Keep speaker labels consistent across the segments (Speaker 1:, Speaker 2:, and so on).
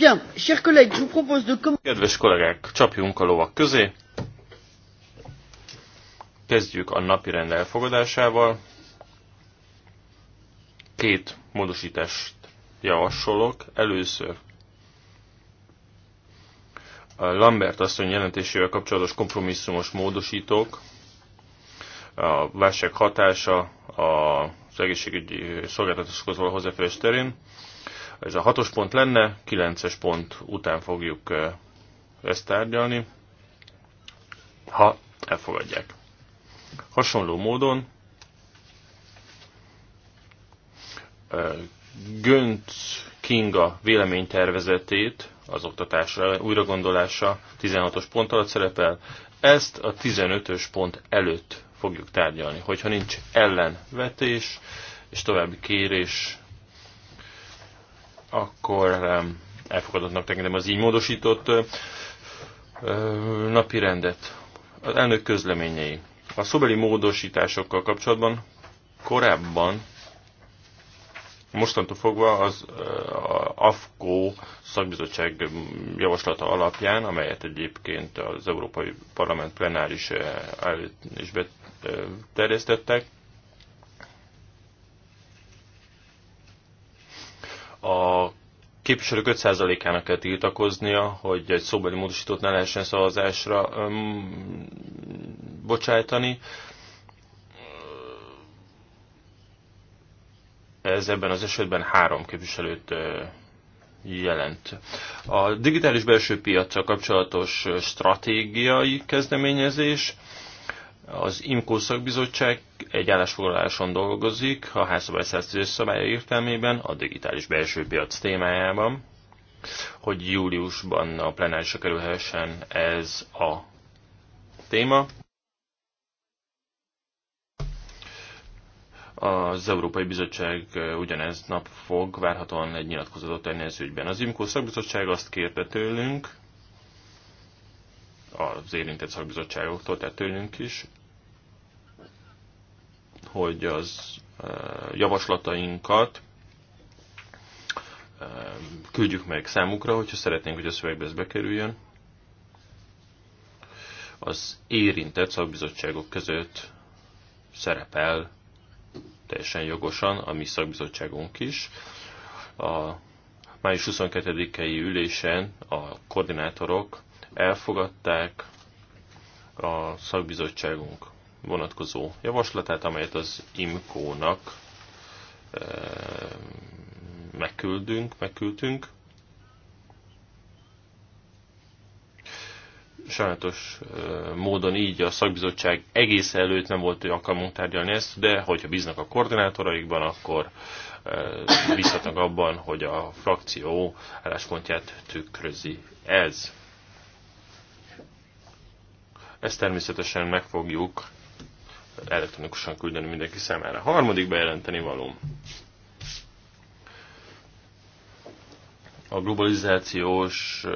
Speaker 1: Bien, chers collègues, je vous propose de
Speaker 2: Kedves kollégák, csapjunk a lovak közé. Kezdjük a napi rend elfogadásával. Két módosítást javasolok. Először a Lambert asszony jelentésével kapcsolatos kompromisszumos módosítók, a válság hatása az egészségügyi szolgáltatásokhoz való hozzáférés terén ez a hatos pont lenne, kilences pont után fogjuk ezt tárgyalni, ha elfogadják. Hasonló módon Gönc Kinga véleménytervezetét, az oktatásra újragondolása 16-os pont alatt szerepel, ezt a 15-ös pont előtt fogjuk tárgyalni. Hogyha nincs ellenvetés és további kérés akkor um, elfogadottnak tekintem az így módosított uh, uh, napi rendet. Az elnök közleményei. A szobeli módosításokkal kapcsolatban korábban, mostantól fogva az uh, AFKO szakbizottság javaslata alapján, amelyet egyébként az Európai Parlament plenáris előtt is beterjesztettek, a képviselők 5%-ának kell tiltakoznia, hogy egy szóbeli módosítót ne lehessen szavazásra öm, bocsájtani. Ez ebben az esetben három képviselőt jelent. A digitális belső piacra kapcsolatos stratégiai kezdeményezés az IMCO szakbizottság egy állásfoglaláson dolgozik a házszabály szerződés szabálya értelmében a digitális belső piac témájában, hogy júliusban a plenárisra kerülhessen ez a téma. Az Európai Bizottság ugyanez nap fog várhatóan egy nyilatkozatot tenni az ügyben. Az IMCO szakbizottság azt kérte tőlünk, az érintett szakbizottságoktól, tehát tőlünk is, hogy az javaslatainkat küldjük meg számukra, hogyha szeretnénk, hogy a szövegbe ez bekerüljön. Az érintett szakbizottságok között szerepel teljesen jogosan a mi szakbizottságunk is. A május 22-i ülésen a koordinátorok elfogadták a szakbizottságunk vonatkozó javaslatát, amelyet az IMCO-nak eh, megküldünk, megküldtünk. Sajnálatos eh, módon így a szakbizottság egész előtt nem volt alkalmunk tárgyalni ezt, de hogyha bíznak a koordinátoraikban, akkor eh, bízhatnak abban, hogy a frakció álláspontját tükrözi ez. Ezt természetesen meg fogjuk elektronikusan küldeni mindenki számára. A harmadik bejelenteni való. A globalizációs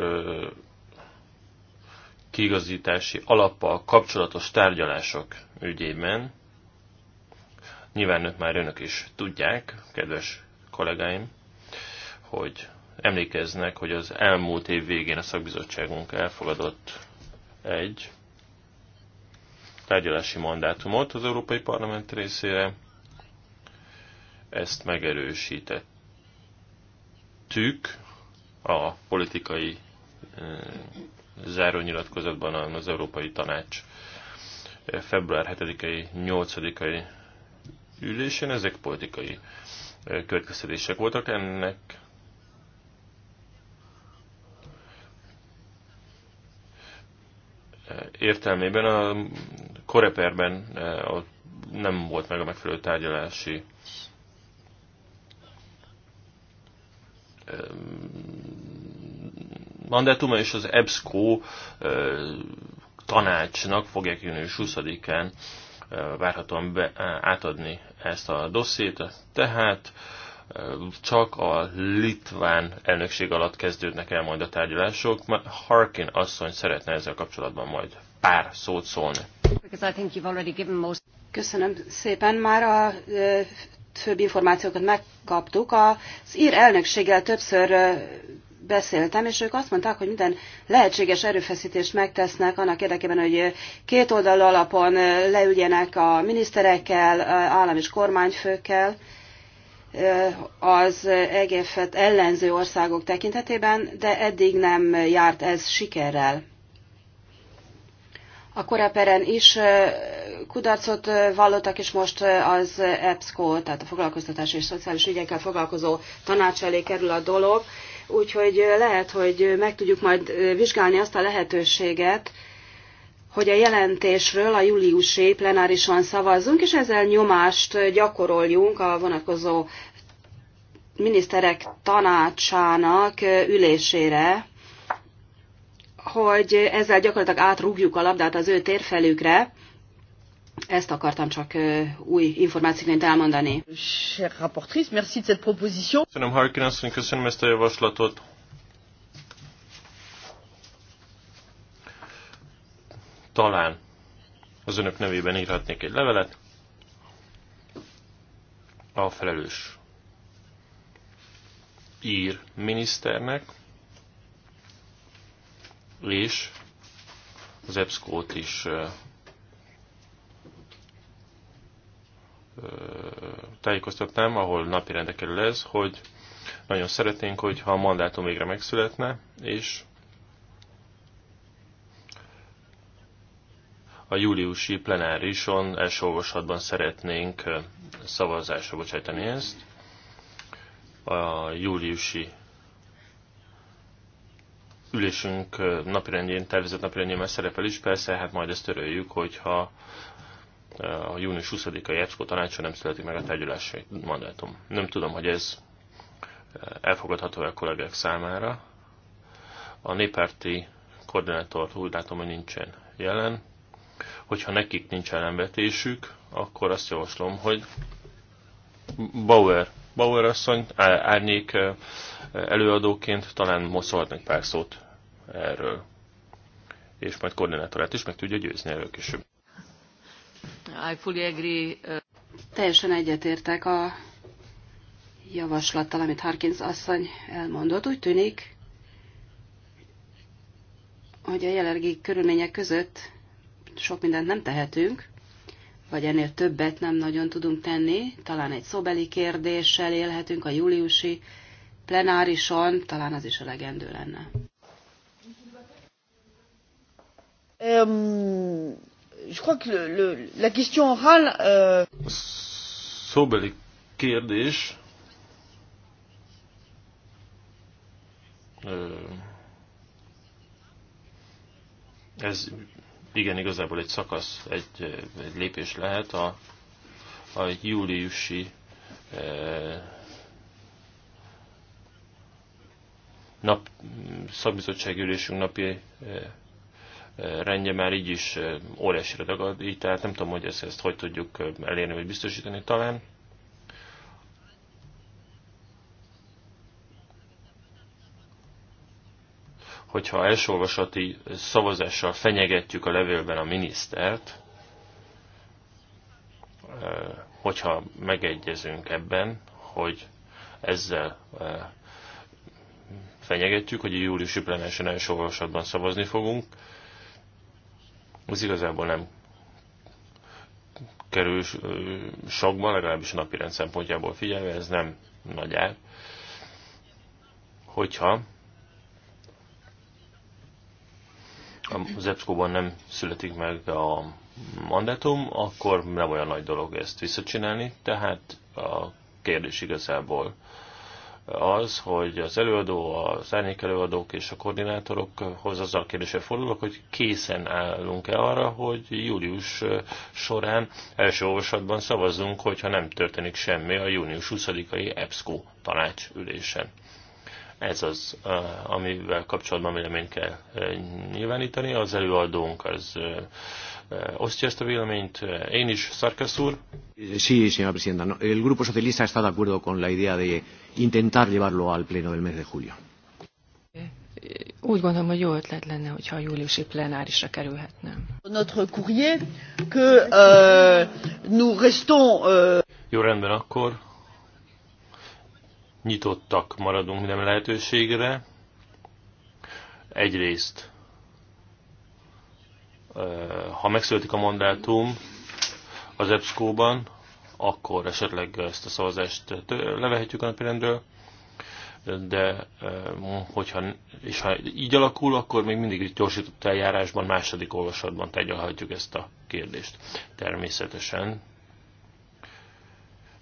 Speaker 2: kiigazítási alappal kapcsolatos tárgyalások ügyében. Nyilván már önök is tudják, kedves kollégáim, hogy emlékeznek, hogy az elmúlt év végén a szakbizottságunk elfogadott egy tárgyalási mandátumot az Európai Parlament részére. Ezt megerősítettük a politikai zárónyilatkozatban az Európai Tanács február 7-i, 8-ai ülésén. Ezek politikai következtetések voltak. Ennek értelmében a Koreperben eh, nem volt meg a megfelelő tárgyalási mandátuma, és az EBSCO eh, tanácsnak fogják június 20-án eh, várhatóan be, átadni ezt a dossziét, tehát csak a litván elnökség alatt kezdődnek el majd a tárgyalások. Harkin asszony szeretne ezzel kapcsolatban majd pár szót szólni.
Speaker 3: Köszönöm szépen. Már a főbb információkat megkaptuk. Az ír elnökséggel többször beszéltem, és ők azt mondták, hogy minden lehetséges erőfeszítést megtesznek annak érdekében, hogy két oldalú alapon leüljenek a miniszterekkel, állam és kormányfőkkel az EGF-et ellenző országok tekintetében, de eddig nem járt ez sikerrel a koreperen is kudarcot vallottak, és most az EBSCO, tehát a foglalkoztatás és szociális ügyekkel foglalkozó tanács elé kerül a dolog. Úgyhogy lehet, hogy meg tudjuk majd vizsgálni azt a lehetőséget, hogy a jelentésről a júliusi plenárison szavazzunk, és ezzel nyomást gyakoroljunk a vonatkozó miniszterek tanácsának ülésére, hogy ezzel gyakorlatilag átrúgjuk a labdát az ő térfelükre. Ezt akartam csak új információként elmondani.
Speaker 2: Köszönöm, Harkin asszony, köszönöm ezt a javaslatot. Talán az önök nevében írhatnék egy levelet. A felelős ír miniszternek, és az EBSCO-t is tájékoztatnám, ahol napi kerül ez, hogy nagyon szeretnénk, hogyha a mandátum végre megszületne, és a júliusi plenárison első olvasatban szeretnénk szavazásra bocsájtani ezt. A júliusi ülésünk napirendjén, tervezett napirendjén már szerepel is, persze, hát majd ezt töröljük, hogyha a június 20 a EBSZKO tanácson nem születik meg a tárgyalási mandátum. Nem tudom, hogy ez elfogadható-e a kollégák számára. A néppárti koordinátor úgy látom, hogy nincsen jelen. Hogyha nekik nincs ellenvetésük, akkor azt javaslom, hogy Bauer, Bauer asszony árnyék előadóként talán most szólhatnak pár szót erről. És majd koordinátorát is meg tudja győzni erről később.
Speaker 4: I fully agree. Uh,
Speaker 3: Teljesen egyetértek a javaslattal, amit Harkins asszony elmondott. Úgy tűnik, hogy a jelenlegi körülmények között sok mindent nem tehetünk, vagy ennél többet nem nagyon tudunk tenni. Talán egy szóbeli kérdéssel élhetünk a júliusi plenárison, talán az is elegendő lenne.
Speaker 1: Euh, je crois que le, le, la question orale. Euh...
Speaker 2: Szóbeli kérdés. Ez igen, igazából egy szakasz, egy, egy lépés lehet a, a júliusi e, nap, szakbizottságülésünk napi e, rendje már így is óriásira ragad, így tehát nem tudom, hogy ezt, ezt hogy tudjuk elérni, vagy biztosítani talán. Hogyha elsolvasati szavazással fenyegetjük a levélben a minisztert, hogyha megegyezünk ebben, hogy ezzel fenyegetjük, hogy a júliusi plenáson elsolvasatban szavazni fogunk, az igazából nem kerül sokban, legalábbis a napi rend szempontjából figyelve, ez nem nagy el. Hogyha az EBSCO-ban nem születik meg a mandátum, akkor nem olyan nagy dolog ezt visszacsinálni, tehát a kérdés igazából az, hogy az előadó, a szárnyék előadók és a koordinátorokhoz azzal a kérdéssel fordulok, hogy készen állunk-e arra, hogy július során első olvasatban szavazzunk, hogyha nem történik semmi a június 20-ai EBSCO tanácsülésen. Ez az, amivel kapcsolatban véleményt kell nyilvánítani. Az előadónk az osztja ezt a véleményt. Én is, Szarkasz úr. Sí, señora presidenta. No, el Grupo Socialista está de acuerdo con la idea de intentar llevarlo al pleno del mes de julio.
Speaker 4: Úgy gondolom, hogy jó ötlet lenne, hogyha a júliusi plenárisra kerülhetne. Notre courrier que euh, nous restons... Euh,
Speaker 2: jó rendben, akkor nyitottak maradunk minden lehetőségre. Egyrészt, eh, ha megszületik a mandátum az EBSCO-ban, akkor esetleg ezt a szavazást levehetjük a napirendről, de eh, hogyha és ha így alakul, akkor még mindig gyorsított eljárásban, második olvasatban tegyelhetjük ezt a kérdést. Természetesen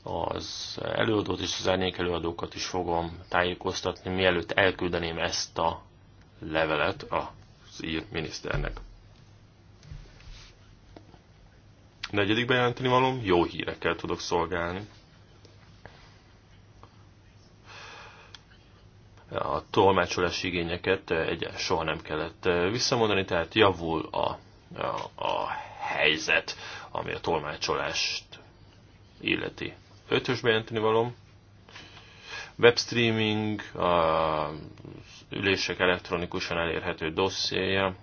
Speaker 2: az előadót és az árnyék előadókat is fogom tájékoztatni, mielőtt elküldeném ezt a levelet az ír miniszternek. Negyedik bejelenteni valóm, jó hírekkel tudok szolgálni. A tolmácsolási igényeket eh, egy soha nem kellett eh, visszamondani, tehát javul a, a, a helyzet, ami a tolmácsolást illeti. Ötös bejelenteni valom. Webstreaming, a ülések elektronikusan elérhető dossziéja.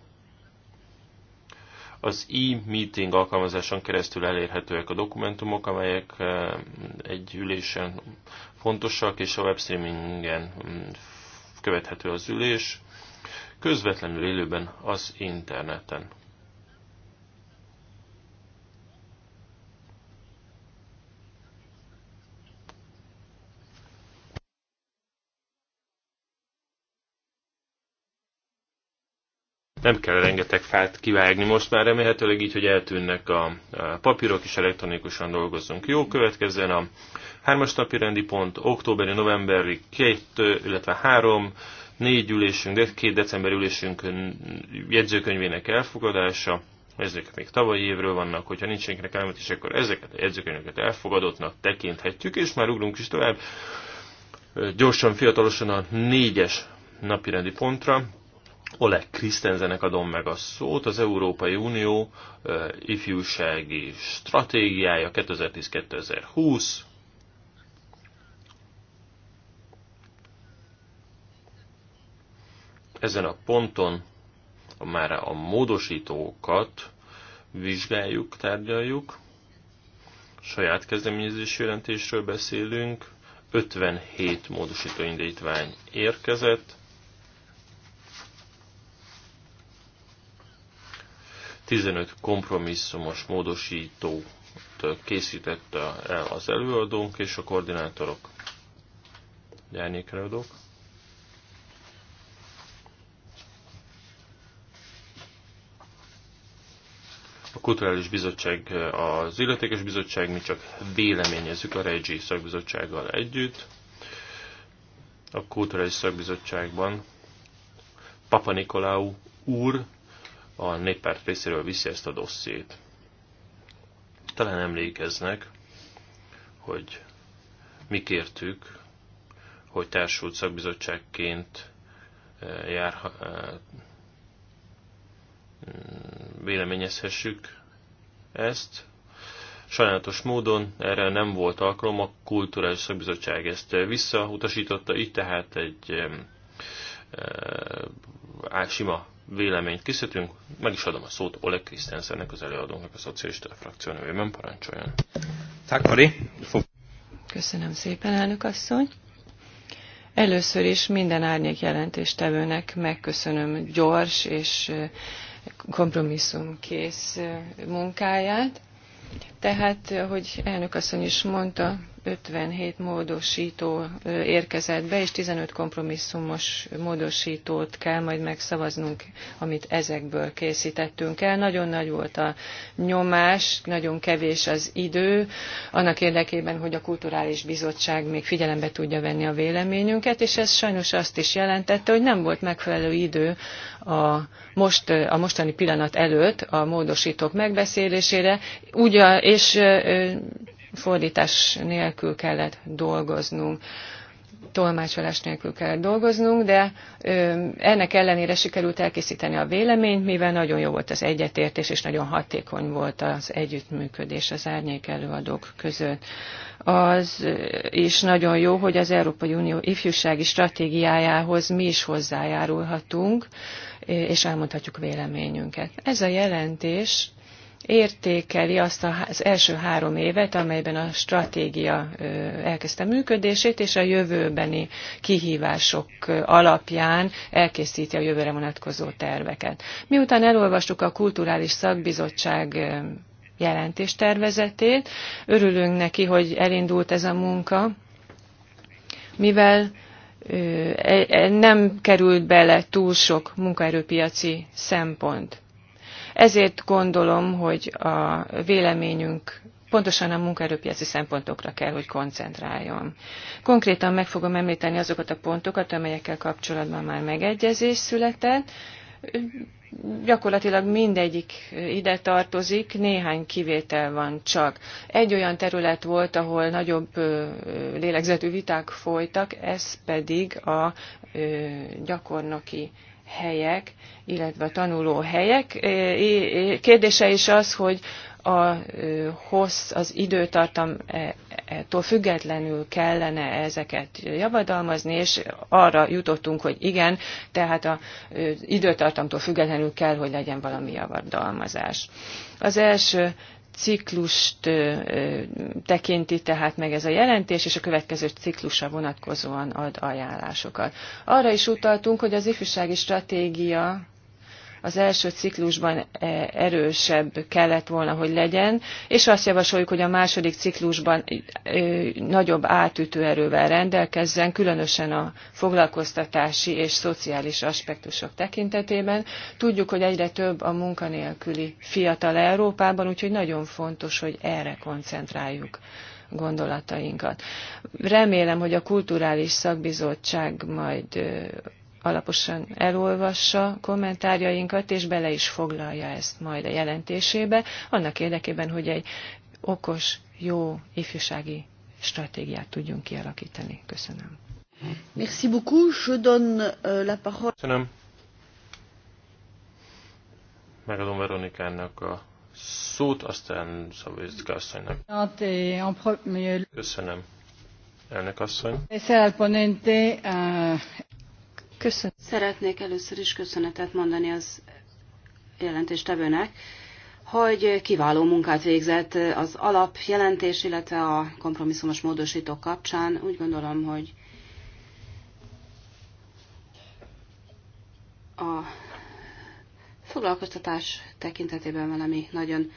Speaker 2: Az e-meeting alkalmazáson keresztül elérhetőek a dokumentumok, amelyek eh, egy ülésen fontosak, és a webstreamingen mm, követhető az ülés közvetlenül élőben az interneten. Nem kell rengeteg fát kivágni most már, remélhetőleg így, hogy eltűnnek a papírok, és elektronikusan dolgozunk. Jó, következzen a hármas napi rendi pont, októberi, novemberi két, illetve három, négy ülésünk, de két december ülésünk jegyzőkönyvének elfogadása, ezek még tavalyi évről vannak, hogyha nincs elmet és akkor ezeket a jegyzőkönyveket elfogadottnak tekinthetjük, és már ugrunk is tovább. Gyorsan, fiatalosan a négyes napirendi pontra. Oleg Krisztenzenek adom meg a szót, az Európai Unió ifjúsági stratégiája 2010-2020. Ezen a ponton már a módosítókat vizsgáljuk, tárgyaljuk. Saját kezdeményezés jelentésről beszélünk. 57 módosító indítvány érkezett 15 kompromisszumos módosítót készítette el az előadónk és a koordinátorok. Járnék előadók. A Kulturális Bizottság, az Illetékes Bizottság, mi csak véleményezzük a Regi Szakbizottsággal együtt. A Kulturális Szakbizottságban Papa Nikolau úr a néppárt részéről viszi ezt a dossziét. Talán emlékeznek, hogy mi kértük, hogy társult szakbizottságként eh, jár, eh, mm, véleményezhessük ezt. Sajnálatos módon erre nem volt alkalom, a Kulturális Szakbizottság ezt visszautasította, így tehát egy eh, sima véleményt készítünk. Meg is adom a szót Oleg Krisztenszernek, az előadónak a szocialista frakció nevében. Parancsoljon.
Speaker 4: Köszönöm szépen, elnök asszony. Először is minden árnyék jelentéstevőnek megköszönöm gyors és kompromisszumkész munkáját. Tehát, ahogy elnök asszony is mondta, 57 módosító érkezett be, és 15 kompromisszumos módosítót kell majd megszavaznunk, amit ezekből készítettünk el. Nagyon nagy volt a nyomás, nagyon kevés az idő, annak érdekében, hogy a Kulturális Bizottság még figyelembe tudja venni a véleményünket, és ez sajnos azt is jelentette, hogy nem volt megfelelő idő a, most, a mostani pillanat előtt a módosítók megbeszélésére, ugye, és fordítás nélkül kellett dolgoznunk tolmácsolás nélkül kellett dolgoznunk, de ennek ellenére sikerült elkészíteni a véleményt, mivel nagyon jó volt az egyetértés, és nagyon hatékony volt az együttműködés az árnyék előadók között. Az is nagyon jó, hogy az Európai Unió ifjúsági stratégiájához mi is hozzájárulhatunk, és elmondhatjuk véleményünket. Ez a jelentés értékeli azt az első három évet, amelyben a stratégia elkezdte működését, és a jövőbeni kihívások alapján elkészíti a jövőre vonatkozó terveket. Miután elolvastuk a Kulturális Szakbizottság jelentéstervezetét, örülünk neki, hogy elindult ez a munka, mivel e, e, nem került bele túl sok munkaerőpiaci szempont. Ezért gondolom, hogy a véleményünk pontosan a munkaerőpiaci szempontokra kell, hogy koncentráljon. Konkrétan meg fogom említeni azokat a pontokat, amelyekkel kapcsolatban már megegyezés született. Gyakorlatilag mindegyik ide tartozik, néhány kivétel van csak. Egy olyan terület volt, ahol nagyobb lélegzetű viták folytak, ez pedig a gyakornoki helyek, illetve a helyek. Kérdése is az, hogy a hossz, az e, ettől függetlenül kellene ezeket javadalmazni, és arra jutottunk, hogy igen, tehát az időtartamtól függetlenül kell, hogy legyen valami javadalmazás. Az első ciklust tekinti tehát meg ez a jelentés, és a következő ciklusa vonatkozóan ad ajánlásokat. Arra is utaltunk, hogy az ifjúsági stratégia az első ciklusban e, erősebb kellett volna, hogy legyen, és azt javasoljuk, hogy a második ciklusban e, e, nagyobb átütő erővel rendelkezzen, különösen a foglalkoztatási és szociális aspektusok tekintetében. Tudjuk, hogy egyre több a munkanélküli fiatal Európában, úgyhogy nagyon fontos, hogy erre koncentráljuk gondolatainkat. Remélem, hogy a kulturális szakbizottság majd alaposan elolvassa kommentárjainkat, és bele is foglalja ezt majd a jelentésébe, annak érdekében, hogy egy okos, jó ifjúsági stratégiát tudjunk kialakítani. Köszönöm.
Speaker 1: Merci beaucoup. Je donne euh, la parole.
Speaker 2: Köszönöm. Megadom Veronikának a szót, aztán Szabőzka asszonynak. Köszönöm. Elnök asszony.
Speaker 3: Szeretnék először is köszönetet mondani az jelentéstevőnek, hogy kiváló munkát végzett az alapjelentés, illetve a kompromisszumos módosítók kapcsán. Úgy gondolom, hogy a foglalkoztatás tekintetében valami nagyon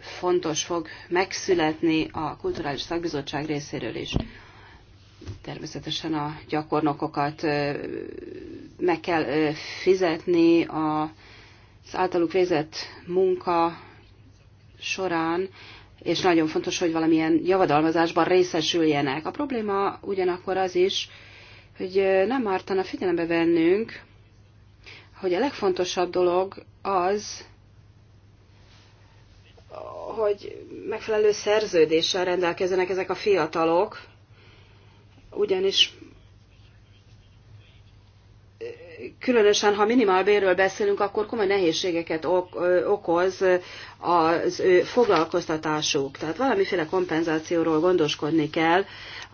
Speaker 3: fontos fog megszületni a Kulturális Szakbizottság részéről is természetesen a gyakornokokat meg kell fizetni az általuk végzett munka során, és nagyon fontos, hogy valamilyen javadalmazásban részesüljenek. A probléma ugyanakkor az is, hogy nem ártana figyelembe vennünk, hogy a legfontosabb dolog az, hogy megfelelő szerződéssel rendelkezzenek ezek a fiatalok, ugyanis különösen, ha bérről beszélünk, akkor komoly nehézségeket okoz az ő foglalkoztatásuk. Tehát valamiféle kompenzációról gondoskodni kell.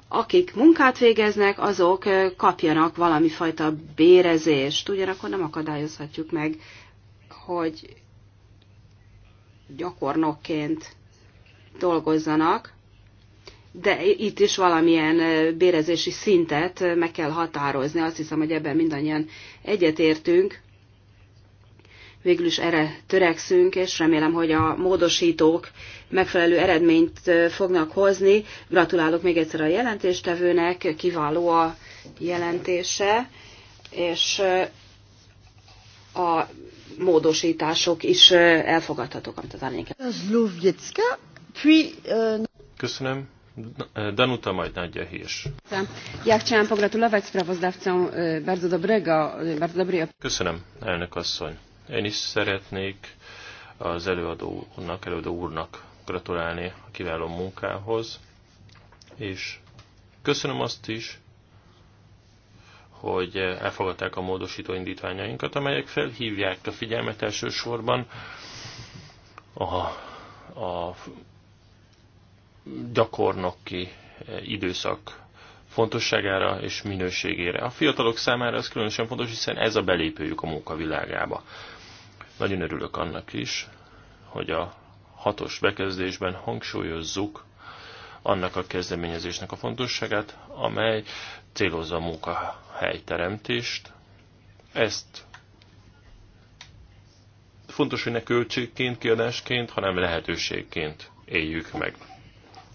Speaker 3: Akik munkát végeznek, azok kapjanak valami fajta bérezést. Ugyanakkor nem akadályozhatjuk meg, hogy gyakornokként dolgozzanak de itt is valamilyen bérezési szintet meg kell határozni. Azt hiszem, hogy ebben mindannyian egyetértünk. Végül is erre törekszünk, és remélem, hogy a módosítók megfelelő eredményt fognak hozni. Gratulálok még egyszer a jelentéstevőnek, kiváló a jelentése, és a módosítások is elfogadhatók, amit az árnyéket. Euh,
Speaker 2: Köszönöm. Danuta majd Nadia Hirsch.
Speaker 3: Ja chciałam pogratulować sprawozdawcom e, bardzo dobrego, e, bardzo dobrej...
Speaker 2: Köszönöm, elnök asszony. Én is szeretnék az előadónak, előadó úrnak gratulálni a kiváló munkához, és köszönöm azt is, hogy elfogadták a módosító indítványainkat, amelyek felhívják a figyelmet elsősorban a, a gyakornoki eh, időszak fontosságára és minőségére. A fiatalok számára ez különösen fontos, hiszen ez a belépőjük a munkavilágába. Nagyon örülök annak is, hogy a hatos bekezdésben hangsúlyozzuk annak a kezdeményezésnek a fontosságát, amely célozza a munkahelyteremtést. Ezt fontos, hogy ne költségként, kiadásként, hanem lehetőségként éljük meg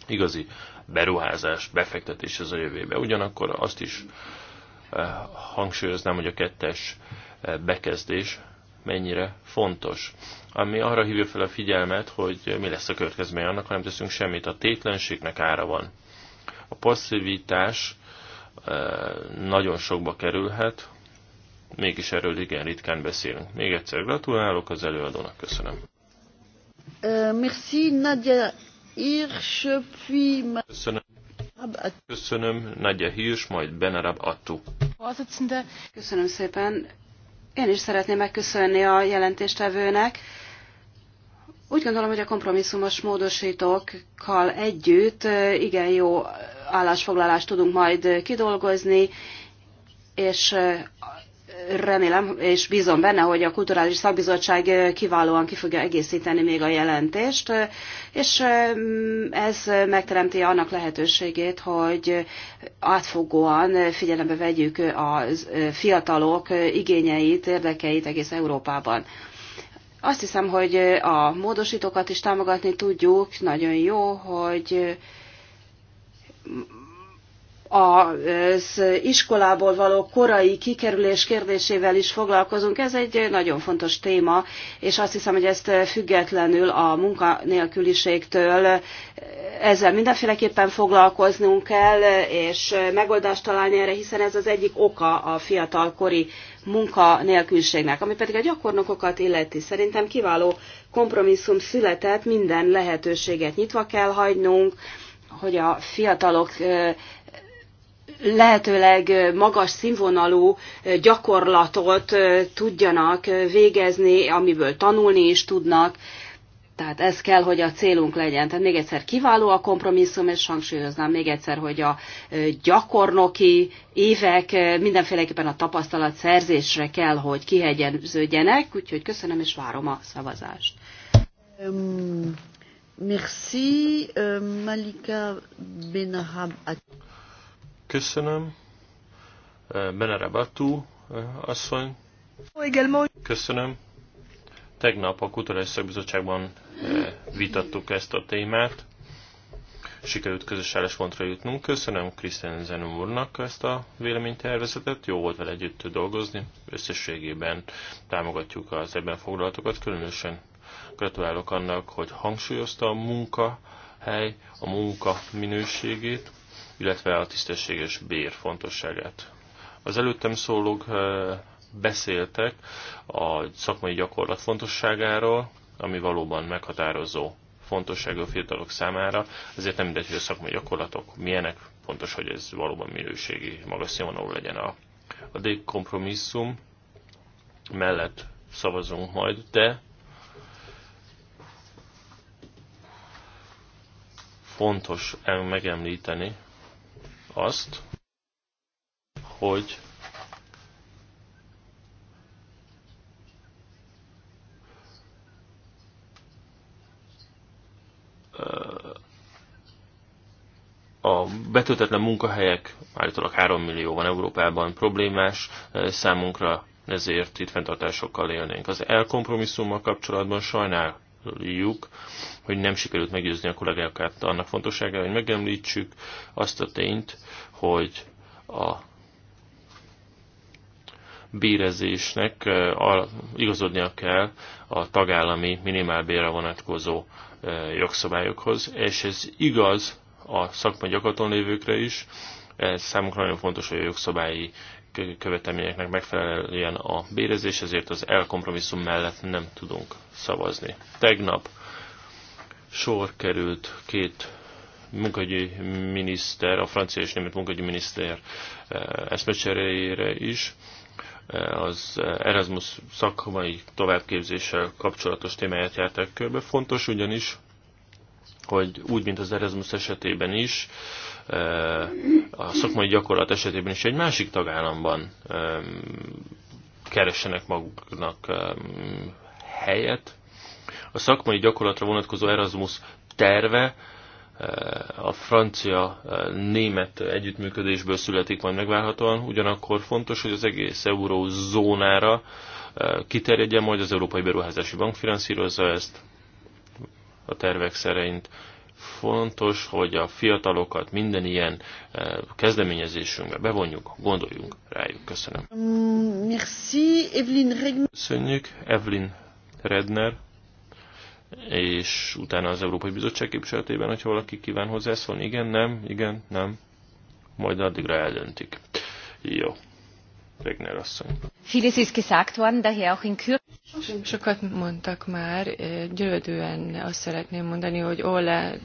Speaker 2: igazi beruházás, befektetés az a jövőbe. Ugyanakkor azt is eh, hangsúlyoznám, hogy a kettes eh, bekezdés mennyire fontos. Ami arra hívja fel a figyelmet, hogy mi lesz a következmény annak, ha nem teszünk semmit. A tétlenségnek ára van. A passzivitás eh, nagyon sokba kerülhet, mégis erről igen ritkán beszélünk. Még egyszer gratulálok az előadónak, köszönöm.
Speaker 1: Merci Nadia
Speaker 3: Köszönöm.
Speaker 2: Köszönöm, Nagyja Hirsch, majd Benarab Attu.
Speaker 3: Köszönöm szépen. Én is szeretném megköszönni a jelentéstevőnek. Úgy gondolom, hogy a kompromisszumos módosítókkal együtt igen jó állásfoglalást tudunk majd kidolgozni, és remélem és bízom benne, hogy a Kulturális Szakbizottság eh, kiválóan ki fogja egészíteni még a jelentést, eh, és eh, mm, ez megteremti annak lehetőségét, hogy átfogóan figyelembe vegyük a fiatalok igényeit, érdekeit egész Európában. Azt hiszem, hogy a módosítókat is támogatni tudjuk. Nagyon jó, hogy az iskolából való korai kikerülés kérdésével is foglalkozunk. Ez egy nagyon fontos téma, és azt hiszem, hogy ezt függetlenül a munkanélküliségtől ezzel mindenféleképpen foglalkoznunk kell, és megoldást találni erre, hiszen ez az egyik oka a fiatalkori munkanélkülségnek, ami pedig a gyakornokokat illeti. Szerintem kiváló kompromisszum született, minden lehetőséget nyitva kell hagynunk, hogy a fiatalok lehetőleg magas színvonalú gyakorlatot tudjanak végezni, amiből tanulni is tudnak. Tehát ez kell, hogy a célunk legyen. Tehát még egyszer kiváló a kompromisszum, és hangsúlyoznám még egyszer, hogy a gyakornoki évek mindenféleképpen a tapasztalat szerzésre kell, hogy kihegyeződjenek, úgyhogy köszönöm, és várom a szavazást.
Speaker 1: Um, merci, uh, Malika Benahab.
Speaker 2: Köszönöm. Eh, Benerabatú eh, asszony. Köszönöm. Tegnap a Kutatási Szakbizottságban eh, vitattuk ezt a témát. Sikerült közös álláspontra jutnunk. Köszönöm Krisztián Zenum úrnak ezt a véleménytervezetet. Jó volt vele együtt dolgozni. Összességében támogatjuk az ebben foglalatokat. Különösen gratulálok annak, hogy hangsúlyozta a munka hely, a munka minőségét illetve a tisztességes bér fontosságát. Az előttem szólók eh, beszéltek a szakmai gyakorlat fontosságáról, ami valóban meghatározó fontosságú fiatalok számára, ezért nem mindegy, hogy a szakmai gyakorlatok milyenek, fontos, hogy ez valóban minőségi, magas színvonalú legyen a, a kompromisszum mellett szavazunk majd, de fontos megemlíteni, azt, hogy a betöltetlen munkahelyek állítólag 3 millió van Európában problémás, eh, számunkra ezért itt fenntartásokkal élnénk. Az elkompromisszummal kapcsolatban sajnál, lyuk, hogy nem sikerült meggyőzni a kollégákat annak fontosságára, hogy megemlítsük azt a tényt, hogy a bérezésnek igazodnia kell a tagállami minimálbérre vonatkozó jogszabályokhoz, és ez igaz a szakmai gyakorlaton lévőkre is, ez számunkra nagyon fontos, hogy a jogszabályi követelményeknek megfelelően a bérezés, ezért az elkompromisszum mellett nem tudunk szavazni. Tegnap sor került két munkahogyi miniszter, a francia és német munkahogyi miniszter eh, eszmecseréjére is, eh, az Erasmus szakmai továbbképzéssel kapcsolatos témáját járták körbe. Fontos ugyanis, hogy úgy, mint az Erasmus esetében is, a szakmai gyakorlat esetében is egy másik tagállamban keressenek maguknak helyet. A szakmai gyakorlatra vonatkozó Erasmus terve a francia-német együttműködésből születik majd megvárhatóan, ugyanakkor fontos, hogy az egész eurózónára kiterjedjen, majd az Európai Beruházási Bank finanszírozza ezt a tervek szerint, Fontos, hogy a fiatalokat minden ilyen eh, kezdeményezésünkbe bevonjuk, gondoljunk rájuk. Köszönöm.
Speaker 1: Merci, Evelyn Redner. Köszönjük,
Speaker 2: Evelyn Redner és utána az Európai Bizottság képviseletében, hogyha valaki kíván hozzászólni, igen, nem, igen, nem, majd addigra eldöntik. Jó. Regner asszony.
Speaker 4: Vieles ist gesagt worden, daher auch in Kürze. Sokat mondtak már, gyövedően azt szeretném mondani, hogy Ole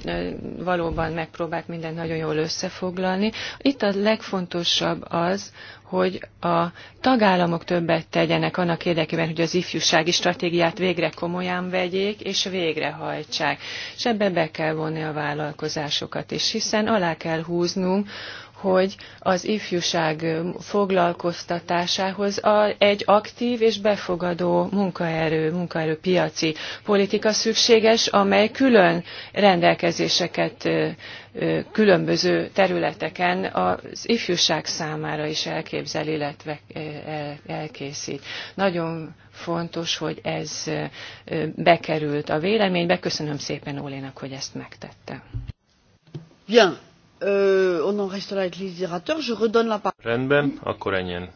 Speaker 4: valóban megpróbált mindent nagyon jól összefoglalni. Itt a legfontosabb az, hogy a tagállamok többet tegyenek annak érdekében, hogy az ifjúsági stratégiát végre komolyan vegyék és végrehajtsák. És ebbe be kell vonni a vállalkozásokat is, hiszen alá kell húznunk, hogy az ifjúság foglalkoztatásához egy aktív és befogadó munkaerő, munkaerőpiaci politika szükséges, amely külön rendelkezéseket különböző területeken az ifjúság számára is elképzel, illetve elkészít. Nagyon fontos, hogy ez bekerült a véleménybe. Köszönöm szépen Ólénak, hogy ezt megtette.
Speaker 1: Bien. Euh,
Speaker 2: Rendben, akkor ennyien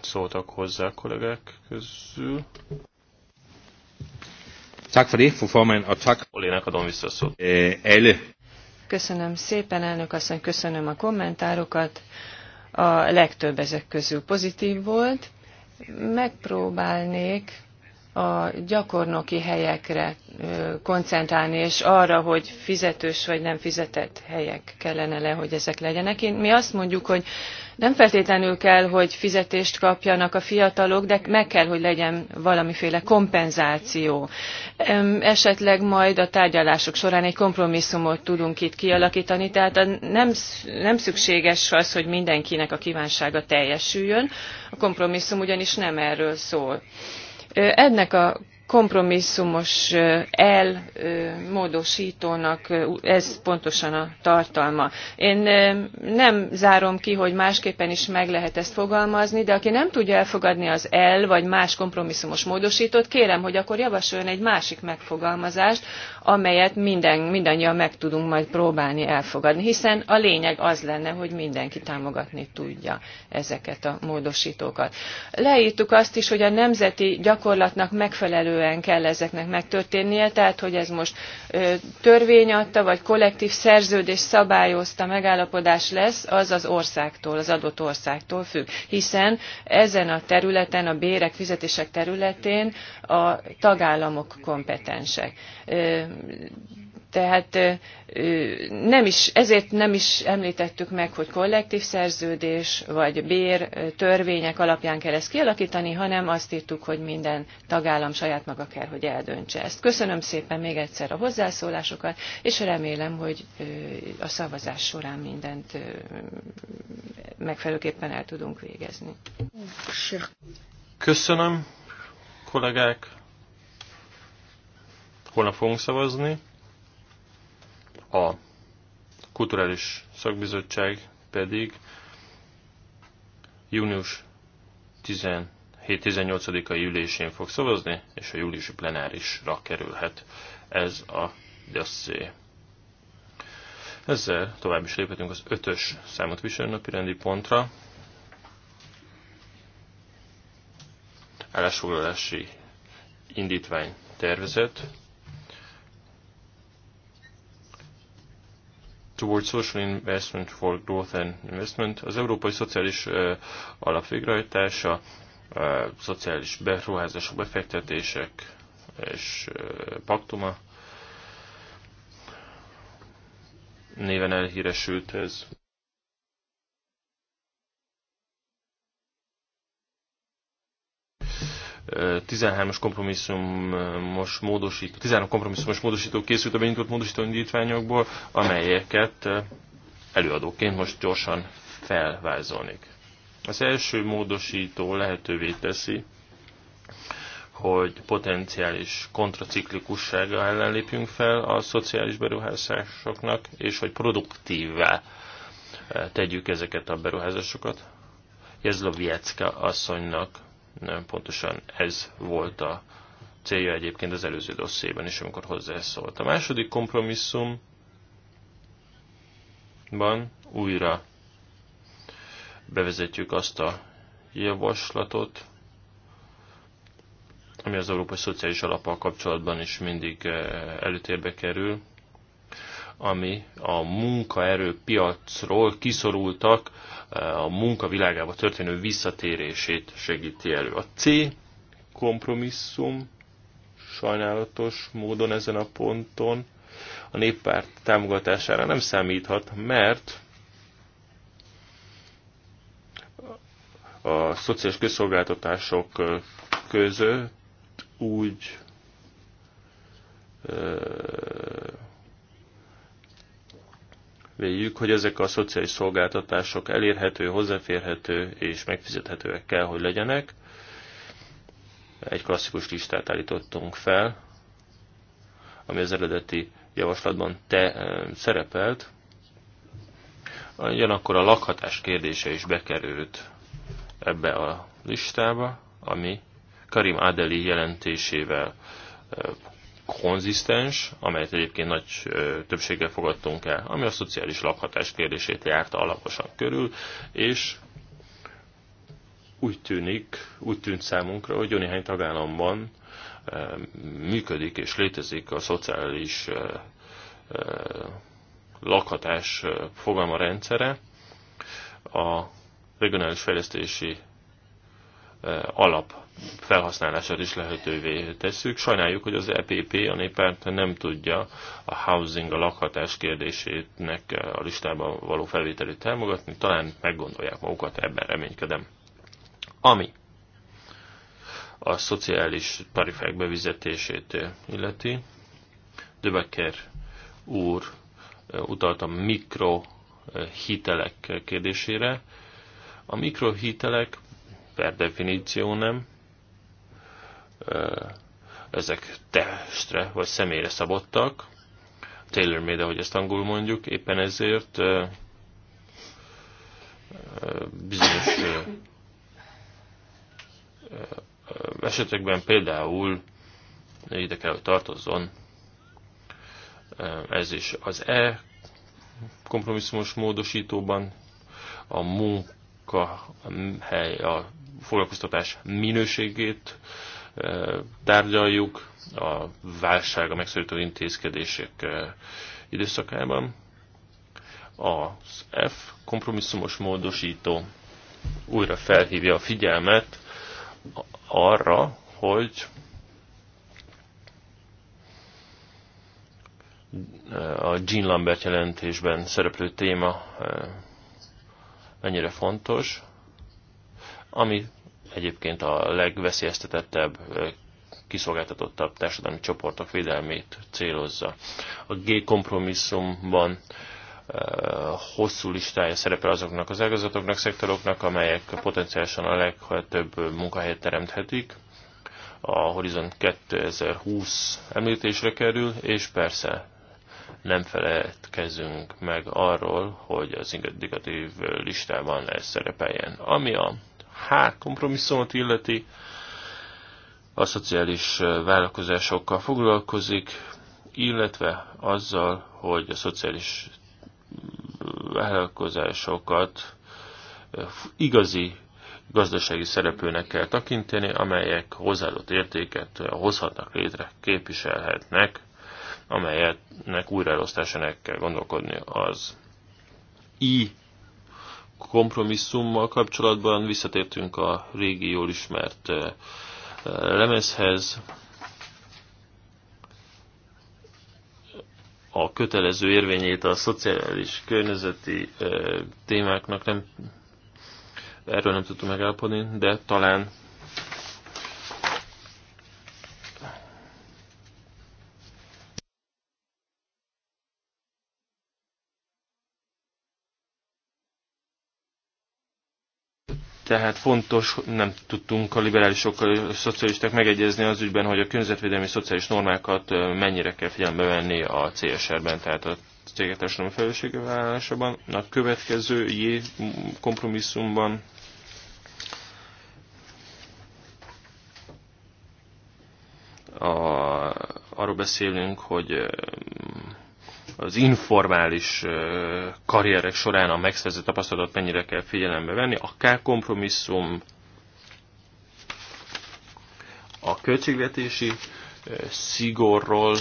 Speaker 2: szóltak hozzá a kollégák közül. Tak for det, fru formand, og tak. Olének adom vissza a szót. Eh,
Speaker 4: Köszönöm szépen, elnök asszony, köszönöm a kommentárokat. A legtöbb ezek közül pozitív volt. Megpróbálnék a gyakornoki helyekre koncentrálni, és arra, hogy fizetős vagy nem fizetett helyek kellene le, hogy ezek legyenek. Én, mi azt mondjuk, hogy nem feltétlenül kell, hogy fizetést kapjanak a fiatalok, de meg kell, hogy legyen valamiféle kompenzáció. Esetleg majd a tárgyalások során egy kompromisszumot tudunk itt kialakítani, tehát nem, nem szükséges az, hogy mindenkinek a kívánsága teljesüljön, a kompromisszum ugyanis nem erről szól. Ennek a kompromisszumos elmódosítónak ez pontosan a tartalma. Én nem zárom ki, hogy másképpen is meg lehet ezt fogalmazni, de aki nem tudja elfogadni az el vagy más kompromisszumos módosítót, kérem, hogy akkor javasoljon egy másik megfogalmazást, amelyet minden, mindannyian meg tudunk majd próbálni elfogadni, hiszen a lényeg az lenne, hogy mindenki támogatni tudja ezeket a módosítókat. Leírtuk azt is, hogy a nemzeti gyakorlatnak megfelelő megfelelően kell ezeknek megtörténnie, tehát hogy ez most törvény adta, vagy kollektív szerződés szabályozta megállapodás lesz, az az országtól, az adott országtól függ. Hiszen ezen a területen, a bérek, fizetések területén a tagállamok kompetensek tehát nem is, ezért nem is említettük meg, hogy kollektív szerződés vagy bér törvények alapján kell ezt kialakítani, hanem azt írtuk, hogy minden tagállam saját maga kell, hogy eldöntse ezt. Köszönöm szépen még egyszer a hozzászólásokat, és remélem, hogy a szavazás során mindent megfelelőképpen el tudunk végezni.
Speaker 2: Köszönöm, kollégák! Holnap fogunk szavazni. A Kulturális Szakbizottság pedig június 17-18-ai ülésén fog szavazni, és a júliusi plenárisra kerülhet ez a dosszé. Ezzel tovább is léphetünk az ötös számot viselő napi rendi pontra. Állásfoglalási indítvány tervezet. Towards Social Investment for Growth and Investment, az Európai Szociális alapvégrehajtása, uh, szociális beruházások, befektetések és paktuma néven elhíresült ez. 13-as kompromisszumos módosító, 13 kompromisszumos módosító készült a benyújtott módosító indítványokból, amelyeket előadóként most gyorsan felvázolnék. Az első módosító lehetővé teszi, hogy potenciális kontraciklikussága ellen lépjünk fel a szociális beruházásoknak, és hogy produktívvá tegyük ezeket a beruházásokat. Jezlovjecka asszonynak nem pontosan ez volt a célja egyébként az előző dosszében is, amikor hozzászólt. A második kompromisszumban újra bevezetjük azt a javaslatot, ami az Európai Szociális Alappal kapcsolatban is mindig eh, előtérbe kerül, ami a munkaerőpiacról kiszorultak eh, a munkavilágába történő visszatérését segíti elő. A C kompromisszum sajnálatos módon ezen a ponton a néppárt támogatására nem számíthat, mert a szociális közszolgáltatások eh, között úgy eh, véljük, hogy ezek a szociális szolgáltatások elérhető, hozzáférhető és megfizethetőek kell, hogy legyenek. Egy klasszikus listát állítottunk fel, ami az eredeti javaslatban te eh, szerepelt. Ugyanakkor a lakhatás kérdése is bekerült ebbe a listába, ami Karim Adeli jelentésével eh, konzisztens, amelyet egyébként nagy többséggel fogadtunk el, ami a szociális lakhatás kérdését járta alaposan körül, és úgy tűnik, úgy tűnt számunkra, hogy jó néhány tagállamban működik és létezik a szociális lakhatás fogalma rendszere. A regionális fejlesztési alap felhasználását is lehetővé tesszük. Sajnáljuk, hogy az EPP, a néppárt nem tudja a housing, a lakhatás kérdésének a listában való felvételét támogatni. Talán meggondolják magukat, ebben reménykedem. Ami a szociális tarifák bevizetését illeti, Döbeker úr utalt a mikrohitelek kérdésére. A mikrohitelek per definíció nem. Ezek testre vagy személyre szabottak. Taylor made, ahogy ezt angol mondjuk, éppen ezért bizonyos esetekben például ide kell, hogy tartozzon ez is az E kompromisszumos módosítóban a munkahely, a foglalkoztatás minőségét e, tárgyaljuk a válság, a megszorító intézkedések e, időszakában. Az F kompromisszumos módosító újra felhívja a figyelmet arra, hogy a Jean Lambert jelentésben szereplő téma e, mennyire fontos ami egyébként a legveszélyeztetettebb, kiszolgáltatottabb társadalmi csoportok védelmét célozza. A G-kompromisszumban hosszú listája szerepel azoknak az ágazatoknak, szektoroknak, amelyek potenciálisan a legtöbb munkahelyet teremthetik. A Horizon 2020 említésre kerül, és persze nem feledkezünk meg arról, hogy az indikatív listában ez szerepeljen. Ami a H kompromisszumot illeti, a szociális vállalkozásokkal foglalkozik, illetve azzal, hogy a szociális vállalkozásokat igazi gazdasági szereplőnek kell tekinteni, amelyek hozzáadott értéket hozhatnak létre, képviselhetnek, amelyeknek újraelosztásának kell gondolkodni az I kompromisszummal kapcsolatban visszatértünk a régi jól ismert eh, lemezhez. A kötelező érvényét a szociális környezeti eh, témáknak nem, erről nem tudtunk megállapodni, de talán tehát fontos, nem tudtunk a liberálisok, a szocialisták megegyezni az ügyben, hogy a környezetvédelmi szociális normákat mennyire kell figyelembe venni a CSR-ben, tehát a cégek felelőssége vállalásában. A következő J kompromisszumban a, arról beszélünk, hogy az informális karrierek során a megszerzett tapasztalatot mennyire kell figyelembe venni, akár kompromisszum, a költségvetési szigorról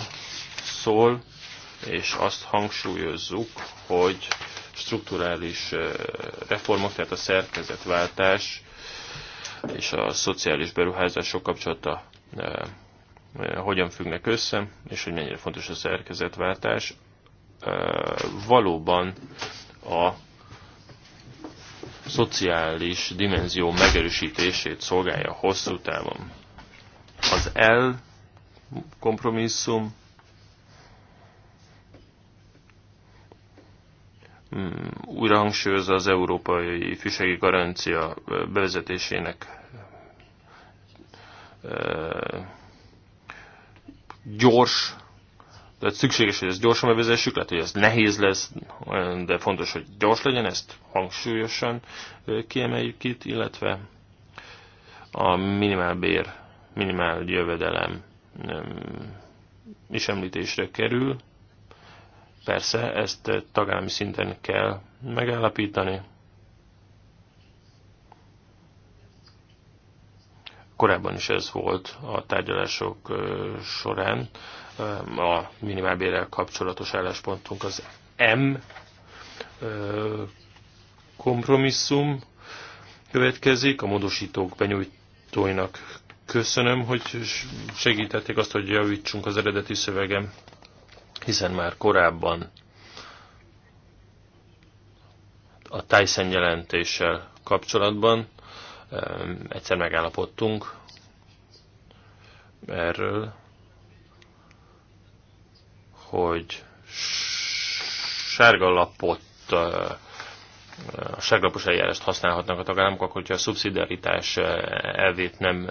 Speaker 2: szól, és azt hangsúlyozzuk, hogy strukturális reformok, tehát a szerkezetváltás és a szociális beruházások kapcsolata hogyan függnek össze, és hogy mennyire fontos a szerkezetváltás valóban a szociális dimenzió megerősítését szolgálja hosszú távon. Az L kompromisszum mm, újra hangsúlyozza az európai fűségi garancia bevezetésének gyors tehát szükséges, hogy ezt gyorsan bevezessük, lehet, hogy ez nehéz lesz, de fontos, hogy gyors legyen, ezt hangsúlyosan kiemeljük itt, illetve a minimálbér, minimál jövedelem is említésre kerül. Persze, ezt tagállami szinten kell megállapítani. Korábban is ez volt a tárgyalások során a minimálbérrel kapcsolatos álláspontunk az M kompromisszum következik. A módosítók benyújtóinak köszönöm, hogy segítették azt, hogy javítsunk az eredeti szövegem, hiszen már korábban a Tyson jelentéssel kapcsolatban egyszer megállapodtunk erről, hogy sárga lapot, a sárgalapos eljárást használhatnak a tagállamok, akkor hogyha a szubszidiaritás elvét nem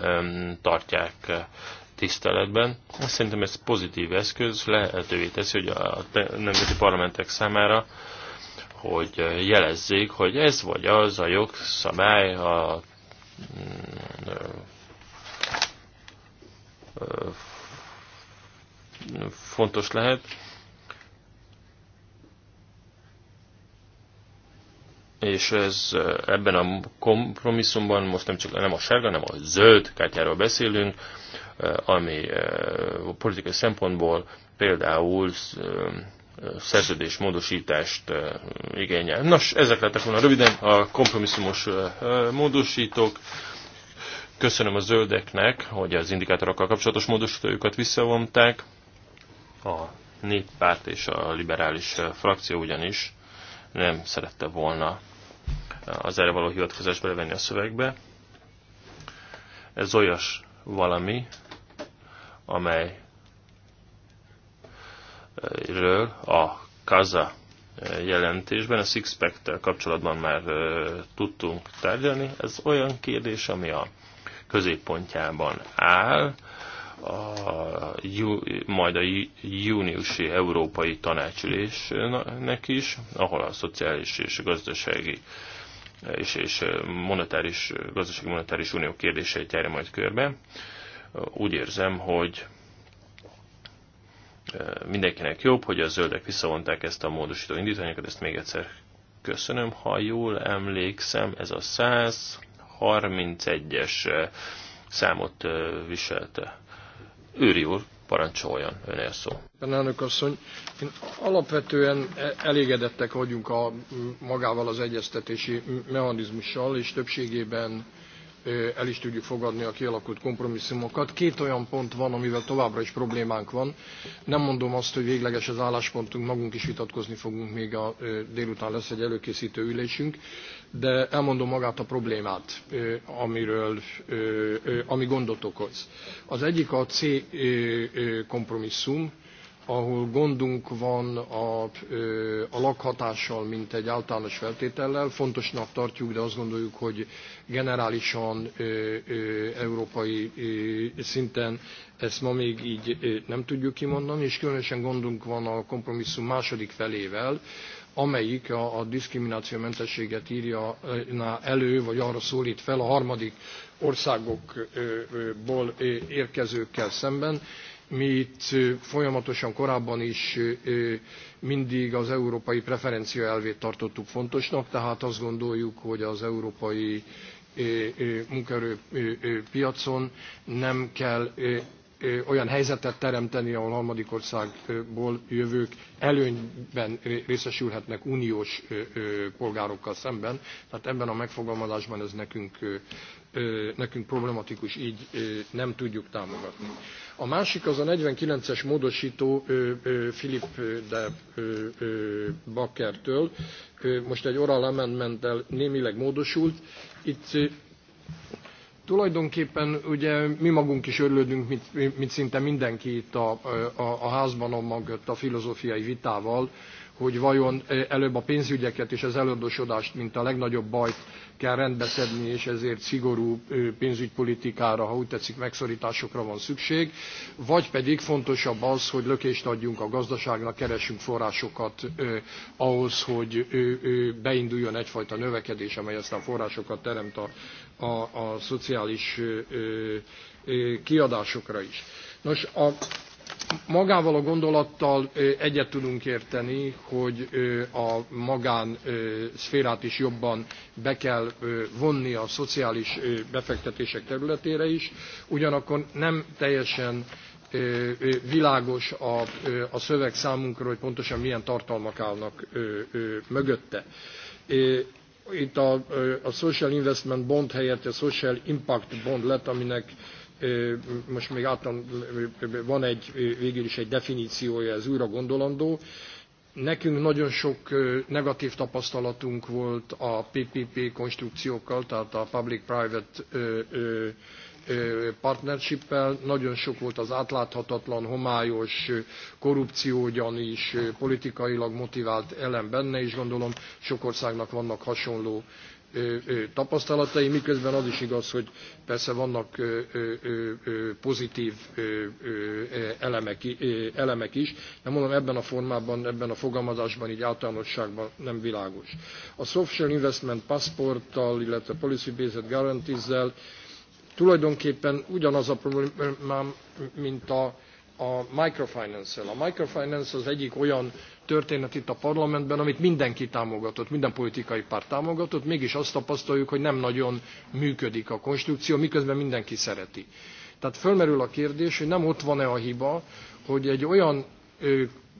Speaker 2: tartják tiszteletben. Szerintem ez pozitív eszköz, lehetővé teszi, hogy a nemzeti parlamentek számára hogy jelezzék, hogy ez vagy az a jogszabály, a mm, fontos lehet. és ez eh, ebben a kompromisszumban most nem csak nem a sárga, hanem a zöld kártyáról beszélünk, eh, ami eh, politikai szempontból például szerződés módosítást igényel. Nos, ezek lettek volna röviden a kompromisszumos módosítók. Köszönöm a zöldeknek, hogy az indikátorokkal kapcsolatos módosítójukat visszavonták. A néppárt és a liberális eh, frakció ugyanis nem szerette volna eh, az erre való hivatkozást belevenni a szövegbe. Ez olyas valami, amelyről a Kaza eh, jelentésben, a sixpack kapcsolatban már tudtunk tárgyalni. Ez olyan kérdés, ami a középpontjában áll a, jú, majd a júniusi európai tanácsülésnek is, ahol a szociális és gazdasági és, és monetáris, gazdasági monetáris unió kérdéseit járja majd körbe. Úgy érzem, hogy e, mindenkinek jobb, hogy a zöldek visszavonták ezt a módosító indítványokat, ezt még egyszer köszönöm. Ha jól emlékszem, ez a 131-es e, számot e, viselte Őri úr, parancsoljon, önél szó.
Speaker 5: Elnök asszony, én alapvetően e- elégedettek vagyunk a, magával az egyeztetési mechanizmussal, és többségében el is tudjuk fogadni a kialakult kompromisszumokat. Két olyan pont van, amivel továbbra is problémánk van. Nem mondom azt, hogy végleges az álláspontunk, magunk is vitatkozni fogunk, még a délután lesz egy előkészítő ülésünk, de elmondom magát a problémát, amiről, ami gondot okoz. Az egyik a C kompromisszum, ahol gondunk van a, a lakhatással, mint egy általános feltétellel. Fontosnak tartjuk, de azt gondoljuk, hogy generálisan európai szinten ezt ma még így nem tudjuk kimondani, és különösen gondunk van a kompromisszum második felével, amelyik a, a diszkriminációmentességet írja elő, vagy arra szólít fel a harmadik országokból érkezőkkel szemben. Mi itt folyamatosan korábban is mindig az európai preferencia elvét tartottuk fontosnak, tehát azt gondoljuk, hogy az európai munkaerőpiacon nem kell olyan helyzetet teremteni, ahol harmadik országból jövők előnyben részesülhetnek uniós polgárokkal szemben. Tehát ebben a megfogalmazásban ez nekünk, nekünk problematikus, így nem tudjuk támogatni. A másik az a 49-es módosító Philip de Bakertől, most egy oral amendmenttel némileg módosult. Itt Tulajdonképpen ugye mi magunk is örülünk, mint, mint szinte mindenki itt a, a, a házban, a mögött a filozófiai vitával, hogy vajon előbb a pénzügyeket és az eladósodást, mint a legnagyobb bajt kell rendbeszedni, és ezért szigorú pénzügypolitikára, ha úgy tetszik, megszorításokra van szükség, vagy pedig fontosabb az, hogy lökést adjunk a gazdaságnak, keresünk forrásokat ahhoz, hogy beinduljon egyfajta növekedés, amely aztán forrásokat teremt a, a, a szociális kiadásokra is. Nos, a magával a gondolattal egyet tudunk érteni, hogy a magán szférát is jobban be kell vonni a szociális befektetések területére is, ugyanakkor nem teljesen világos a, a szöveg számunkra, hogy pontosan milyen tartalmak állnak mögötte. Itt a, a Social Investment Bond helyett a Social Impact Bond lett, aminek most még átlan, van egy, végül is egy definíciója, ez újra gondolandó. Nekünk nagyon sok negatív tapasztalatunk volt a PPP konstrukciókkal, tehát a Public-Private partnership-el, nagyon sok volt az átláthatatlan, homályos, is politikailag motivált elem benne, és gondolom sok országnak vannak hasonló tapasztalatai, miközben az is igaz, hogy persze vannak pozitív elemek, elemek is, de mondom ebben a formában, ebben a fogalmazásban, így általánosságban nem világos. A Social Investment Passporttal, illetve Policy Based Guarantees-zel tulajdonképpen ugyanaz a problémám, mint a, a microfinance-el. A microfinance az egyik olyan történet itt a parlamentben, amit mindenki támogatott, minden politikai párt támogatott, mégis azt tapasztaljuk, hogy nem nagyon működik a konstrukció, miközben mindenki szereti. Tehát fölmerül a kérdés, hogy nem ott van-e a hiba, hogy egy olyan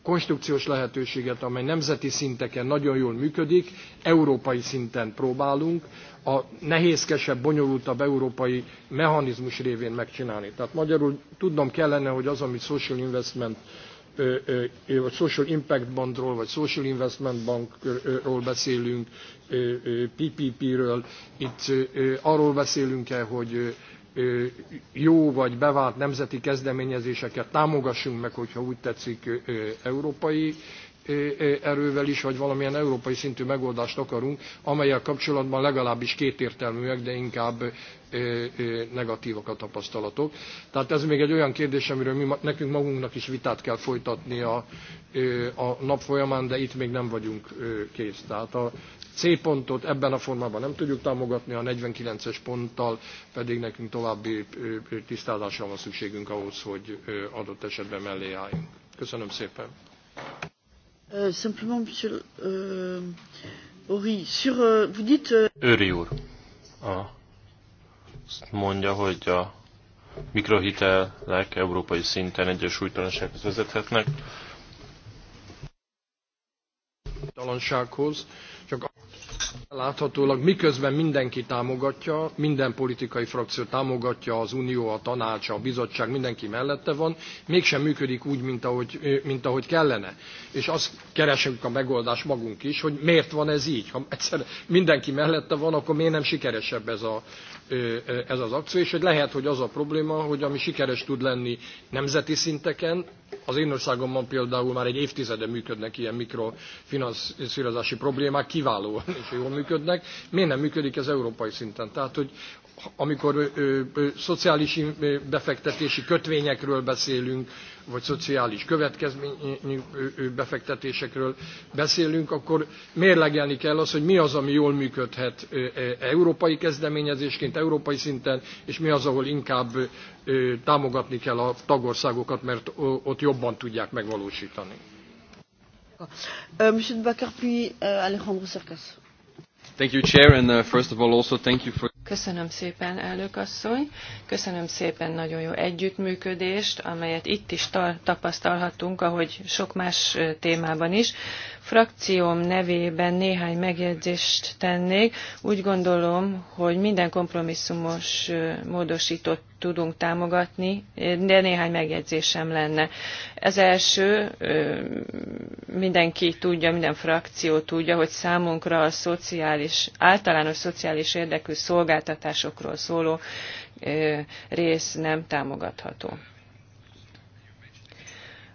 Speaker 5: konstrukciós lehetőséget, amely nemzeti szinteken nagyon jól működik, európai szinten próbálunk a nehézkesebb, bonyolultabb európai mechanizmus révén megcsinálni. Tehát magyarul tudnom kellene, hogy az, amit social investment vagy Social Impact Bankról, vagy Social Investment Bankról beszélünk, PPP-ről. Itt arról beszélünk-e, hogy jó vagy bevált nemzeti kezdeményezéseket támogassunk meg, hogyha úgy tetszik, európai erővel is, vagy valamilyen európai szintű megoldást akarunk, amelyek kapcsolatban legalábbis kétértelműek, de inkább negatívak a tapasztalatok. Tehát ez még egy olyan kérdés, amiről mi, nekünk magunknak is vitát kell folytatni a, a nap folyamán, de itt még nem vagyunk kész. Tehát a C pontot ebben a formában nem tudjuk támogatni, a 49-es ponttal pedig nekünk további tisztázásra van szükségünk ahhoz, hogy adott esetben mellé álljunk. Köszönöm szépen!
Speaker 1: Euh, simplement, monsieur euh, Ori, sur, euh, vous dites... Euh, Őri úr,
Speaker 2: azt mondja, hogy a mikrohitelek európai szinten egyes újtalansághoz vezethetnek.
Speaker 5: Talansághoz. Láthatólag miközben mindenki támogatja, minden politikai frakció támogatja, az Unió, a Tanács, a Bizottság, mindenki mellette van, mégsem működik úgy, mint ahogy, mint ahogy kellene. És azt keresünk a megoldást magunk is, hogy miért van ez így. Ha egyszer mindenki mellette van, akkor miért nem sikeresebb ez, a, ez az akció, és hogy lehet, hogy az a probléma, hogy ami sikeres tud lenni nemzeti szinteken, az én országomban például már egy évtizede működnek ilyen mikrofinanszírozási problémák kiválóan, és tökéletesen jól működnek, miért nem működik ez európai szinten? Tehát, hogy amikor ö, ö, szociális befektetési kötvényekről beszélünk, vagy szociális következményi befektetésekről beszélünk, akkor mérlegelni kell az, hogy mi az, ami jól működhet európai kezdeményezésként, európai szinten, és mi az, ahol inkább támogatni kell a tagországokat, mert ott jobban tudják megvalósítani.
Speaker 4: Euh, Monsieur Bakar, puis euh, Alejandro Cercas. Köszönöm szépen, elnök asszony. Köszönöm szépen nagyon jó együttműködést, amelyet itt is tapasztalhatunk, ahogy sok más témában is. Frakcióm nevében néhány megjegyzést tennék. Úgy gondolom, hogy minden kompromisszumos módosított tudunk támogatni, de néhány megjegyzésem lenne. Ez első, mindenki tudja, minden frakció tudja, hogy számunkra a szociális, általános szociális érdekű szolgáltatásokról szóló rész nem támogatható.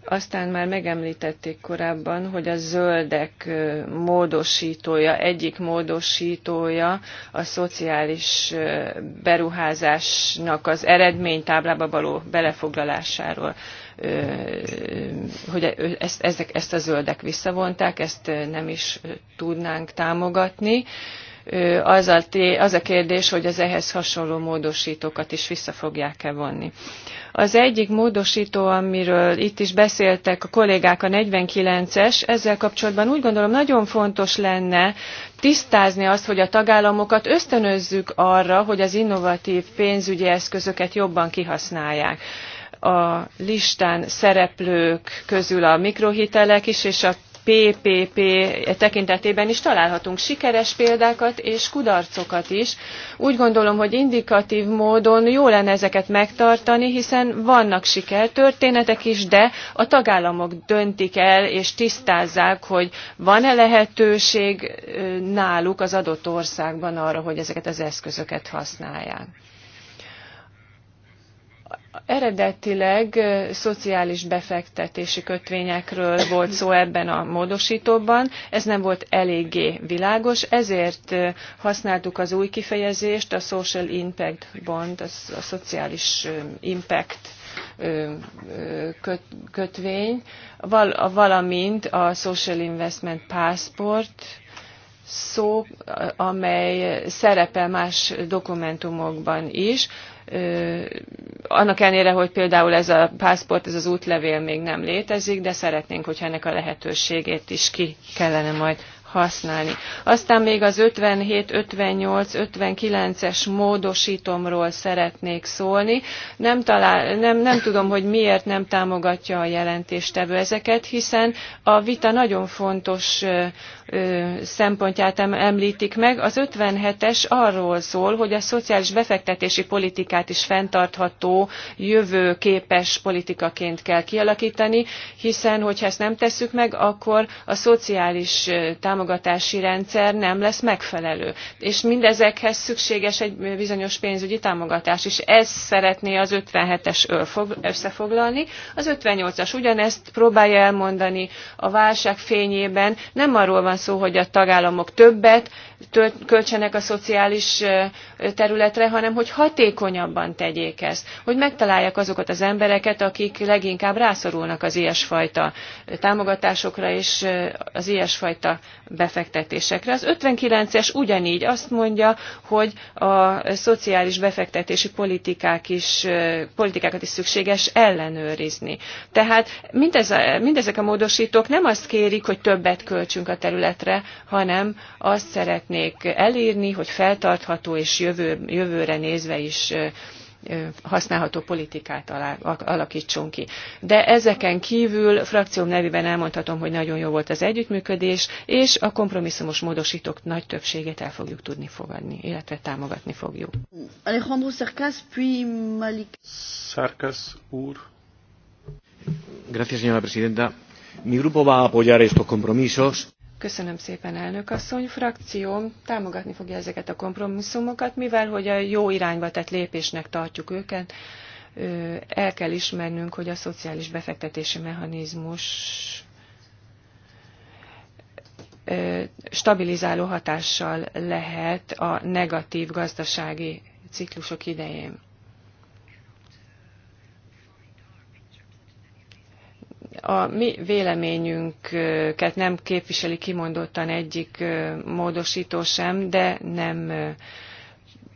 Speaker 4: Aztán már megemlítették korábban, hogy a zöldek módosítója, egyik módosítója a szociális beruházásnak az eredménytáblába való belefoglalásáról, hogy e, ezt, ezt, ezt a zöldek visszavonták, ezt nem is tudnánk támogatni az a, az a kérdés, hogy az ehhez hasonló módosítókat is vissza fogják-e vonni. Az egyik módosító, amiről itt is beszéltek a kollégák, a 49-es, ezzel kapcsolatban úgy gondolom nagyon fontos lenne tisztázni azt, hogy a tagállamokat ösztönözzük arra, hogy az innovatív pénzügyi eszközöket jobban kihasználják a listán szereplők közül a mikrohitelek is és a PPP tekintetében is találhatunk sikeres példákat és kudarcokat is. Úgy gondolom, hogy indikatív módon jó lenne ezeket megtartani, hiszen vannak sikertörténetek is, de a tagállamok döntik el és tisztázzák, hogy van-e lehetőség náluk az adott országban arra, hogy ezeket az eszközöket használják. Eredetileg szociális befektetési kötvényekről volt szó ebben a módosítóban, ez nem volt eléggé világos, ezért használtuk az új kifejezést, a social impact bond, a szociális impact kötvény, valamint a Social Investment Passport szó, amely szerepel más dokumentumokban is annak ellenére, hogy például ez a pászport, ez az útlevél még nem létezik, de szeretnénk, hogyha ennek a lehetőségét is ki kellene majd használni. Aztán még az 57, 58, 59-es módosítomról szeretnék szólni. Nem, talál, nem, nem tudom, hogy miért nem támogatja a jelentéstevő ezeket, hiszen a vita nagyon fontos szempontját említik meg. Az 57-es arról szól, hogy a szociális befektetési politikát is fenntartható, jövőképes politikaként kell kialakítani, hiszen hogyha ezt nem tesszük meg, akkor a szociális támogatási rendszer nem lesz megfelelő. És mindezekhez szükséges egy bizonyos pénzügyi támogatás, is. Ez szeretné az 57-es összefoglalni. Az 58-as ugyanezt próbálja elmondani a válság fényében. Nem arról van szó, hogy a tagállamok többet költsenek a szociális területre, hanem hogy hatékonyabban tegyék ezt, hogy megtalálják azokat az embereket, akik leginkább rászorulnak az ilyesfajta támogatásokra és az ilyesfajta befektetésekre. Az 59-es ugyanígy azt mondja, hogy a szociális befektetési politikák is, politikákat is szükséges ellenőrizni. Tehát mindez, mindezek a módosítók nem azt kérik, hogy többet költsünk a területre, hanem azt szeret szeretnék elérni, hogy feltartható és jövő, jövőre nézve is használható politikát alakítsunk ki. De ezeken kívül frakcióm nevében elmondhatom, hogy nagyon jó volt az együttműködés, és a kompromisszumos módosítók nagy többségét el fogjuk tudni fogadni, illetve támogatni
Speaker 2: fogjuk.
Speaker 1: Alejandro Szerkász, puis Malik.
Speaker 2: Szerkász úr. Gracias, señora presidenta. Mi grupo va a apoyar estos compromisos.
Speaker 4: Köszönöm szépen, elnök asszony. Frakcióm támogatni fogja ezeket a kompromisszumokat, mivel hogy a jó irányba tett lépésnek tartjuk őket. El kell ismernünk, hogy a szociális befektetési mechanizmus stabilizáló hatással lehet a negatív gazdasági ciklusok idején. a mi véleményünket nem képviseli kimondottan egyik módosító sem, de nem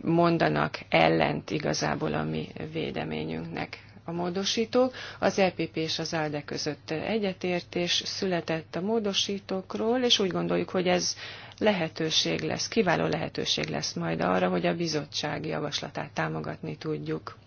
Speaker 4: mondanak ellent igazából a mi véleményünknek a módosítók. Az EPP és az ALDE között egyetértés született a módosítókról, és úgy gondoljuk, hogy ez lehetőség lesz, kiváló lehetőség lesz majd arra, hogy a bizottság javaslatát támogatni tudjuk.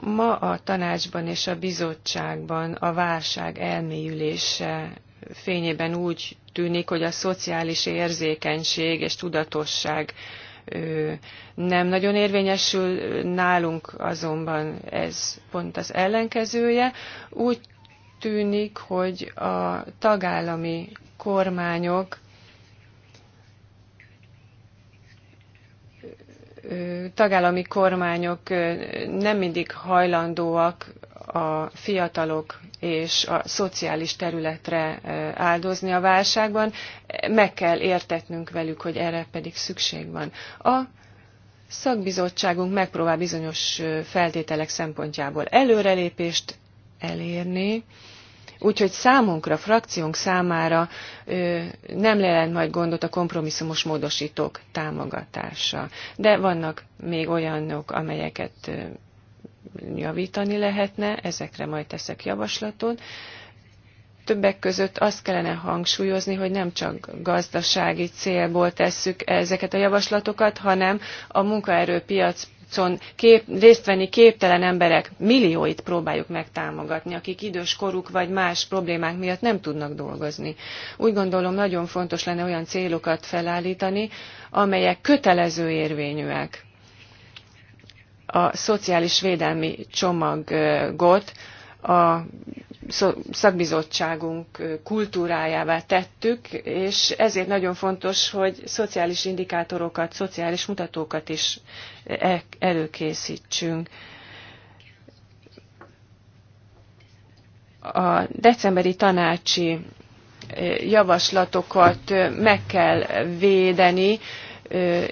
Speaker 4: Ma a tanácsban és a bizottságban a válság elmélyülése fényében úgy tűnik, hogy a szociális érzékenység és tudatosság nem nagyon érvényesül, nálunk azonban ez pont az ellenkezője. Úgy tűnik, hogy a tagállami kormányok tagállami kormányok nem mindig hajlandóak a fiatalok és a szociális területre áldozni a válságban. Meg kell értetnünk velük, hogy erre pedig szükség van. A szakbizottságunk megpróbál bizonyos feltételek szempontjából előrelépést elérni, Úgyhogy számunkra, frakciónk számára nem jelent majd gondot a kompromisszumos módosítók támogatása. De vannak még olyanok, amelyeket javítani lehetne, ezekre majd teszek javaslatot. Többek között azt kellene hangsúlyozni, hogy nem csak gazdasági célból tesszük ezeket a javaslatokat, hanem a munkaerőpiac piacon kép, részt venni képtelen emberek millióit próbáljuk megtámogatni, akik idős koruk vagy más problémák miatt nem tudnak dolgozni. Úgy gondolom nagyon fontos lenne olyan célokat felállítani, amelyek kötelező érvényűek. A szociális védelmi csomagot a szakbizottságunk kultúrájává tettük, és ezért nagyon fontos, hogy szociális indikátorokat, szociális mutatókat is e, előkészítsünk. A decemberi tanácsi javaslatokat meg kell védeni,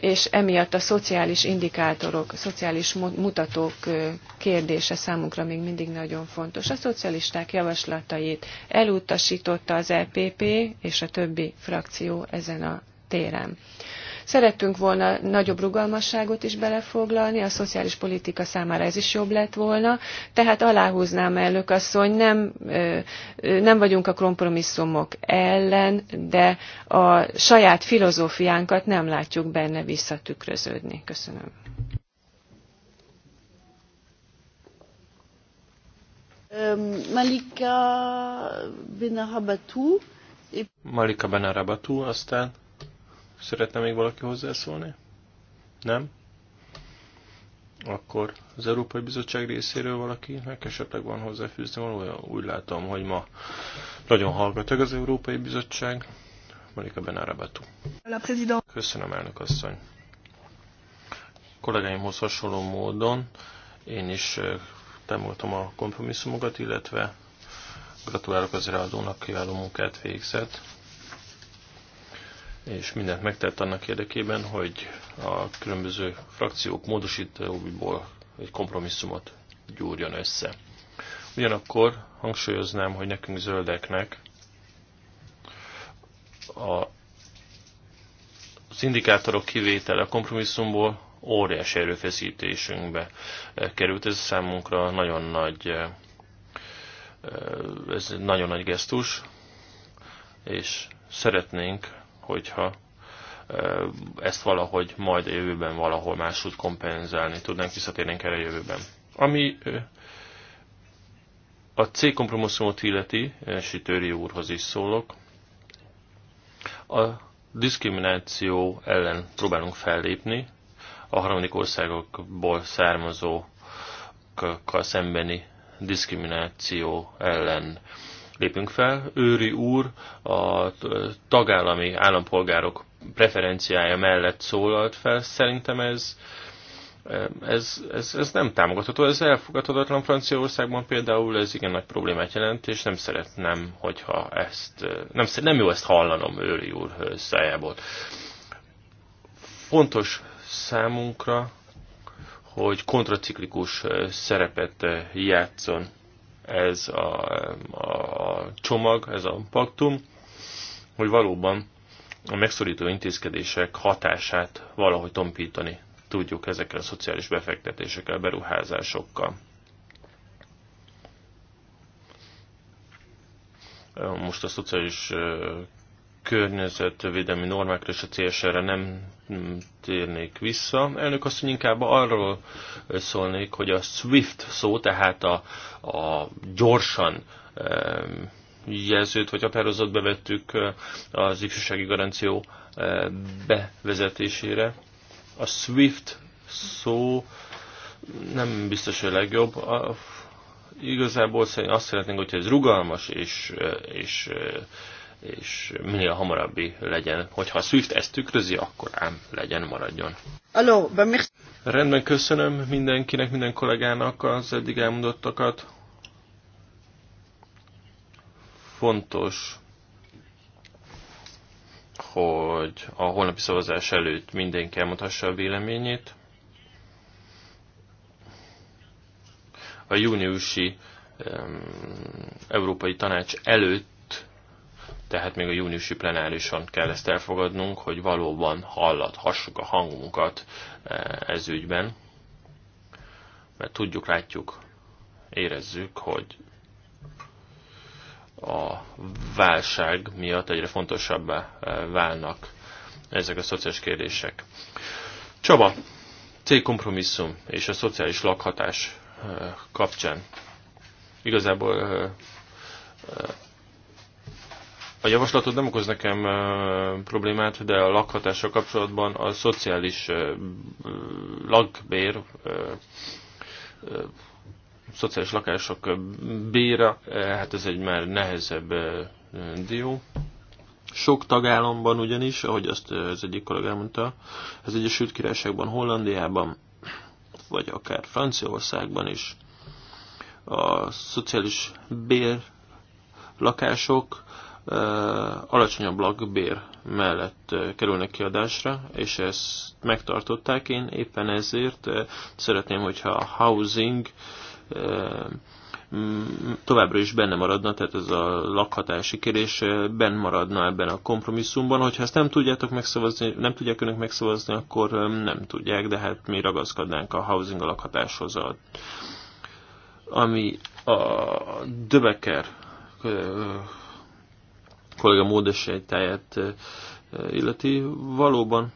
Speaker 4: és emiatt a szociális indikátorok, a szociális mutatók kérdése számunkra még mindig nagyon fontos. A szocialisták javaslatait elutasította az EPP és a többi frakció ezen a téren. Szerettünk volna nagyobb rugalmasságot is belefoglalni, a szociális politika számára ez is jobb lett volna, tehát aláhúznám elnök asszony, nem, nem vagyunk a kompromisszumok ellen, de a saját filozófiánkat nem látjuk benne visszatükröződni. Köszönöm.
Speaker 1: Malika Benarabatú.
Speaker 2: Malika Benarabatú aztán. Szeretne még valaki hozzászólni? Nem? Akkor az Európai Bizottság részéről valakinek esetleg van hozzáfűzni valója? Úgy látom, hogy ma nagyon hallgatok az Európai Bizottság. Marika Benárabatu. Köszönöm, elnök asszony. Kollégáimhoz hasonló módon én is eh, támogatom a kompromisszumokat, illetve gratulálok az eladónak, kiváló munkát végzett és mindent megtett annak érdekében, hogy a különböző frakciók módosítóiból egy kompromisszumot gyúrjon össze. Ugyanakkor hangsúlyoznám, hogy nekünk zöldeknek a, az indikátorok kivétele a kompromisszumból óriási erőfeszítésünkbe került. Ez számunkra nagyon nagy, ez nagyon nagy gesztus, és szeretnénk hogyha ezt valahogy majd a jövőben valahol máshogy kompenzálni tudnánk, visszatérnénk erre a jövőben. Ami a C kompromisszumot illeti, Sütőri úrhoz is szólok, a diszkrimináció ellen próbálunk fellépni, a harmadik országokból származókkal szembeni diszkrimináció ellen lépünk fel. Őri úr a tagállami állampolgárok preferenciája mellett szólalt fel. Szerintem ez, ez, ez, ez nem támogatható, ez elfogadhatatlan Franciaországban például, ez igen nagy problémát jelent, és nem szeretném, hogyha ezt, nem, nem jó ezt hallanom Őri úr szájából. Fontos számunkra, hogy kontraciklikus szerepet játszon ez a, a csomag, ez a paktum, hogy valóban a megszorító intézkedések hatását valahogy tompítani tudjuk ezekkel a szociális befektetésekkel, beruházásokkal. Most a szociális környezetvédelmi normákra és a CSR-re nem térnék vissza. Elnök hogy inkább arról szólnék, hogy a SWIFT szó, tehát a, a gyorsan jelzőt vagy határozott bevettük az ifjúsági garanció bevezetésére. A SWIFT szó nem biztos, hogy legjobb. A, igazából azt szeretnénk, hogyha ez rugalmas és, és és minél hamarabbi legyen. Hogyha a SWIFT ezt tükrözi, akkor ám legyen, maradjon. Hello, Rendben, köszönöm mindenkinek, minden kollégának az eddig elmondottakat. Fontos, hogy a holnapi szavazás előtt mindenki elmondhassa a véleményét. A júniusi um, Európai Tanács előtt tehát még a júniusi plenárison kell ezt elfogadnunk, hogy valóban hallathassuk a hangunkat e, ez ügyben, mert tudjuk, látjuk, érezzük, hogy a válság miatt egyre fontosabbá e, válnak ezek a szociális kérdések. Csaba, cégkompromisszum és a szociális lakhatás e, kapcsán igazából a javaslatod nem okoz nekem problémát, de a lakhatással kapcsolatban a szociális lakbér, szociális lakások béra, hát ez egy már nehezebb dió. Sok tagállamban ugyanis, ahogy azt az egyik kollega mondta, az Egyesült Királyságban, Hollandiában, vagy akár Franciaországban is a szociális bér lakások alacsonyabb lakbér mellett kerülnek kiadásra, és ezt megtartották. Én éppen ezért szeretném, hogyha a housing továbbra is benne maradna, tehát ez a lakhatási kérés benne maradna ebben a kompromisszumban. Hogyha ezt nem tudjátok megszavazni, nem tudják önök megszavazni, akkor nem tudják, de hát mi ragaszkodnánk a housing a lakhatáshoz. A, ami a Döbeker kollega módosítáját illeti. Valóban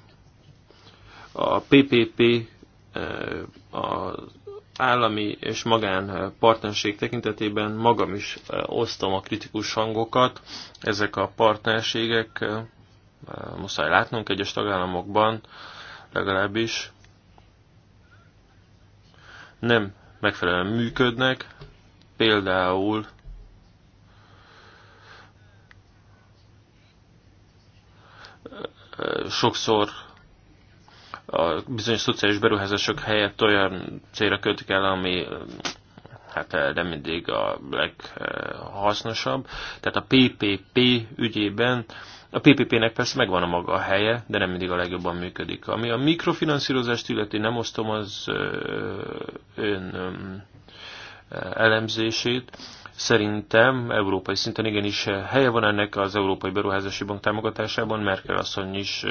Speaker 2: a PPP az állami és magán partnerség tekintetében magam is osztom a kritikus hangokat. Ezek a partnerségek, muszáj látnunk egyes tagállamokban legalábbis, nem megfelelően működnek. Például sokszor a bizonyos szociális beruházások helyett olyan célra költik el, ami hát nem mindig a leghasznosabb. Tehát a PPP ügyében a PPP-nek persze megvan a maga a helye, de nem mindig a legjobban működik. Ami a mikrofinanszírozást illeti, nem osztom az ön elemzését. Szerintem európai szinten igenis helye van ennek az Európai Beruházási Bank támogatásában. Merkel asszony is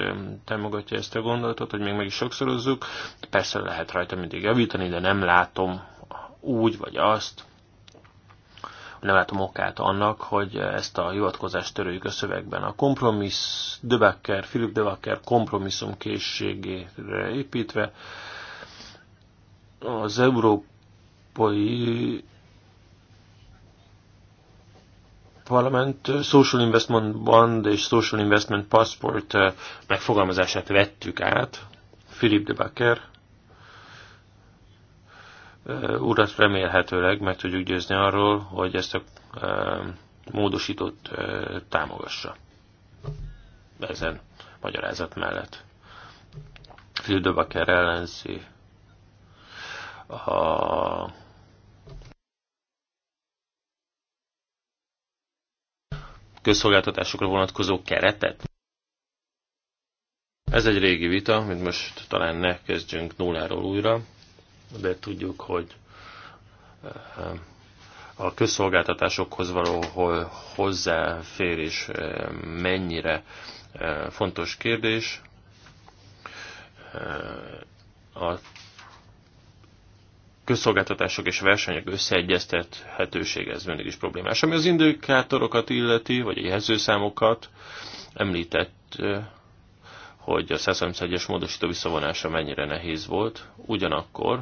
Speaker 2: támogatja ezt a gondolatot, hogy még meg is sokszorozzuk. Persze lehet rajta mindig javítani, de nem látom úgy vagy azt, nem látom okát annak, hogy ezt a hivatkozást törőjük a szövegben. A kompromissz, Döbekker, Philip Döbekker kompromisszum készségére építve az európai Parlament Social Investment Bond és Social Investment Passport megfogalmazását vettük át. Philip de Backer urat remélhetőleg meg tudjuk győzni arról, hogy ezt a módosított támogassa ezen magyarázat mellett. Philip de Backer ellenzi a közszolgáltatásokra vonatkozó keretet? Ez egy régi vita, mint most talán ne kezdjünk nulláról újra, de tudjuk, hogy eh, a közszolgáltatásokhoz való hozzáférés eh, mennyire eh, fontos kérdés. A közszolgáltatások és versenyek összeegyeztethetősége, ez mindig is problémás. Ami az indikátorokat illeti, vagy a jelzőszámokat, említett, hogy a 131-es módosító visszavonása mennyire nehéz volt, ugyanakkor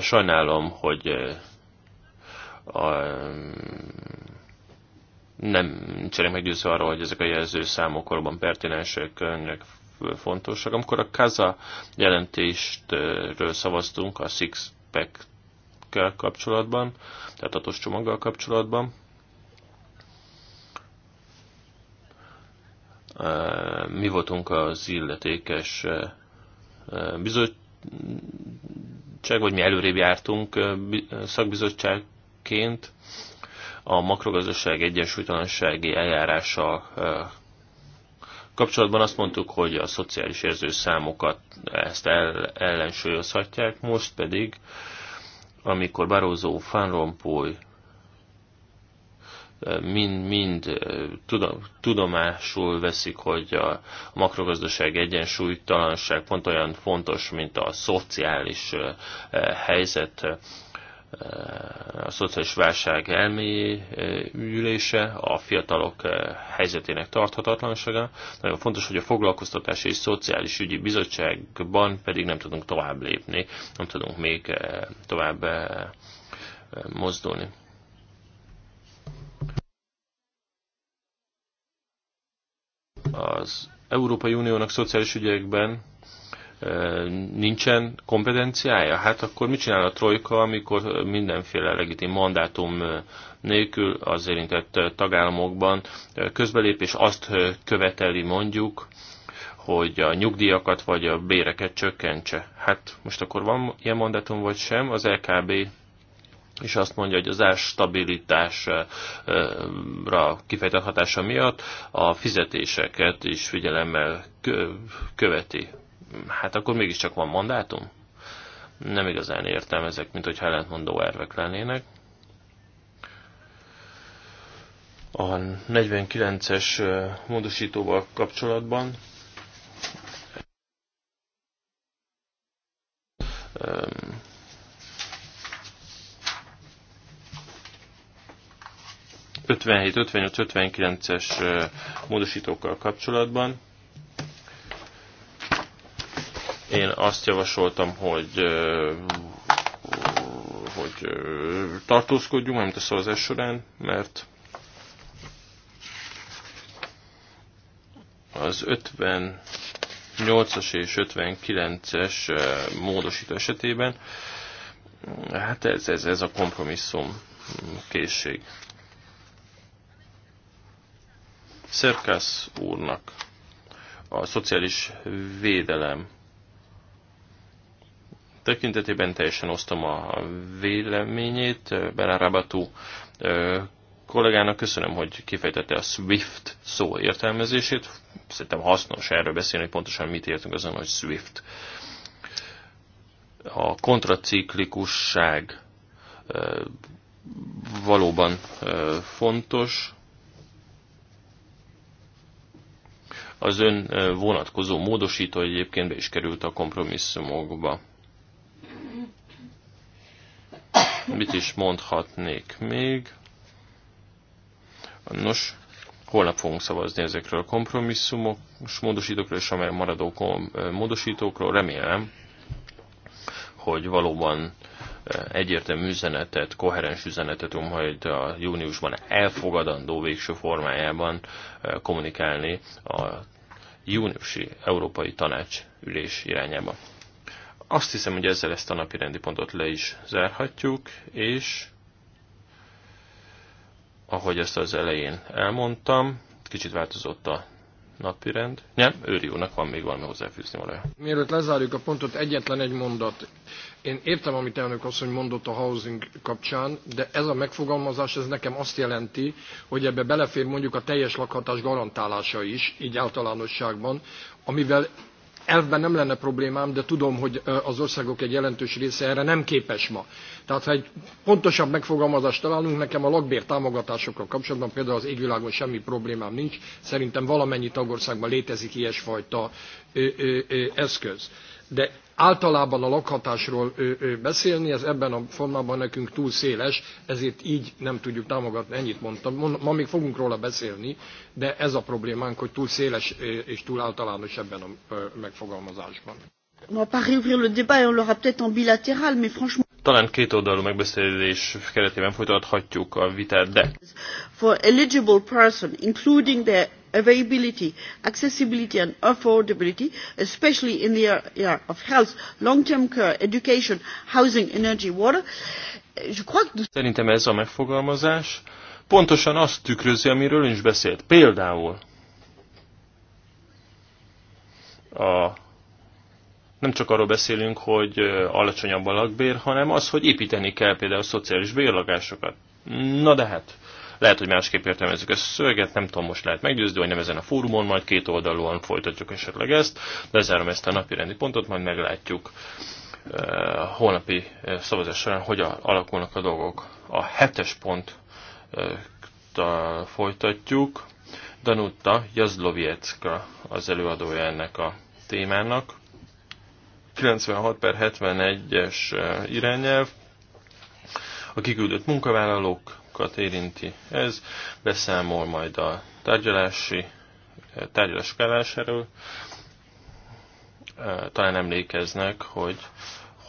Speaker 2: sajnálom, hogy a, nem nincsenek meggyőző arról, hogy ezek a jelzőszámok valóban pertinensek, fontosak. Amikor a Kaza jelentéstről szavaztunk a Six Pack-kel kapcsolatban, tehát hatos csomaggal kapcsolatban, e, mi voltunk az illetékes e, e, bizottság, vagy mi előrébb jártunk szakbizottságként a makrogazdaság egyensúlytalansági eljárása kapcsolatban azt mondtuk, hogy a szociális érzőszámokat ezt el, ellensúlyozhatják, most pedig, amikor barózó Van Rompuy mind-mind eh, tudomásul veszik, hogy a makrogazdaság egyensúlytalanság pont olyan fontos, mint a szociális eh, helyzet a szociális válság elmélyülése, a fiatalok eh, helyzetének tarthatatlansága. Nagyon fontos, hogy a foglalkoztatási és szociális ügyi bizottságban pedig nem tudunk tovább lépni, nem tudunk még eh, tovább eh, mozdulni. Az Európai Uniónak szociális ügyekben nincsen kompetenciája? Hát akkor mit csinál a trojka, amikor mindenféle legitim mandátum nélkül az érintett tagállamokban közbelép, és azt követeli mondjuk, hogy a nyugdíjakat vagy a béreket csökkentse. Hát most akkor van ilyen mandátum vagy sem, az LKB és azt mondja, hogy az árstabilitásra kifejtett hatása miatt a fizetéseket is figyelemmel követi hát akkor mégiscsak van mandátum? Nem igazán értem ezek, mint hogy ellentmondó ervek lennének. A 49-es módosítóval kapcsolatban 57, 58, 59-es módosítókkal kapcsolatban én azt javasoltam, hogy hogy tartózkodjunk, amit a szavazás során, mert az 58-as és 59-es módosító esetében, hát ez, ez, ez a kompromisszum készség. Szerkász úrnak a szociális védelem tekintetében teljesen osztom a véleményét. Belárabatú kollégának köszönöm, hogy kifejtette a SWIFT szó értelmezését. Szerintem hasznos erről beszélni, hogy pontosan mit értünk azon, hogy SWIFT. A kontraciklikusság valóban fontos. Az ön vonatkozó módosító egyébként be is került a kompromisszumokba. Mit is mondhatnék még? Nos, holnap fogunk szavazni ezekről a kompromisszumos módosítókról és amely maradó módosítókról. Remélem, hogy valóban eh, egyértelmű üzenetet, koherens üzenetet tudom majd a júniusban elfogadandó végső formájában eh, kommunikálni a júniusi Európai Tanács ülés irányába. Azt hiszem, hogy ezzel ezt a napi rendi pontot le is zárhatjuk, és ahogy ezt az elején elmondtam, kicsit változott a napirend. Nem, Őri úrnak van még valami hozzáfűzni valója.
Speaker 5: Mielőtt lezárjuk a pontot, egyetlen egy mondat. Én értem, amit elnök asszony mondott a housing kapcsán, de ez a megfogalmazás, ez nekem azt jelenti, hogy ebbe belefér mondjuk a teljes lakhatás garantálása is, így általánosságban, amivel Elvben nem lenne problémám, de tudom, hogy az országok egy jelentős része erre nem képes ma. Tehát ha egy pontosabb megfogalmazást találunk, nekem a lakbér támogatásokkal kapcsolatban például az égvilágon semmi problémám nincs. Szerintem valamennyi tagországban létezik ilyesfajta eszköz. De általában a lakhatásról beszélni, ez ebben a formában nekünk túl széles, ezért így nem tudjuk támogatni, ennyit mondtam. Ma még fogunk róla beszélni, de ez a problémánk, hogy túl széles és túl általános ebben a megfogalmazásban.
Speaker 2: Talán két oldalú megbeszélés keretében folytathatjuk a vitát, de...
Speaker 1: For eligible person, including their availability accessibility and affordability especially in the area of health long term care education housing
Speaker 2: energy water Szerintem ez a megfogalmazás pontosan azt tükrözi, amiről is beszélt. Például a, nem csak arról beszélünk, hogy alacsonyabb a lakbér, hanem az, hogy építeni kell például a szociális bérlakásokat. Na de hát, lehet, hogy másképp értelmezzük ezt a szöveget, nem tudom, most lehet meggyőzni, hogy nem ezen a fórumon, majd két oldalon folytatjuk esetleg ezt. Lezárom ezt a napi rendi pontot, majd meglátjuk eh, holnapi eh, szavazás során, hogy a alakulnak a dolgok. A hetes pont eh, folytatjuk. Danuta Jazloviecka az előadója ennek a témának. 96 per 71-es irányelv. A kiküldött munkavállalók tagállamokat érinti ez, beszámol majd a tárgyalási eh, tárgyalás állásáról. Eh, talán emlékeznek, hogy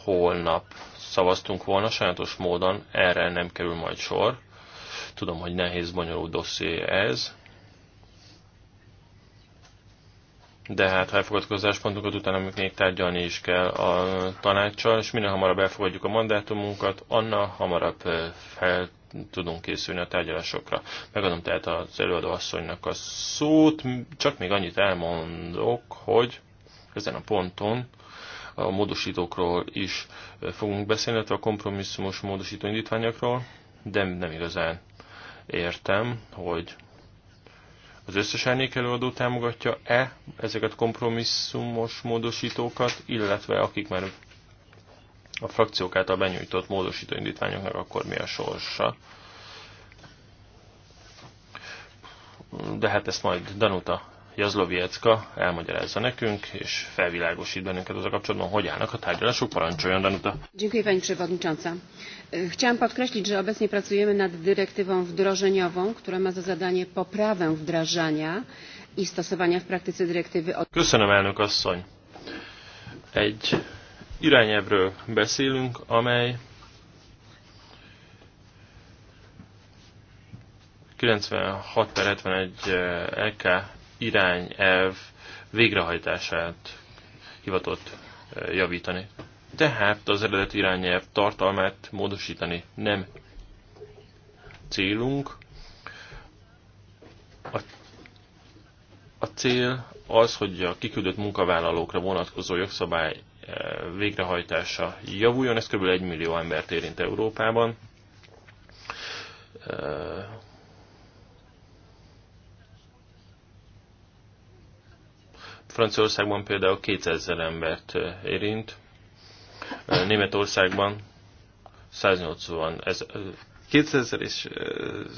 Speaker 2: holnap szavaztunk volna, sajátos módon erre nem kerül majd sor. Tudom, hogy nehéz, bonyolult dosszié ez, de hát ha elfogadjuk az utána még tárgyalni is kell a tanácssal, és minél hamarabb elfogadjuk a mandátumunkat, annál hamarabb eh, fel tudunk készülni a tárgyalásokra. Megadom tehát az előadó asszonynak a szót, csak még annyit elmondok, hogy ezen a ponton a módosítókról is fogunk beszélni, illetve a kompromisszumos módosító indítványokról, de nem igazán értem, hogy az összes előadó támogatja-e ezeket kompromisszumos módosítókat, illetve akik már a frakciók által benyújtott módosító indítványoknak akkor mi a sorsa. De hát ezt majd Danuta Jazloviecka elmagyarázza nekünk, és felvilágosít bennünket az a kapcsolatban, hogy állnak a tárgyalások. Parancsoljon, Danuta!
Speaker 3: Dziękuję Pani Przewodnicząca. E, chciałam podkreślić, że obecnie pracujemy nad dyrektywą wdrożeniową, która ma za zadanie poprawę wdrażania i stosowania w praktyce dyrektywy... Köszönöm,
Speaker 2: elnök asszony! Egy irányelvről beszélünk, amely 96 per 71 eh, irányelv végrehajtását hivatott eh, javítani. Tehát az eredeti irányelv tartalmát módosítani nem célunk. A, a cél az, hogy a kiküldött munkavállalókra vonatkozó jogszabály végrehajtása javuljon, ez kb. 1 millió embert érint Európában. Franciaországban például 200 ezer embert érint, Németországban 180 ezer, 2000 és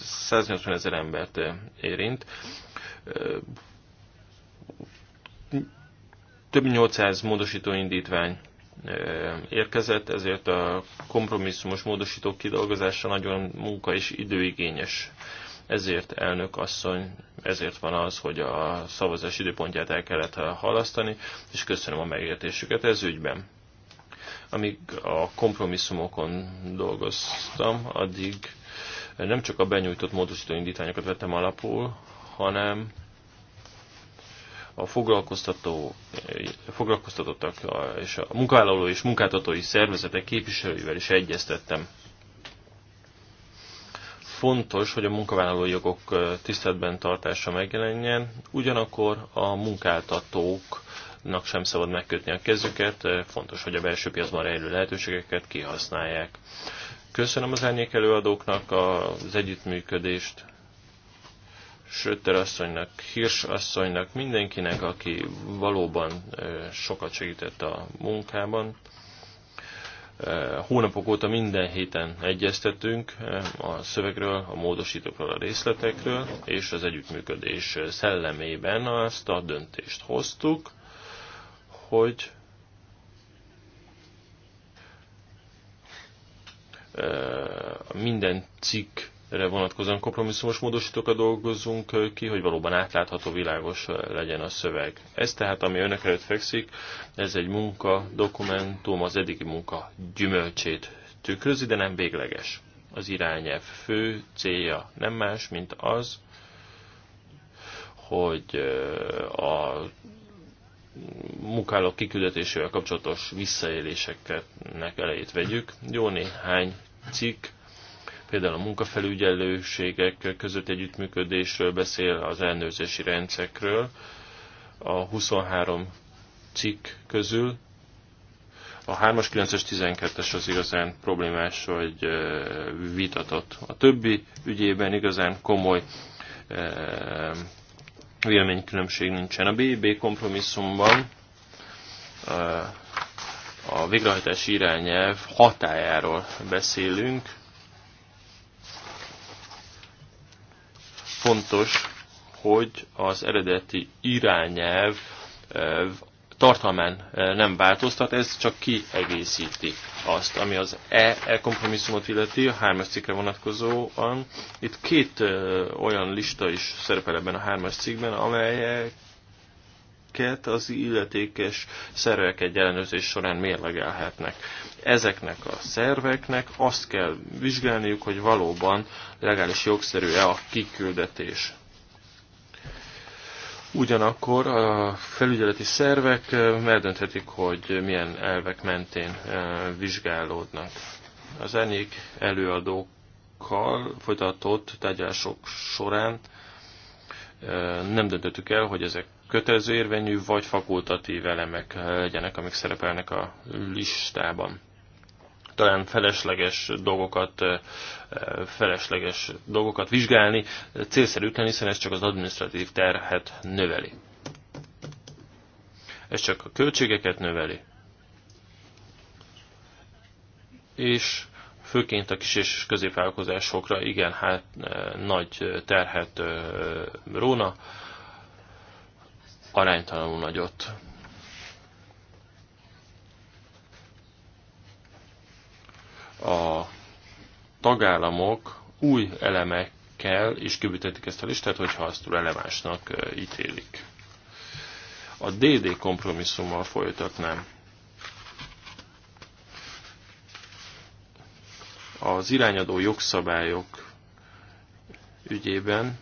Speaker 2: 180 ezer embert érint. Több mint 800 módosító indítvány érkezett, ezért a kompromisszumos módosítók kidolgozása nagyon munka és időigényes. Ezért elnök asszony, ezért van az, hogy a szavazás időpontját el kellett halasztani, és köszönöm a megértésüket ez ügyben. Amíg a kompromisszumokon dolgoztam, addig nem csak a benyújtott módosító indítványokat vettem alapul, hanem a foglalkoztató, eh, foglalkoztatottak és a munkavállaló és munkáltatói szervezetek képviselőivel is egyeztettem. Fontos, hogy a munkavállalói jogok eh, tiszteletben tartása megjelenjen, ugyanakkor a munkáltatóknak sem szabad megkötni a kezüket, eh, fontos, hogy a belső piacban rejlő lehetőségeket kihasználják. Köszönöm az árnyék előadóknak az együttműködést, Söter asszonynak, Hirs asszonynak, mindenkinek, aki valóban sokat segített a munkában. Hónapok óta minden héten egyeztetünk a szövegről, a módosítókról, a részletekről, és az együttműködés szellemében azt a döntést hoztuk, hogy minden cikk vonatkozóan kompromisszumos módosítókat dolgozunk ki, hogy valóban átlátható, világos legyen a szöveg. Ez tehát, ami önök előtt fekszik, ez egy munka dokumentum, az eddigi munka gyümölcsét tükrözi, de nem végleges. Az irányelv fő célja nem más, mint az, hogy a munkálók kiküldetésével kapcsolatos visszaéléseket elejét vegyük. Jó néhány cikk például a munkafelügyelőségek között együttműködésről beszél, az elnőrzési rendszerről A 23 cikk közül a 3-as, 9-es, 12-es az igazán problémás, hogy vitatott. A többi ügyében igazán komoly véleménykülönbség nincsen. A BB kompromisszumban a végrehajtási irányelv hatájáról beszélünk, fontos, hogy az eredeti irányelv tartalmán nem változtat, ez csak kiegészíti azt, ami az E, -E kompromisszumot illeti, a hármas cikkre vonatkozóan. Itt két olyan lista is szerepel ebben a hármas cikkben, amelyek az illetékes szervek egy ellenőrzés során mérlegelhetnek. Ezeknek a szerveknek azt kell vizsgálniuk, hogy valóban legális jogszerű-e a kiküldetés. Ugyanakkor a felügyeleti szervek eldönthetik, hogy milyen elvek mentén vizsgálódnak. Az enyik előadókkal folytatott tárgyalások során nem döntöttük el, hogy ezek kötelező érvényű vagy fakultatív elemek legyenek, amik szerepelnek a listában. Talán felesleges dolgokat, felesleges dolgokat vizsgálni célszerűtlen, hiszen ez csak az administratív terhet növeli. Ez csak a költségeket növeli. És főként a kis és középvállalkozásokra igen hát nagy terhet róna, aránytalanul nagyot. A tagállamok új elemekkel is kibütetik ezt a listát, hogyha azt relevánsnak ítélik. A DD kompromisszummal folytatnám. Az irányadó jogszabályok ügyében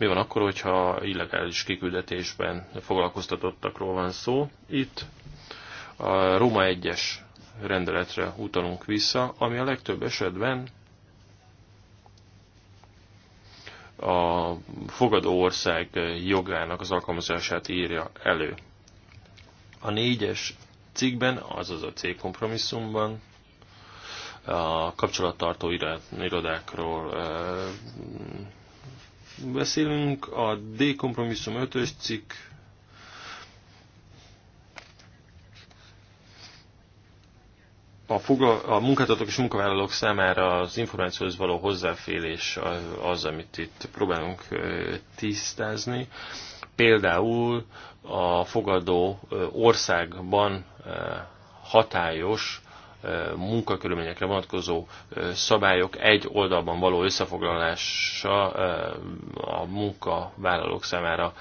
Speaker 2: mi van akkor, hogyha illegális kiküldetésben foglalkoztatottakról van szó? Itt a Róma 1-es rendeletre utalunk vissza, ami a legtöbb esetben a fogadó ország jogának az alkalmazását írja elő. A négyes cikkben, azaz a C kompromisszumban a kapcsolattartó irodákról beszélünk, a D kompromisszum 5-ös cikk a, fogla, a munkáltatók és munkavállalók számára az információhoz való hozzáférés az, amit itt próbálunk tisztázni. Például a fogadó országban hatályos munkakörülményekre vonatkozó szabályok egy oldalban való összefoglalása a munkavállalók számára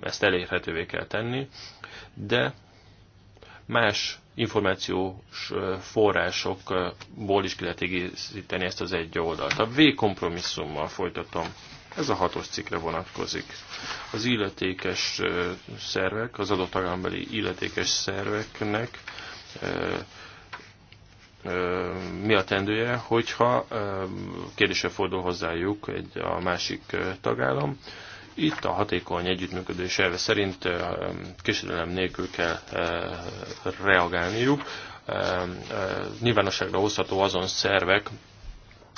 Speaker 2: ezt elérhetővé kell tenni, de más információs forrásokból is ki lehet egészíteni ezt az egy oldalt. A V kompromisszummal folytatom. Ez a hatos cikkre vonatkozik. Az illetékes szervek, az adott tagambeli illetékes szerveknek mi a tendője, hogyha kérdése fordul hozzájuk egy a másik tagállam. Itt a hatékony együttműködés elve szerint késedelem nélkül kell reagálniuk. Nyilvánosságra hozható azon szervek,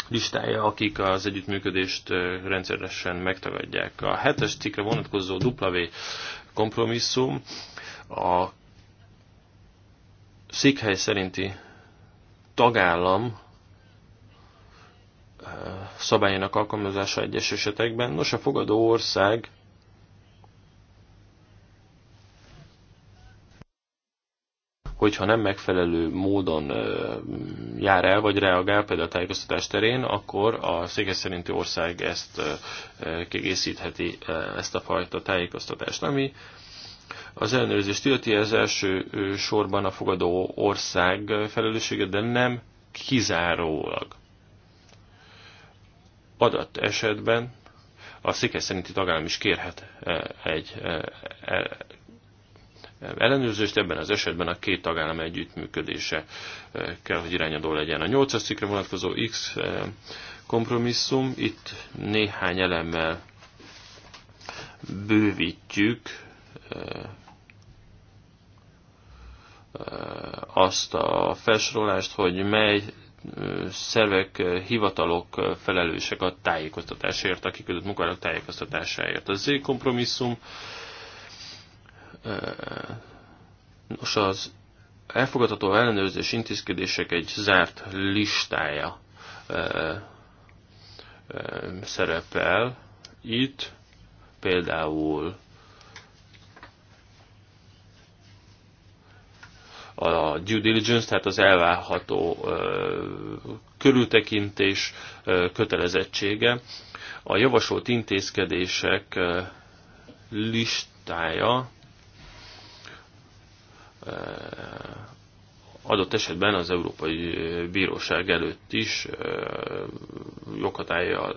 Speaker 2: listája, akik az együttműködést rendszeresen megtagadják. A hetes cikre vonatkozó W kompromisszum a székhely szerinti tagállam eh, szabályának alkalmazása egyes esetekben. Nos, a fogadó ország hogyha nem megfelelő módon eh, jár el, vagy reagál, például a tájékoztatás terén, akkor a székes szerinti ország ezt eh, kiegészítheti, ezt a fajta tájékoztatást, ami az ellenőrzést tilti ez első sorban a fogadó ország felelőssége, de nem kizárólag. Adat esetben a székely szerinti tagállam is kérhet egy e, ellenőrzést, ebben az esetben a két tagállam együttműködése kell, hogy irányadó legyen. A 8-as cikkre vonatkozó X kompromisszum, itt néhány elemmel bővítjük azt a felsorolást, hogy mely szervek, hivatalok felelősek a tájékoztatásért, akik között munkának tájékoztatásáért. Az egy kompromisszum Nos, az elfogadható ellenőrzés intézkedések egy zárt listája szerepel. Itt például a due diligence, tehát az elvárható körültekintés kötelezettsége. A javasolt intézkedések listája adott esetben az Európai Bíróság előtt is joghatályjal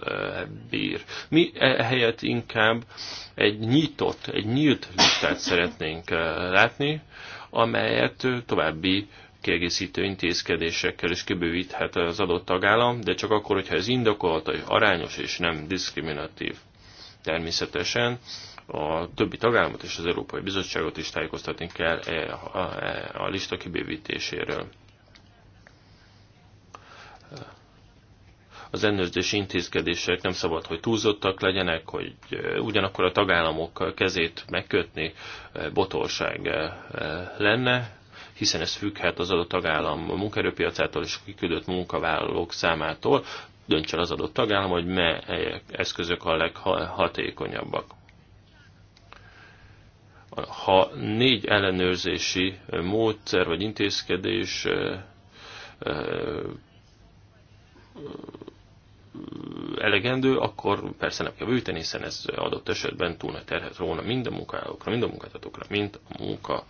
Speaker 2: bír. Mi e-, helyett inkább egy nyitott, egy nyílt listát szeretnénk látni, amelyet további kiegészítő intézkedésekkel is kibővíthet az adott tagállam, de csak akkor, hogyha ez indokolt, arányos és nem diszkriminatív. Természetesen a többi tagállamot és az Európai Bizottságot is tájékoztatni kell e, e, a lista kibővítéséről. az ellenőrzési intézkedések nem szabad, hogy túlzottak legyenek, hogy ugyanakkor a tagállamok kezét megkötni botorság lenne, hiszen ez függhet az adott tagállam munkaerőpiacától és kiküldött munkavállalók számától, döntse az adott tagállam, hogy melyek eszközök a leghatékonyabbak. Ha négy ellenőrzési módszer vagy intézkedés elegendő, akkor persze nem kell bőteni, hiszen ez adott esetben túl nagy terhet róna mind a munkálókra, mind a munkáltatókra, mind a munka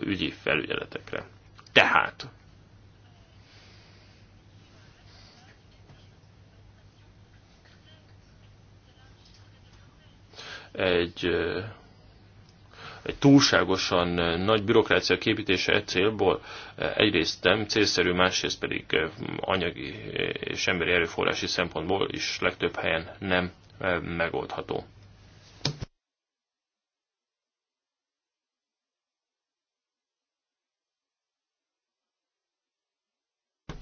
Speaker 2: ügyi felügyeletekre. Tehát egy egy túlságosan eh, nagy bürokrácia képítése egy célból eh, egyrészt nem célszerű, másrészt pedig eh, anyagi és emberi erőforrási szempontból is legtöbb helyen nem megoldható.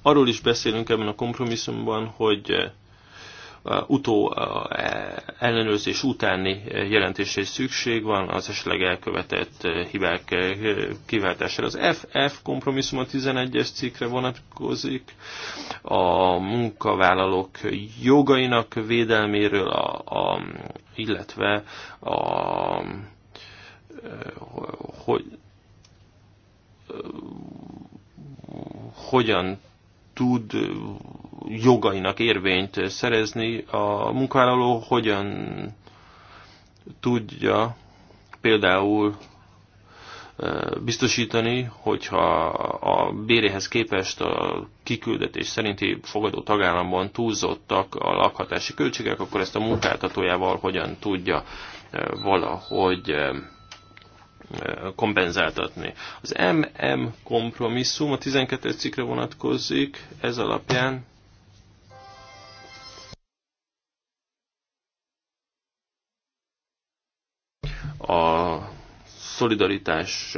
Speaker 2: Arról is beszélünk ebben a kompromisszumban, hogy Uh, utó uh, e, ellenőrzés utáni uh, jelentésre szükség van az esetleg elkövetett hibák kiváltására. Az FF kompromisszum a 11-es cikkre vonatkozik, a munkavállalók jogainak védelméről, a, a, illetve a, hogy hogyan tud jogainak érvényt szerezni, a munkavállaló hogyan tudja például e, biztosítani, hogyha a béréhez képest a kiküldetés szerinti fogadó tagállamban túlzottak a lakhatási költségek, akkor ezt a munkáltatójával hogyan tudja e, valahogy e, kompenzáltatni. Az MM kompromisszum a 12. cikre vonatkozik, ez alapján a szolidaritás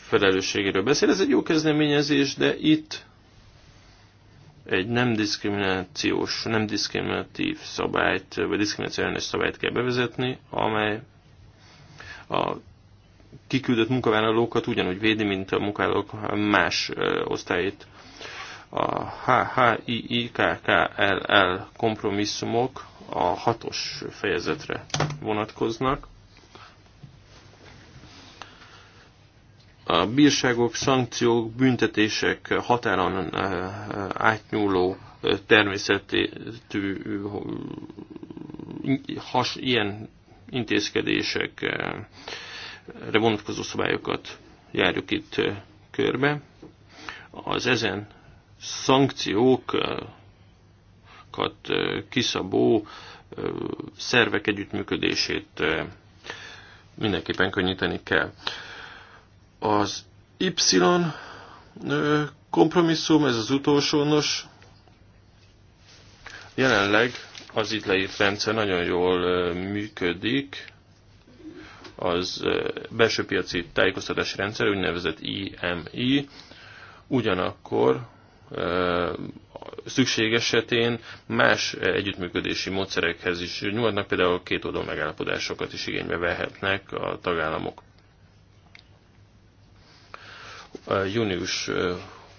Speaker 2: felelősségéről beszél. Ez egy jó kezdeményezés, de itt egy nem diszkriminációs, nem diszkriminatív szabályt, vagy diszkrimináció ellenes szabályt kell bevezetni, amely a kiküldött munkavállalókat ugyanúgy védi, mint a munkavállalók más osztályait. A HIIKKLL kompromisszumok a hatos fejezetre vonatkoznak. A bírságok, szankciók, büntetések határon átnyúló természetű has, ilyen intézkedésekre vonatkozó szabályokat járjuk itt körbe. Az ezen szankciókat kiszabó szervek együttműködését mindenképpen könnyíteni kell. Az Y kompromisszum, ez az utolsó nos, jelenleg az itt leírt rendszer nagyon jól működik, az belső piaci tájékoztatási rendszer, úgynevezett IMI, ugyanakkor szükség esetén más együttműködési módszerekhez is nyúlnak, például két oldal megállapodásokat is igénybe vehetnek a tagállamok. Június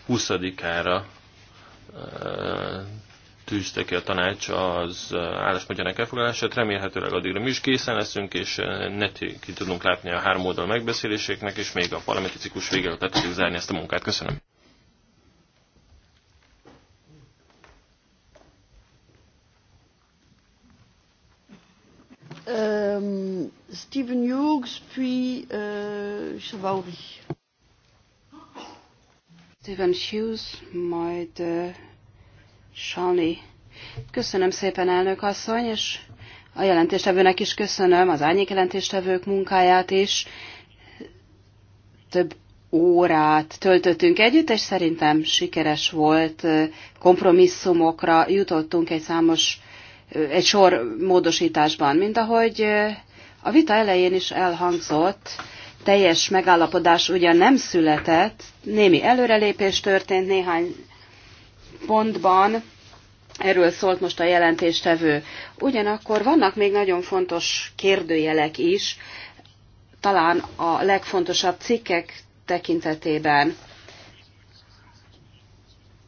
Speaker 2: 20-ára tűzte ki a tanács az álláspontjának elfoglalását. Remélhetőleg addigra mi is készen leszünk, és ne ki tudunk látni a három oldal megbeszéléseknek, és még a parlamenti ciklus végére le tudjuk zárni ezt a munkát. Köszönöm.
Speaker 1: Um, Stephen Hughes, puis uh, Chavauri. Stephen
Speaker 3: Hughes, majd dear. Salni. Köszönöm szépen, elnök asszony, és a jelentéstevőnek is köszönöm, az árnyék jelentéstevők munkáját is. Több órát töltöttünk együtt, és szerintem sikeres volt, kompromisszumokra jutottunk egy számos, egy sor módosításban, mint ahogy a vita elején is elhangzott, teljes megállapodás ugyan nem született, némi előrelépés történt, néhány pontban erről szólt most a jelentéstevő. Ugyanakkor vannak még nagyon fontos kérdőjelek is, talán a legfontosabb cikkek tekintetében.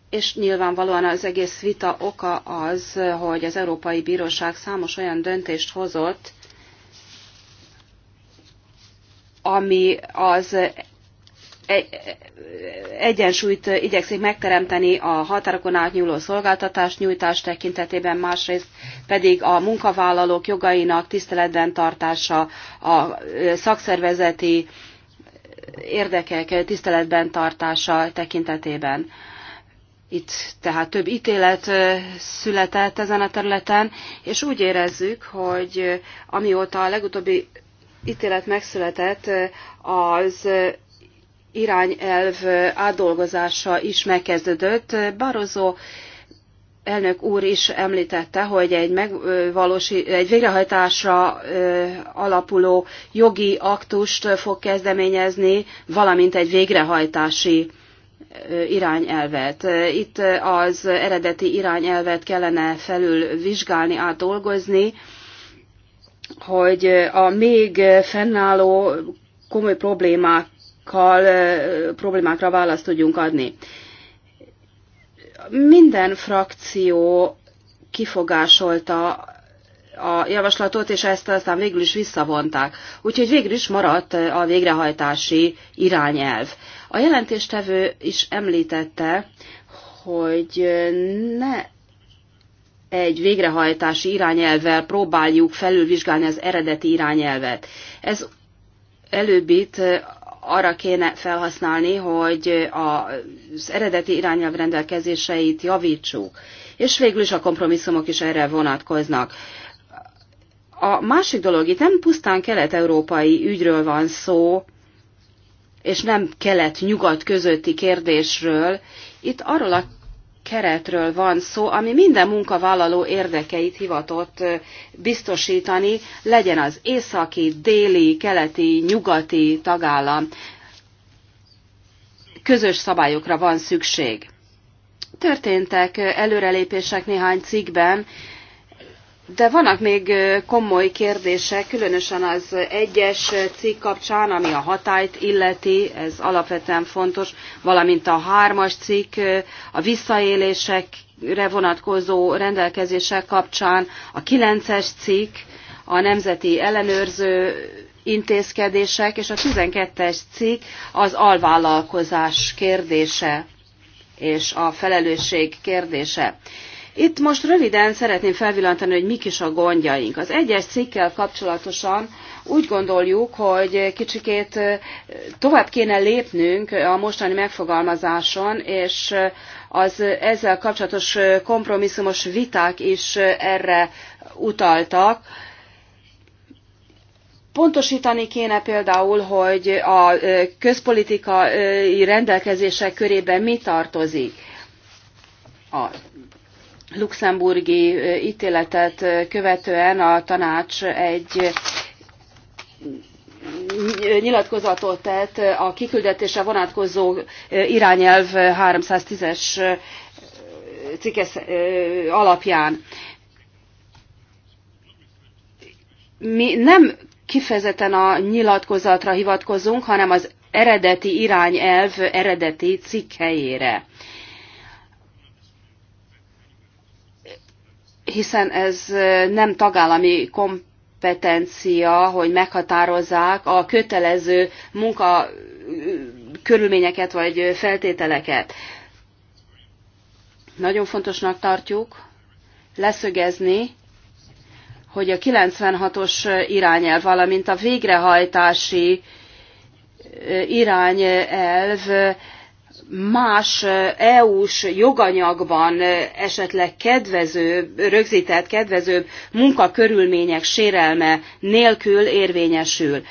Speaker 3: És nyilvánvalóan az egész vita oka az, hogy az Európai Bíróság számos olyan döntést hozott, ami az egyensúlyt igyekszik megteremteni a határokon átnyúló szolgáltatás nyújtás tekintetében, másrészt pedig a munkavállalók jogainak tiszteletben tartása, a szakszervezeti érdekek tiszteletben tartása tekintetében. Itt tehát több ítélet született ezen a területen, és úgy érezzük, hogy amióta a legutóbbi ítélet megszületett, az irányelv átdolgozása is megkezdődött. Barozó elnök úr is említette, hogy egy, megvalósi, egy végrehajtásra alapuló jogi aktust fog kezdeményezni, valamint egy végrehajtási irányelvet. Itt az eredeti irányelvet kellene felül vizsgálni, átdolgozni, hogy a még fennálló komoly problémák problémákra választ tudjunk adni. Minden frakció kifogásolta a javaslatot, és ezt aztán végül is visszavonták. Úgyhogy végül is maradt a végrehajtási irányelv. A jelentéstevő is említette, hogy ne egy végrehajtási irányelvvel próbáljuk felülvizsgálni az eredeti irányelvet. Ez előbbit arra kéne felhasználni, hogy az eredeti irányelv rendelkezéseit javítsuk. És végül is a kompromisszumok is erre vonatkoznak. A másik dolog, itt nem pusztán kelet-európai ügyről van szó, és nem kelet-nyugat közötti kérdésről, itt arról a keretről van szó, ami minden munkavállaló érdekeit hivatott biztosítani, legyen az északi, déli, keleti, nyugati tagállam. Közös szabályokra van szükség. Történtek előrelépések néhány cikkben, de vannak még komoly kérdések, különösen az egyes cikk kapcsán, ami a hatályt illeti, ez alapvetően fontos, valamint a hármas cikk, a visszaélésekre vonatkozó rendelkezések kapcsán, a kilences cikk, a nemzeti ellenőrző intézkedések, és a 12-es cikk az alvállalkozás kérdése és a felelősség kérdése. Itt most röviden szeretném felvillantani, hogy mik is a gondjaink. Az egyes cikkel kapcsolatosan úgy gondoljuk, hogy kicsikét tovább kéne lépnünk a mostani megfogalmazáson, és az ezzel kapcsolatos kompromisszumos viták is erre utaltak. Pontosítani kéne például, hogy a közpolitikai rendelkezések körében mi tartozik. A luxemburgi ítéletet követően a tanács egy nyilatkozatot tett a kiküldetése vonatkozó irányelv 310-es cikke alapján. Mi nem kifejezetten a nyilatkozatra hivatkozunk, hanem az eredeti irányelv eredeti cikkelyére. hiszen ez nem tagállami kompetencia, hogy meghatározzák a kötelező munka körülményeket vagy feltételeket. Nagyon fontosnak tartjuk leszögezni, hogy a 96-os irányelv, valamint a végrehajtási irányelv más EU-s joganyagban esetleg kedvező, rögzített kedvezőbb munkakörülmények sérelme nélkül érvényesül.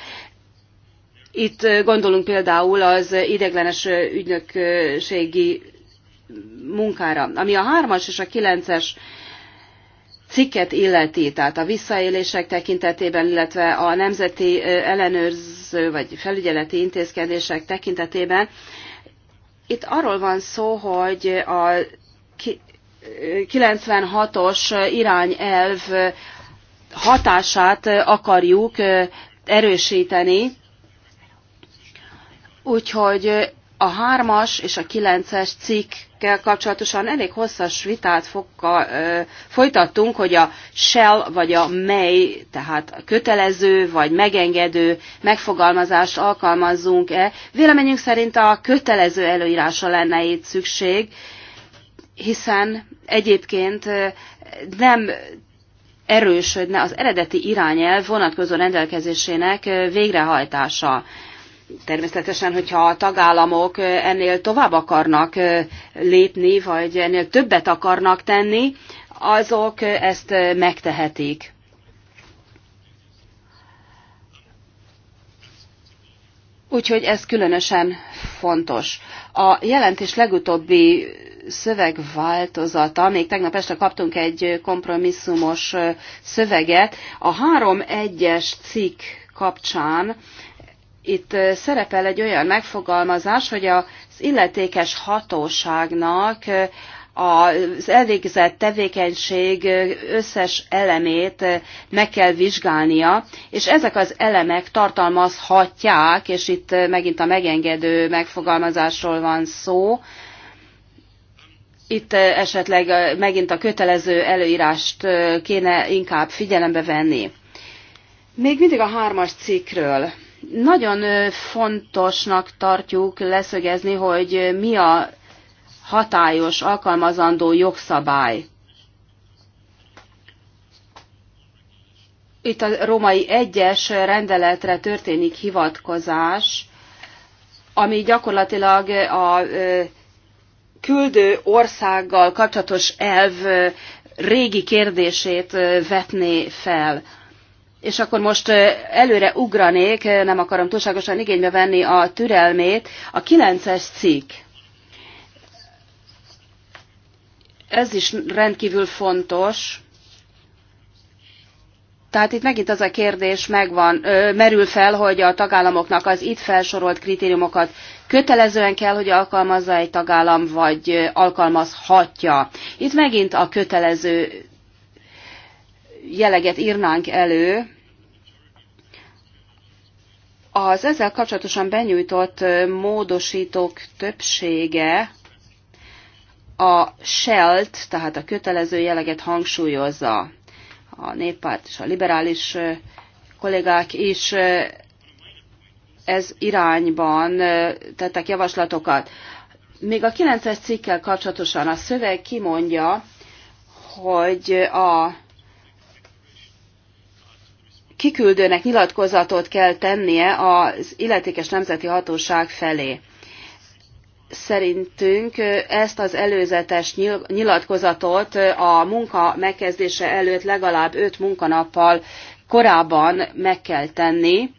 Speaker 3: Itt gondolunk például az ideglenes ügynökségi munkára, ami a hármas és a kilences cikket illeti, tehát a visszaélések tekintetében, illetve a nemzeti ellenőrző vagy felügyeleti intézkedések tekintetében itt arról van szó, hogy a 96-os irányelv hatását akarjuk erősíteni, úgyhogy a hármas és a kilences cikkkel kapcsolatosan elég hosszas vitát fokka, ö, folytattunk, hogy a shell vagy a may, tehát a kötelező vagy megengedő megfogalmazást alkalmazzunk-e. Véleményünk szerint a kötelező előírása lenne itt szükség, hiszen egyébként nem erősödne az eredeti irányelv vonatkozó rendelkezésének végrehajtása. Természetesen, hogyha a tagállamok ennél tovább akarnak lépni, vagy ennél többet akarnak tenni, azok ezt megtehetik. Úgyhogy ez különösen fontos. A jelentés legutóbbi szövegváltozata, még tegnap este kaptunk egy kompromisszumos szöveget, a 3.1-es cikk kapcsán itt szerepel egy olyan megfogalmazás, hogy az illetékes hatóságnak az elvégzett tevékenység összes elemét meg kell vizsgálnia, és ezek az elemek tartalmazhatják, és itt megint a megengedő megfogalmazásról van szó, itt esetleg megint a kötelező előírást kéne inkább figyelembe venni. Még mindig a hármas cikkről nagyon fontosnak tartjuk leszögezni, hogy mi a hatályos, alkalmazandó jogszabály. Itt a római egyes rendeletre történik hivatkozás, ami gyakorlatilag a küldő országgal kapcsolatos elv régi kérdését vetné fel és akkor most előre ugranék, nem akarom túlságosan igénybe venni a türelmét. A 9-es cikk. Ez is rendkívül fontos. Tehát itt megint az a kérdés megvan, ö, merül fel, hogy a tagállamoknak az itt felsorolt kritériumokat kötelezően kell, hogy alkalmazza egy tagállam, vagy alkalmazhatja. Itt megint a kötelező jeleget írnánk elő, az ezzel kapcsolatosan benyújtott módosítók többsége a shelt, tehát a kötelező jelleget hangsúlyozza. A néppárt és a liberális kollégák is ez irányban tettek javaslatokat. Még a 9-es cikkel kapcsolatosan a szöveg kimondja, hogy a kiküldőnek nyilatkozatot kell tennie az illetékes nemzeti hatóság felé. Szerintünk ezt az előzetes nyilatkozatot a munka megkezdése előtt legalább öt munkanappal korábban meg kell tenni,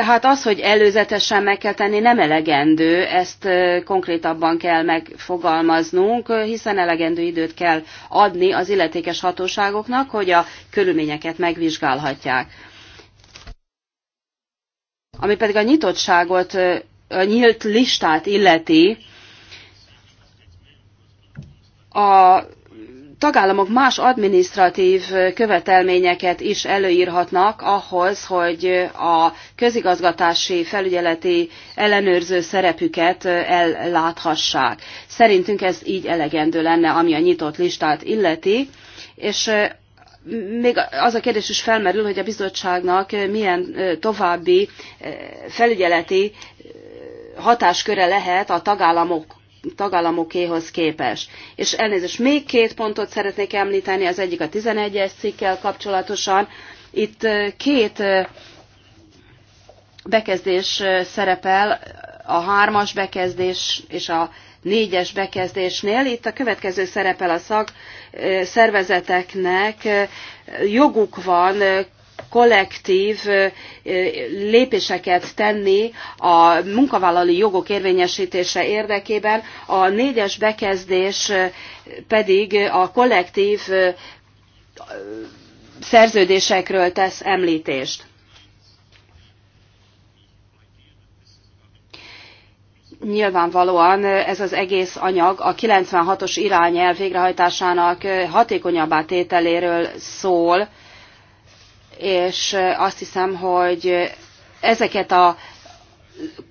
Speaker 3: Tehát az, hogy előzetesen meg kell tenni, nem elegendő, ezt konkrétabban kell megfogalmaznunk, hiszen elegendő időt kell adni az illetékes hatóságoknak, hogy a körülményeket megvizsgálhatják. Ami pedig a nyitottságot, a nyílt listát illeti, a tagállamok más adminisztratív követelményeket is előírhatnak ahhoz, hogy a közigazgatási felügyeleti ellenőrző szerepüket elláthassák. Szerintünk ez így elegendő lenne, ami a nyitott listát illeti, és még az a kérdés is felmerül, hogy a bizottságnak milyen további felügyeleti hatásköre lehet a tagállamok tagállamokéhoz képest. És elnézést, még két pontot szeretnék említeni, az egyik a 11-es cikkel kapcsolatosan. Itt két bekezdés szerepel, a hármas bekezdés és a négyes bekezdésnél. Itt a következő szerepel a szak szervezeteknek joguk van kollektív lépéseket tenni a munkavállalói jogok érvényesítése érdekében, a négyes bekezdés pedig a kollektív szerződésekről tesz említést. nyilvánvalóan ez az egész anyag a 96-os irányelv végrehajtásának hatékonyabbá tételéről szól, és azt hiszem, hogy ezeket a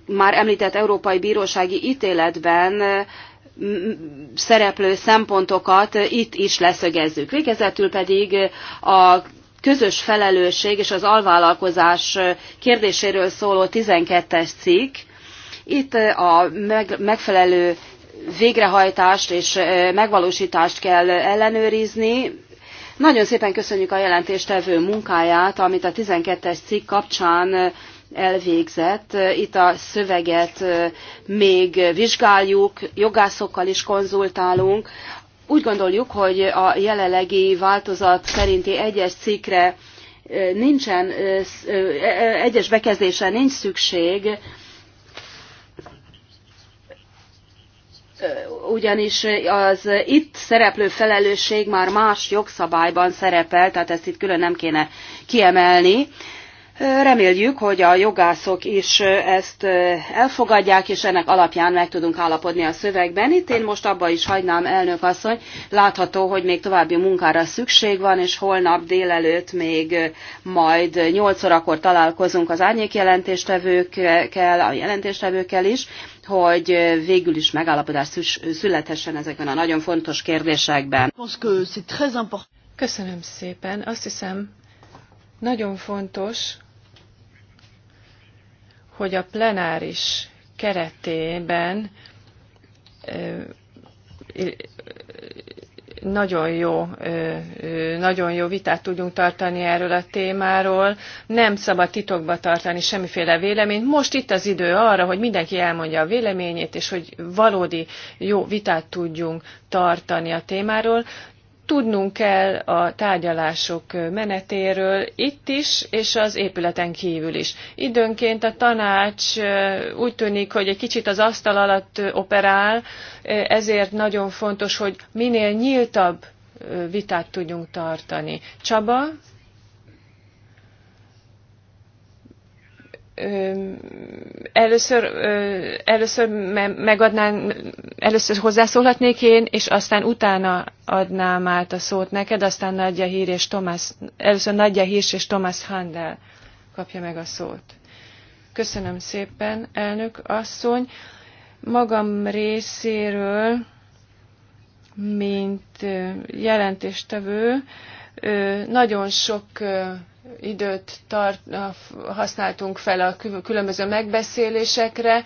Speaker 3: már említett Európai Bírósági ítéletben szereplő szempontokat itt is leszögezzük. Végezetül pedig a közös felelősség és az alvállalkozás kérdéséről szóló 12-es cikk. Itt a megfelelő végrehajtást és megvalósítást kell ellenőrizni, nagyon szépen köszönjük a jelentéstevő munkáját, amit a 12-es cikk kapcsán elvégzett. Itt a szöveget még vizsgáljuk, jogászokkal is konzultálunk. Úgy gondoljuk, hogy a jelenlegi változat szerinti egyes cikkre nincsen, e, e, egyes bekezdésre nincs szükség, ugyanis az itt szereplő felelősség már más jogszabályban szerepel, tehát ezt itt külön nem kéne kiemelni. Reméljük, hogy a jogászok is ezt elfogadják, és ennek alapján meg tudunk állapodni a szövegben. Itt én most abba is hagynám, elnök asszony, látható, hogy még további munkára szükség van, és holnap délelőtt még majd 8 órakor találkozunk az árnyék jelentéstevőkkel, a jelentéstevőkkel is, hogy végül is megállapodás születhessen ezekben a nagyon fontos
Speaker 4: kérdésekben. Köszönöm szépen. Azt hiszem, nagyon fontos, hogy a plenáris keretében nagyon jó, nagyon jó vitát tudjunk tartani erről a témáról. Nem szabad titokba tartani semmiféle véleményt. Most itt az idő arra, hogy mindenki elmondja a véleményét, és hogy valódi jó vitát tudjunk tartani a témáról. Tudnunk kell a tárgyalások menetéről itt is, és az épületen kívül is. Időnként a tanács úgy tűnik, hogy egy kicsit az asztal alatt operál, ezért nagyon fontos, hogy minél nyíltabb vitát tudjunk tartani. Csaba, először, először megadnám, először hozzászólhatnék én, és aztán utána adnám át a szót neked, aztán Nagyja Hír és Thomas, először Nagyja Hír és Thomas Handel kapja meg a szót. Köszönöm szépen, elnök asszony. Magam részéről, mint jelentéstevő, nagyon sok időt tart, használtunk fel a különböző megbeszélésekre.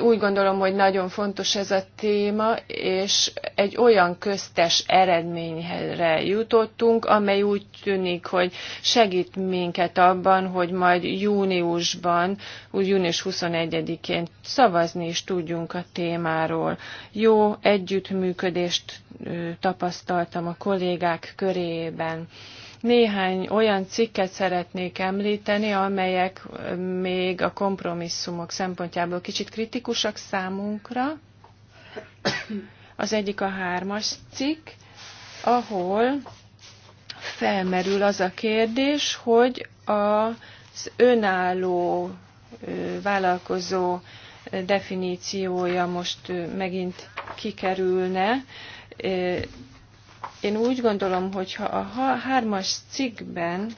Speaker 4: Úgy gondolom, hogy nagyon fontos ez a téma, és egy olyan köztes eredményre jutottunk, amely úgy tűnik, hogy segít minket abban, hogy majd júniusban, úgy június 21-én szavazni is tudjunk a témáról. Jó együttműködést tapasztaltam a kollégák körében. Néhány olyan cikket szeretnék említeni, amelyek még a kompromisszumok szempontjából kicsit kritikusak számunkra. Az egyik a hármas cikk, ahol felmerül az a kérdés, hogy az önálló vállalkozó definíciója most megint kikerülne, én úgy gondolom, hogy ha a hármas cikkben,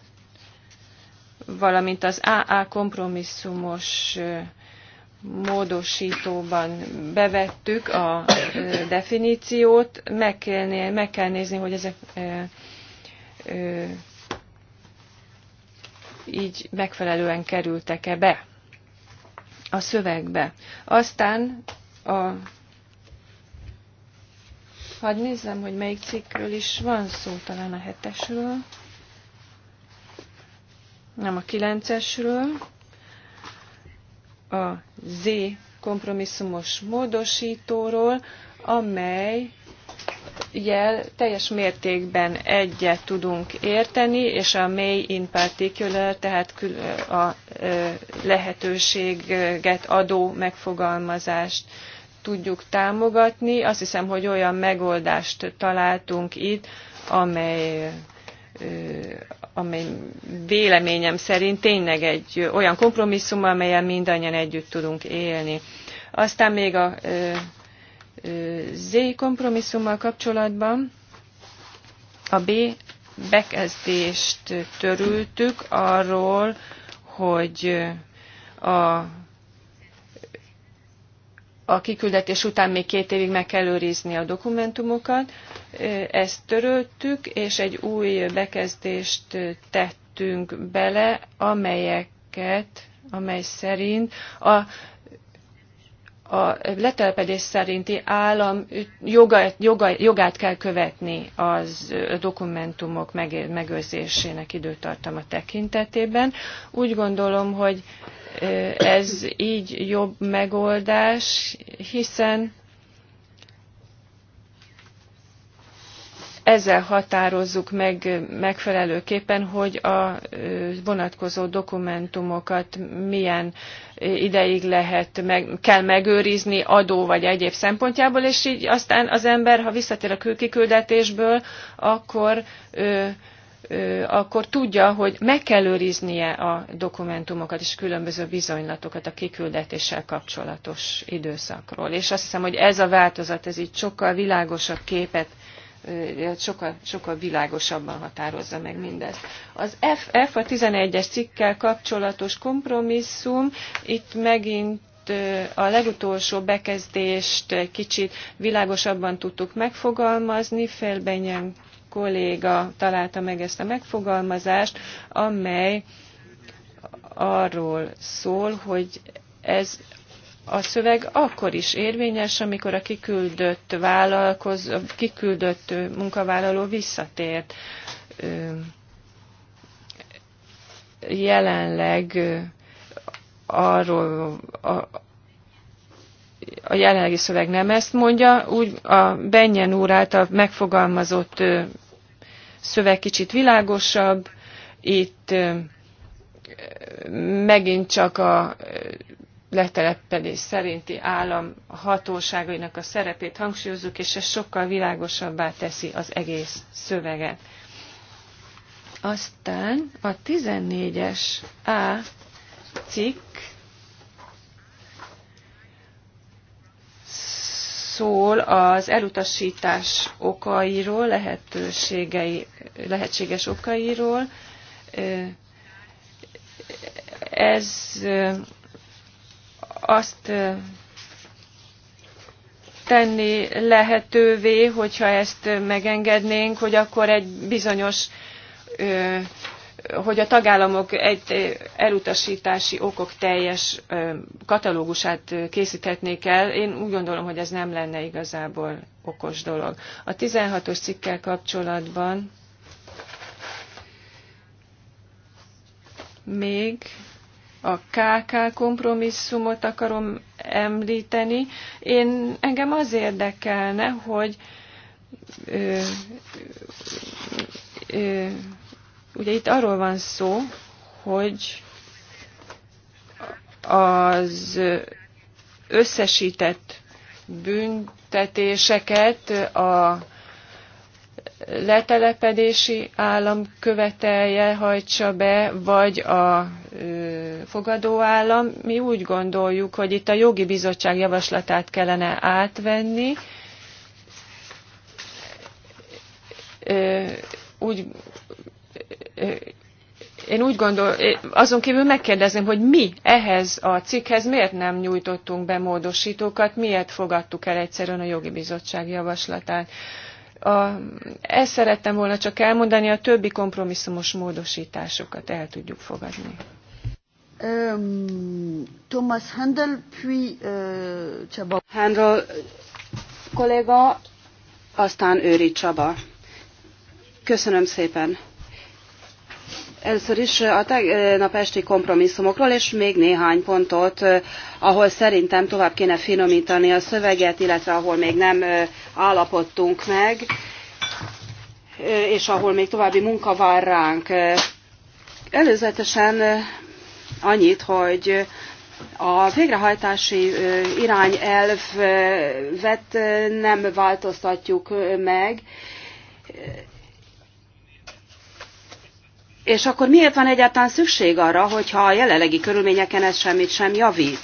Speaker 4: valamint az AA kompromisszumos módosítóban bevettük a definíciót, meg kell, meg kell nézni, hogy ezek így megfelelően kerültek-e be a szövegbe. Aztán a Hadd nézzem, hogy melyik cikkről is van szó, talán a hetesről. Nem a kilencesről. A Z kompromisszumos módosítóról, amely jel teljes mértékben egyet tudunk érteni, és a mély in particular, tehát a lehetőséget adó megfogalmazást tudjuk támogatni. Azt hiszem, hogy olyan megoldást találtunk itt, amely amely véleményem szerint tényleg egy olyan kompromisszum, amelyen mindannyian együtt tudunk élni. Aztán még a Z kompromisszummal kapcsolatban a B bekezdést törültük arról, hogy a a kiküldetés után még két évig meg kell őrizni a dokumentumokat. Ezt töröltük, és egy új bekezdést tettünk bele, amelyeket amely szerint a a letelepedés szerinti állam joga, joga, jogát kell követni az dokumentumok meg, megőrzésének időtartama tekintetében. Úgy gondolom, hogy ez így jobb megoldás, hiszen ezzel határozzuk meg megfelelőképpen, hogy a vonatkozó dokumentumokat milyen ideig lehet, meg, kell megőrizni adó vagy egyéb szempontjából, és így aztán az ember, ha visszatér a külkiküldetésből, akkor ö, akkor tudja, hogy meg kell őriznie a dokumentumokat és különböző bizonylatokat a kiküldetéssel kapcsolatos időszakról. És azt hiszem, hogy ez a változat, ez így sokkal világosabb képet sokkal, sokkal világosabban határozza meg mindezt. Az F, F a 11-es cikkkel kapcsolatos kompromisszum, itt megint a legutolsó bekezdést kicsit világosabban tudtuk megfogalmazni, Felbenyen kolléga találta meg ezt a megfogalmazást, amely arról szól, hogy ez a szöveg akkor is érvényes, amikor a kiküldött, vállalkoz, a kiküldött munkavállaló visszatért. Jelenleg arról a, a jelenlegi szöveg nem ezt mondja, úgy a Benyen úr által megfogalmazott szöveg kicsit világosabb, itt megint csak a letelepedés szerinti állam hatóságainak a szerepét hangsúlyozzuk, és ez sokkal világosabbá teszi az egész szöveget. Aztán a 14-es A cikk szól az elutasítás okairól, lehetőségei, lehetséges okairól. Ez azt tenni lehetővé, hogyha ezt megengednénk, hogy akkor egy bizonyos, hogy a tagállamok egy elutasítási okok teljes katalógusát készíthetnék el. Én úgy gondolom, hogy ez nem lenne igazából okos dolog. A 16-os cikkel kapcsolatban még a KK kompromisszumot akarom említeni. Én engem az érdekelne, hogy ö, ö, ugye itt arról van szó, hogy az összesített büntetéseket a letelepedési állam követelje hajtsa be, vagy a fogadóállam. Mi úgy gondoljuk, hogy itt a jogi bizottság javaslatát kellene átvenni. Úgy, én úgy gondolom, azon kívül megkérdezem, hogy mi ehhez a cikkhez miért nem nyújtottunk be módosítókat, miért fogadtuk el egyszerűen a jogi bizottság javaslatát. A, ezt szerettem volna csak elmondani, a többi kompromisszumos módosításokat el tudjuk fogadni.
Speaker 1: Thomas Handel, puis uh, Csaba. Handel kolléga,
Speaker 3: aztán Őri Csaba. Köszönöm szépen. Először is eh, a tegnap esti kompromisszumokról, és még néhány pontot, eh, ahol szerintem tovább kéne finomítani a szöveget, illetve ahol még nem eh, állapodtunk meg, és ahol még további munka vár ránk. Előzetesen annyit, hogy a végrehajtási irányelvet nem változtatjuk meg, és akkor miért van egyáltalán szükség arra, hogyha a jelenlegi körülményeken ez semmit sem javít?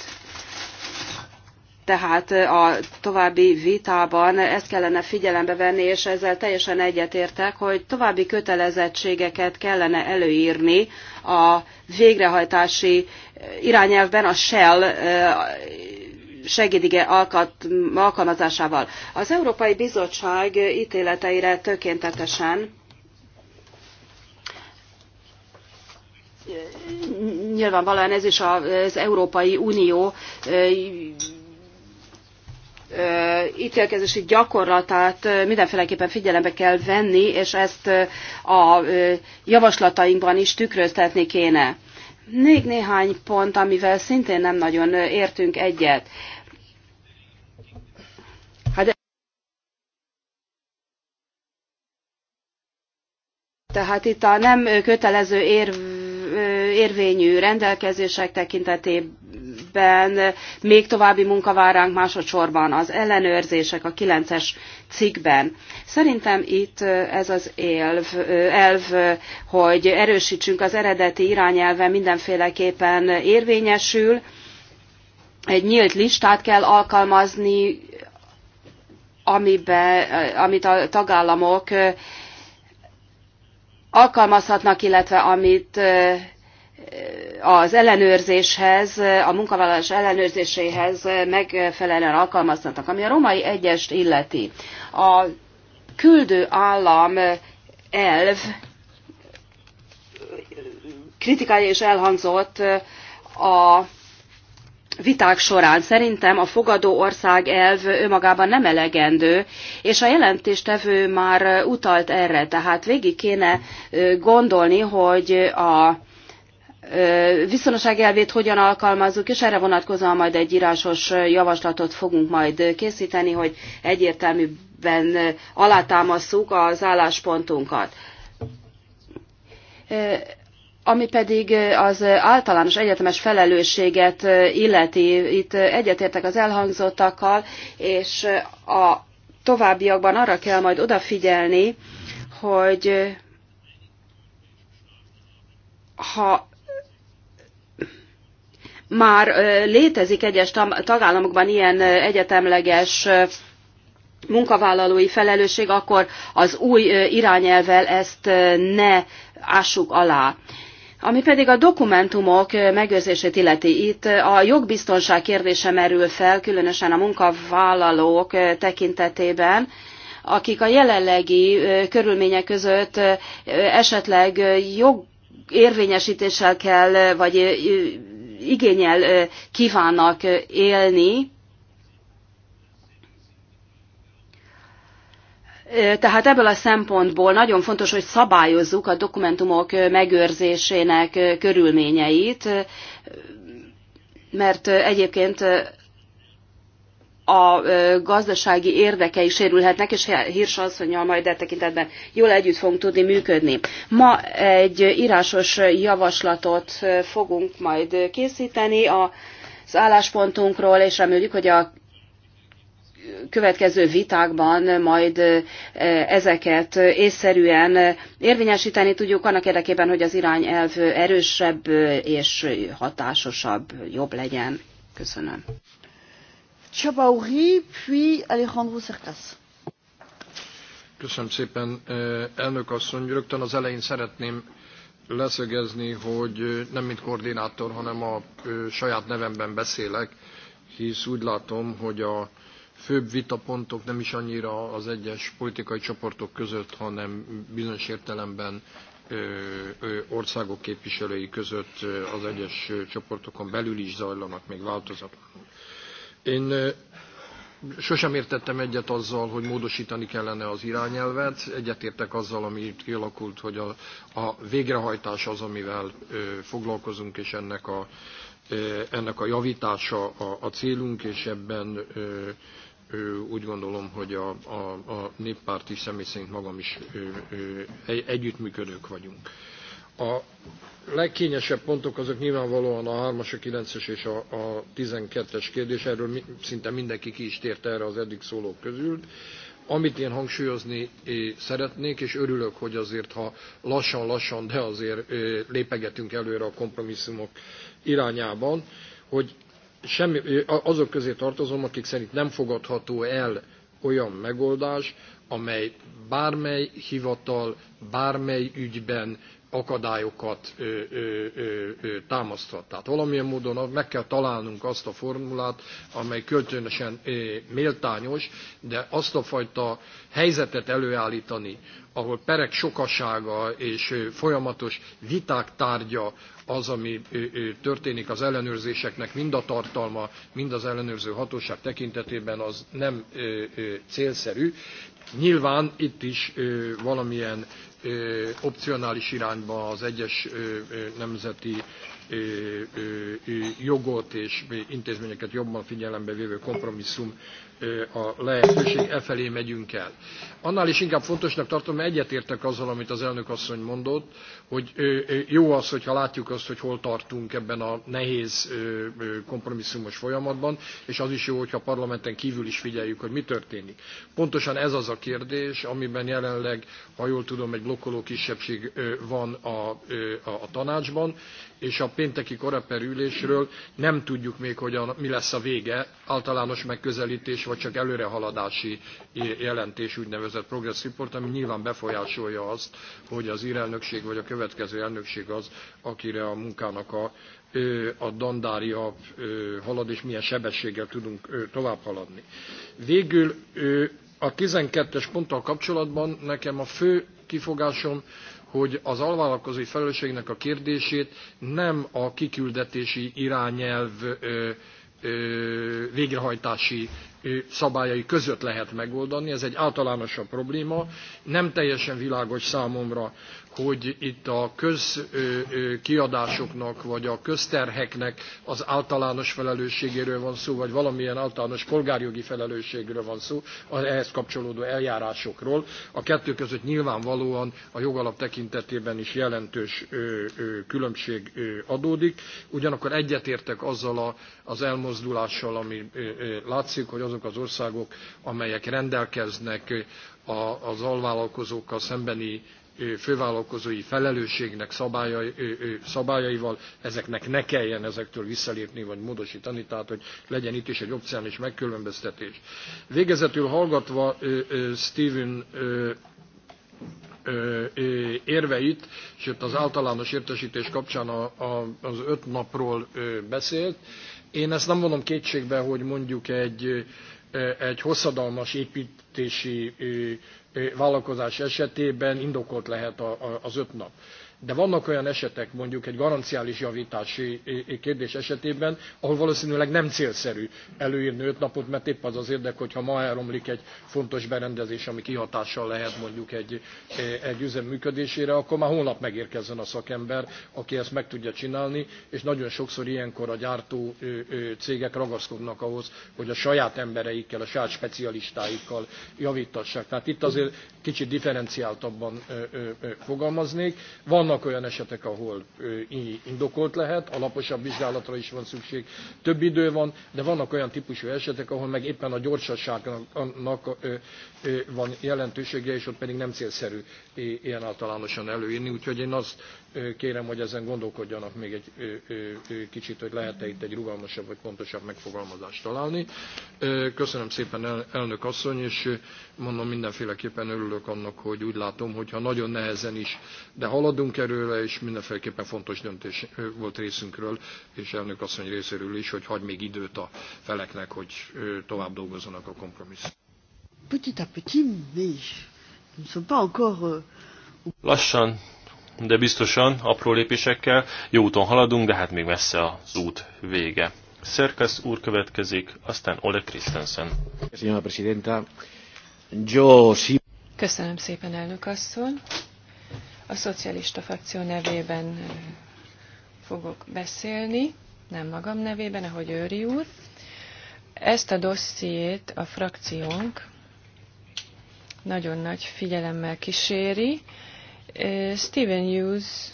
Speaker 3: Tehát a további vitában ezt kellene figyelembe venni, és ezzel teljesen egyetértek, hogy további kötelezettségeket kellene előírni a végrehajtási irányelvben a Shell segédige alkalmazásával. Az Európai Bizottság ítéleteire tökéntetesen nyilvánvalóan ez is az Európai Unió ítélkezési gyakorlatát mindenféleképpen figyelembe kell venni, és ezt a javaslatainkban is tükröztetni kéne. Még néhány pont, amivel szintén nem nagyon értünk egyet. Hát tehát itt a nem kötelező érv érvényű rendelkezések tekintetében még további munka vár ránk másodsorban az ellenőrzések a 9-es cikkben. Szerintem itt ez az élv, elv, hogy erősítsünk az eredeti irányelve mindenféleképpen érvényesül, egy nyílt listát kell alkalmazni, amibe, amit a tagállamok alkalmazhatnak, illetve amit az ellenőrzéshez, a munkavállalás ellenőrzéséhez megfelelően alkalmaztatnak. Ami a romai egyest illeti, a küldő állam elv kritikája is elhangzott a viták során. Szerintem a fogadó ország elv önmagában nem elegendő, és a jelentéstevő már utalt erre, tehát végig kéne gondolni, hogy a viszonosság elvét hogyan alkalmazzuk, és erre vonatkozóan majd egy írásos javaslatot fogunk majd készíteni, hogy egyértelműben alátámasszuk az álláspontunkat. Ami pedig az általános egyetemes felelősséget illeti, itt egyetértek az elhangzottakkal, és a továbbiakban arra kell majd odafigyelni, hogy ha már létezik egyes tagállamokban ilyen egyetemleges munkavállalói felelősség, akkor az új irányelvel ezt ne ássuk alá. Ami pedig a dokumentumok megőrzését illeti, itt a jogbiztonság kérdése merül fel, különösen a munkavállalók tekintetében, akik a jelenlegi körülmények között esetleg jog érvényesítéssel kell, vagy igényel kívánnak élni. Tehát ebből a szempontból nagyon fontos, hogy szabályozzuk a dokumentumok megőrzésének körülményeit, mert egyébként a gazdasági érdekei sérülhetnek, és Hirs asszonyjal majd e tekintetben jól együtt fogunk tudni működni. Ma egy írásos javaslatot fogunk majd készíteni az álláspontunkról, és reméljük, hogy a következő vitákban majd ezeket észszerűen érvényesíteni tudjuk annak érdekében, hogy az irányelv erősebb és hatásosabb, jobb legyen. Köszönöm.
Speaker 1: Csabauri, puis Alejandro Szerkász.
Speaker 3: Köszönöm
Speaker 5: szépen, eh, elnök asszony. Rögtön az elején szeretném leszögezni, hogy eh, nem mint koordinátor, hanem a eh, saját nevemben beszélek, hisz úgy látom, hogy a főbb vitapontok nem is annyira az egyes politikai csoportok között, hanem bizonyos értelemben országok képviselői között az egyes csoportokon belül is zajlanak, még változatlanul. Én sosem értettem egyet azzal, hogy módosítani kellene az irányelvet. Egyetértek azzal, ami itt kialakult, hogy a, a végrehajtás az, amivel ö, foglalkozunk, és ennek a, ö, ennek a javítása a, a célunk, és ebben ö, úgy gondolom, hogy a, a, a néppárt is személy szerint magam is ö, ö, együttműködők vagyunk. A legkényesebb pontok azok nyilvánvalóan a 3-as, a 9-es és a, a 12-es kérdés, erről mi, szinte mindenki ki is tért erre az eddig szólók közül. Amit én hangsúlyozni szeretnék, és örülök, hogy azért, ha lassan-lassan, de azért lépegetünk előre a kompromisszumok irányában, hogy semmi, azok közé tartozom, akik szerint nem fogadható el olyan megoldás, amely bármely hivatal, bármely ügyben akadályokat ö, ö, ö, ö, támasztva. Tehát valamilyen módon meg kell találnunk azt a formulát, amely kölcsönösen ö, méltányos, de azt a fajta helyzetet előállítani, ahol perek sokasága és folyamatos viták tárgya az, ami történik az ellenőrzéseknek, mind a tartalma, mind az ellenőrző hatóság tekintetében, az nem célszerű. Nyilván itt is valamilyen opcionális irányba az egyes nemzeti jogot és intézményeket jobban figyelembe vévő kompromisszum a lehetőség, e felé megyünk el. Annál is inkább fontosnak tartom, mert egyetértek azzal, amit az elnök asszony mondott, hogy jó az, hogyha látjuk azt, hogy hol tartunk ebben a nehéz kompromisszumos folyamatban, és az is jó, hogyha parlamenten kívül is figyeljük, hogy mi történik. Pontosan ez az a kérdés, amiben jelenleg, ha jól tudom, egy blokkoló kisebbség van a, a tanácsban, és a pénteki koreper ülésről nem tudjuk még, hogy a, mi lesz a vége, általános megközelítés vagy csak előrehaladási jelentés, úgynevezett progress report, ami nyilván befolyásolja azt, hogy az írelnökség vagy a következő elnökség az, akire a munkának a, a dandária halad, és milyen sebességgel tudunk tovább haladni. Végül a 12-es ponttal kapcsolatban nekem a fő kifogásom, hogy az alvállalkozói felelősségnek a kérdését nem a kiküldetési irányelv végrehajtási szabályai között lehet megoldani. Ez egy általánosabb probléma. Nem teljesen világos számomra, hogy itt a közkiadásoknak vagy a közterheknek az általános felelősségéről van szó, vagy valamilyen általános polgárjogi felelősségről van szó, az ehhez kapcsolódó eljárásokról. A kettő között nyilvánvalóan a jogalap tekintetében is jelentős különbség adódik. Ugyanakkor egyetértek azzal az elmozdulással, ami látszik, hogy azok az országok, amelyek rendelkeznek az alvállalkozókkal szembeni fővállalkozói felelősségnek szabályai, szabályaival, ezeknek ne kelljen ezektől visszalépni vagy módosítani, tehát hogy legyen itt is egy opciális megkülönböztetés. Végezetül hallgatva Steven érveit, sőt az általános értesítés kapcsán a, a, az öt napról beszélt. Én ezt nem vonom kétségbe, hogy mondjuk egy, egy hosszadalmas építési vállalkozás esetében indokolt lehet az öt nap de vannak olyan esetek, mondjuk egy garanciális javítási kérdés esetében, ahol valószínűleg nem célszerű előírni öt napot, mert épp az az érdek, hogyha ma elromlik egy fontos berendezés, ami kihatással lehet mondjuk egy, egy üzem működésére, akkor már holnap megérkezzen a szakember, aki ezt meg tudja csinálni, és nagyon sokszor ilyenkor a gyártó cégek ragaszkodnak ahhoz, hogy a saját embereikkel, a saját specialistáikkal javítassák. Tehát itt azért kicsit differenciáltabban fogalmaznék. Van vannak olyan esetek, ahol indokolt lehet, alaposabb vizsgálatra is van szükség, több idő van, de vannak olyan típusú esetek, ahol meg éppen a gyorsaságnak van jelentősége, és ott pedig nem célszerű ilyen általánosan előírni. Úgyhogy én azt kérem, hogy ezen gondolkodjanak még egy kicsit, hogy lehet-e itt egy rugalmasabb vagy pontosabb megfogalmazást találni. Köszönöm szépen elnök asszony, és mondom mindenféleképpen örülök annak, hogy úgy látom, hogyha nagyon nehezen is, de haladunk erőre, és mindenféleképpen fontos döntés volt részünkről, és elnök asszony részéről is, hogy hagy még időt a feleknek, hogy tovább dolgozzanak a kompromisszum.
Speaker 1: Petit à petit, mais nous ne sommes pas encore... Euh,
Speaker 2: Lassan, de biztosan, apró lépésekkel jó úton haladunk, de hát még messze az út vége. Szerkesz úr következik, aztán Ole Christensen.
Speaker 4: Köszönöm szépen, elnök asszony. A szocialista frakció nevében fogok beszélni, nem magam nevében, ahogy Őri úr. Ezt a dossziét a frakciónk nagyon nagy figyelemmel kíséri, Eh, Steven Hughes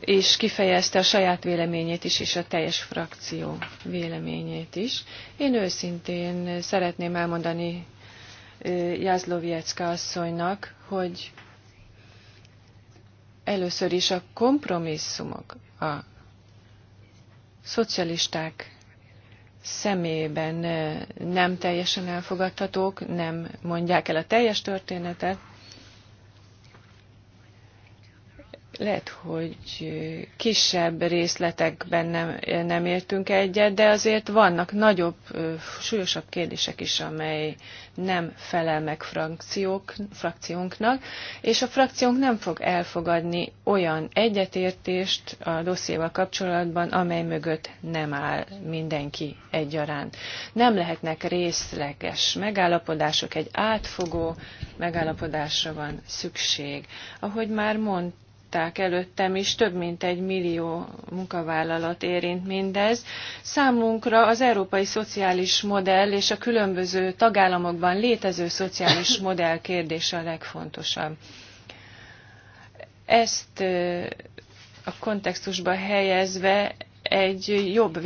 Speaker 4: és kifejezte a saját véleményét is, és a teljes frakció véleményét is. Én őszintén szeretném elmondani eh, Jászlóviecka asszonynak, hogy először is a kompromisszumok, a szocialisták személyében nem teljesen elfogadhatók, nem mondják el a teljes történetet, lehet, hogy kisebb részletekben nem, nem értünk egyet, de azért vannak nagyobb, súlyosabb kérdések is, amely nem felel meg frakciók, frakciónknak, és a frakciónk nem fog elfogadni olyan egyetértést a dossziéval kapcsolatban, amely mögött nem áll mindenki egyaránt. Nem lehetnek részleges megállapodások, egy átfogó megállapodásra van szükség. Ahogy már mondtam, mondták előttem is, több mint egy millió munkavállalat érint mindez. Számunkra az európai szociális modell és a különböző tagállamokban létező szociális modell kérdése a legfontosabb. Ezt a kontextusba helyezve egy jobb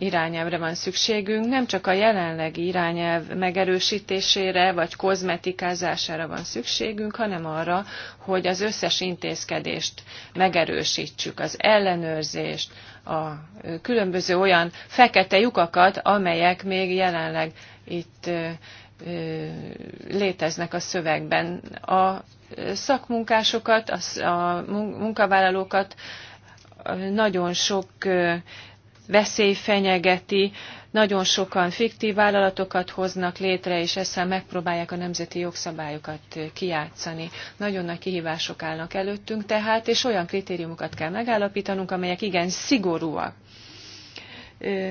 Speaker 4: irányelvre van szükségünk, nem csak a jelenlegi irányelv megerősítésére vagy kozmetikázására van szükségünk, hanem arra, hogy az összes intézkedést megerősítsük, az ellenőrzést, a különböző olyan fekete lyukakat, amelyek még jelenleg itt léteznek a szövegben. A szakmunkásokat, a munkavállalókat nagyon sok veszély fenyegeti, nagyon sokan fiktív vállalatokat hoznak létre, és ezzel megpróbálják a nemzeti jogszabályokat kijátszani. Nagyon nagy kihívások állnak előttünk tehát, és olyan kritériumokat kell megállapítanunk, amelyek igen szigorúak.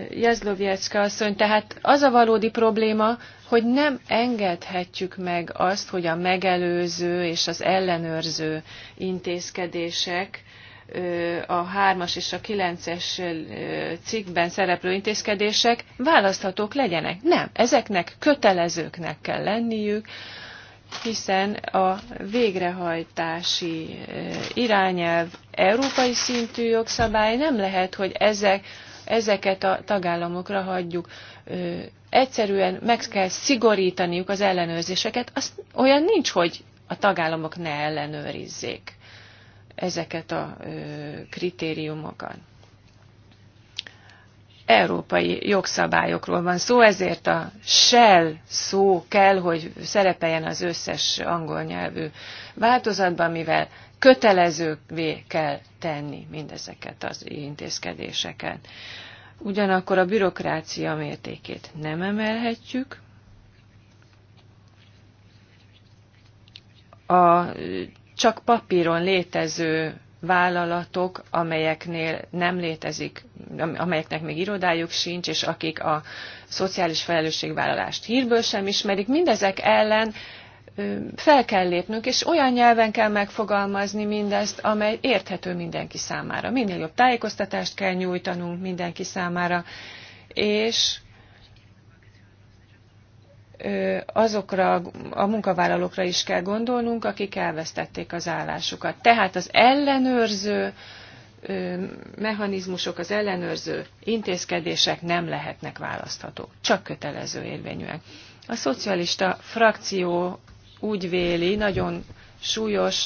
Speaker 4: Jezlovjecka asszony, tehát az a valódi probléma, hogy nem engedhetjük meg azt, hogy a megelőző és az ellenőrző intézkedések a 3-as és a 9-es cikkben szereplő intézkedések választhatók legyenek. Nem, ezeknek kötelezőknek kell lenniük, hiszen a végrehajtási irányelv európai szintű jogszabály nem lehet, hogy ezek, ezeket a tagállamokra hagyjuk. Egyszerűen meg kell szigorítaniuk az ellenőrzéseket. Az olyan nincs, hogy a tagállamok ne ellenőrizzék ezeket a kritériumokat. Európai jogszabályokról van szó, ezért a shell szó kell, hogy szerepeljen az összes angol nyelvű változatban, mivel kötelezővé kell tenni mindezeket az intézkedéseket. Ugyanakkor a bürokrácia mértékét nem emelhetjük. A csak papíron létező vállalatok, amelyeknél nem létezik, amelyeknek még irodájuk sincs, és akik a szociális felelősségvállalást hírből sem ismerik, mindezek ellen fel kell lépnünk, és olyan nyelven kell megfogalmazni mindezt, amely érthető mindenki számára. Minél jobb tájékoztatást kell nyújtanunk mindenki számára, és azokra a munkavállalókra is kell gondolnunk, akik elvesztették az állásukat. Tehát az ellenőrző mechanizmusok, az ellenőrző intézkedések nem lehetnek választhatók, csak kötelező érvényűek. A szocialista frakció úgy véli, nagyon súlyos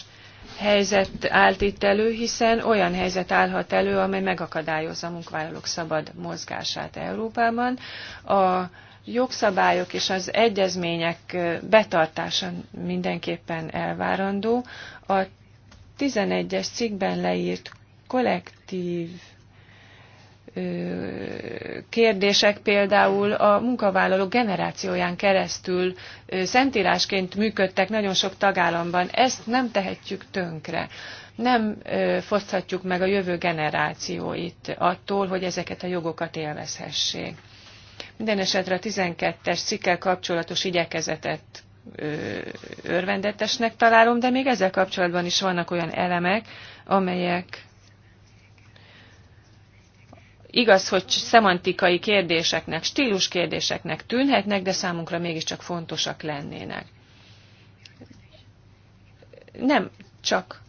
Speaker 4: helyzet állt itt elő, hiszen olyan helyzet állhat elő, amely megakadályozza a munkavállalók szabad mozgását Európában. A jogszabályok és az egyezmények betartása mindenképpen elvárandó. A 11-es cikkben leírt kollektív kérdések például a munkavállalók generációján keresztül szentírásként működtek nagyon sok tagállamban. Ezt nem tehetjük tönkre. Nem foszthatjuk meg a jövő generációit attól, hogy ezeket a jogokat élvezhessék mindenesetre a 12-es cikkel kapcsolatos igyekezetet örvendetesnek találom, de még ezzel kapcsolatban is vannak olyan elemek, amelyek igaz, hogy szemantikai kérdéseknek, stíluskérdéseknek tűnhetnek, de számunkra mégiscsak fontosak lennének. Nem csak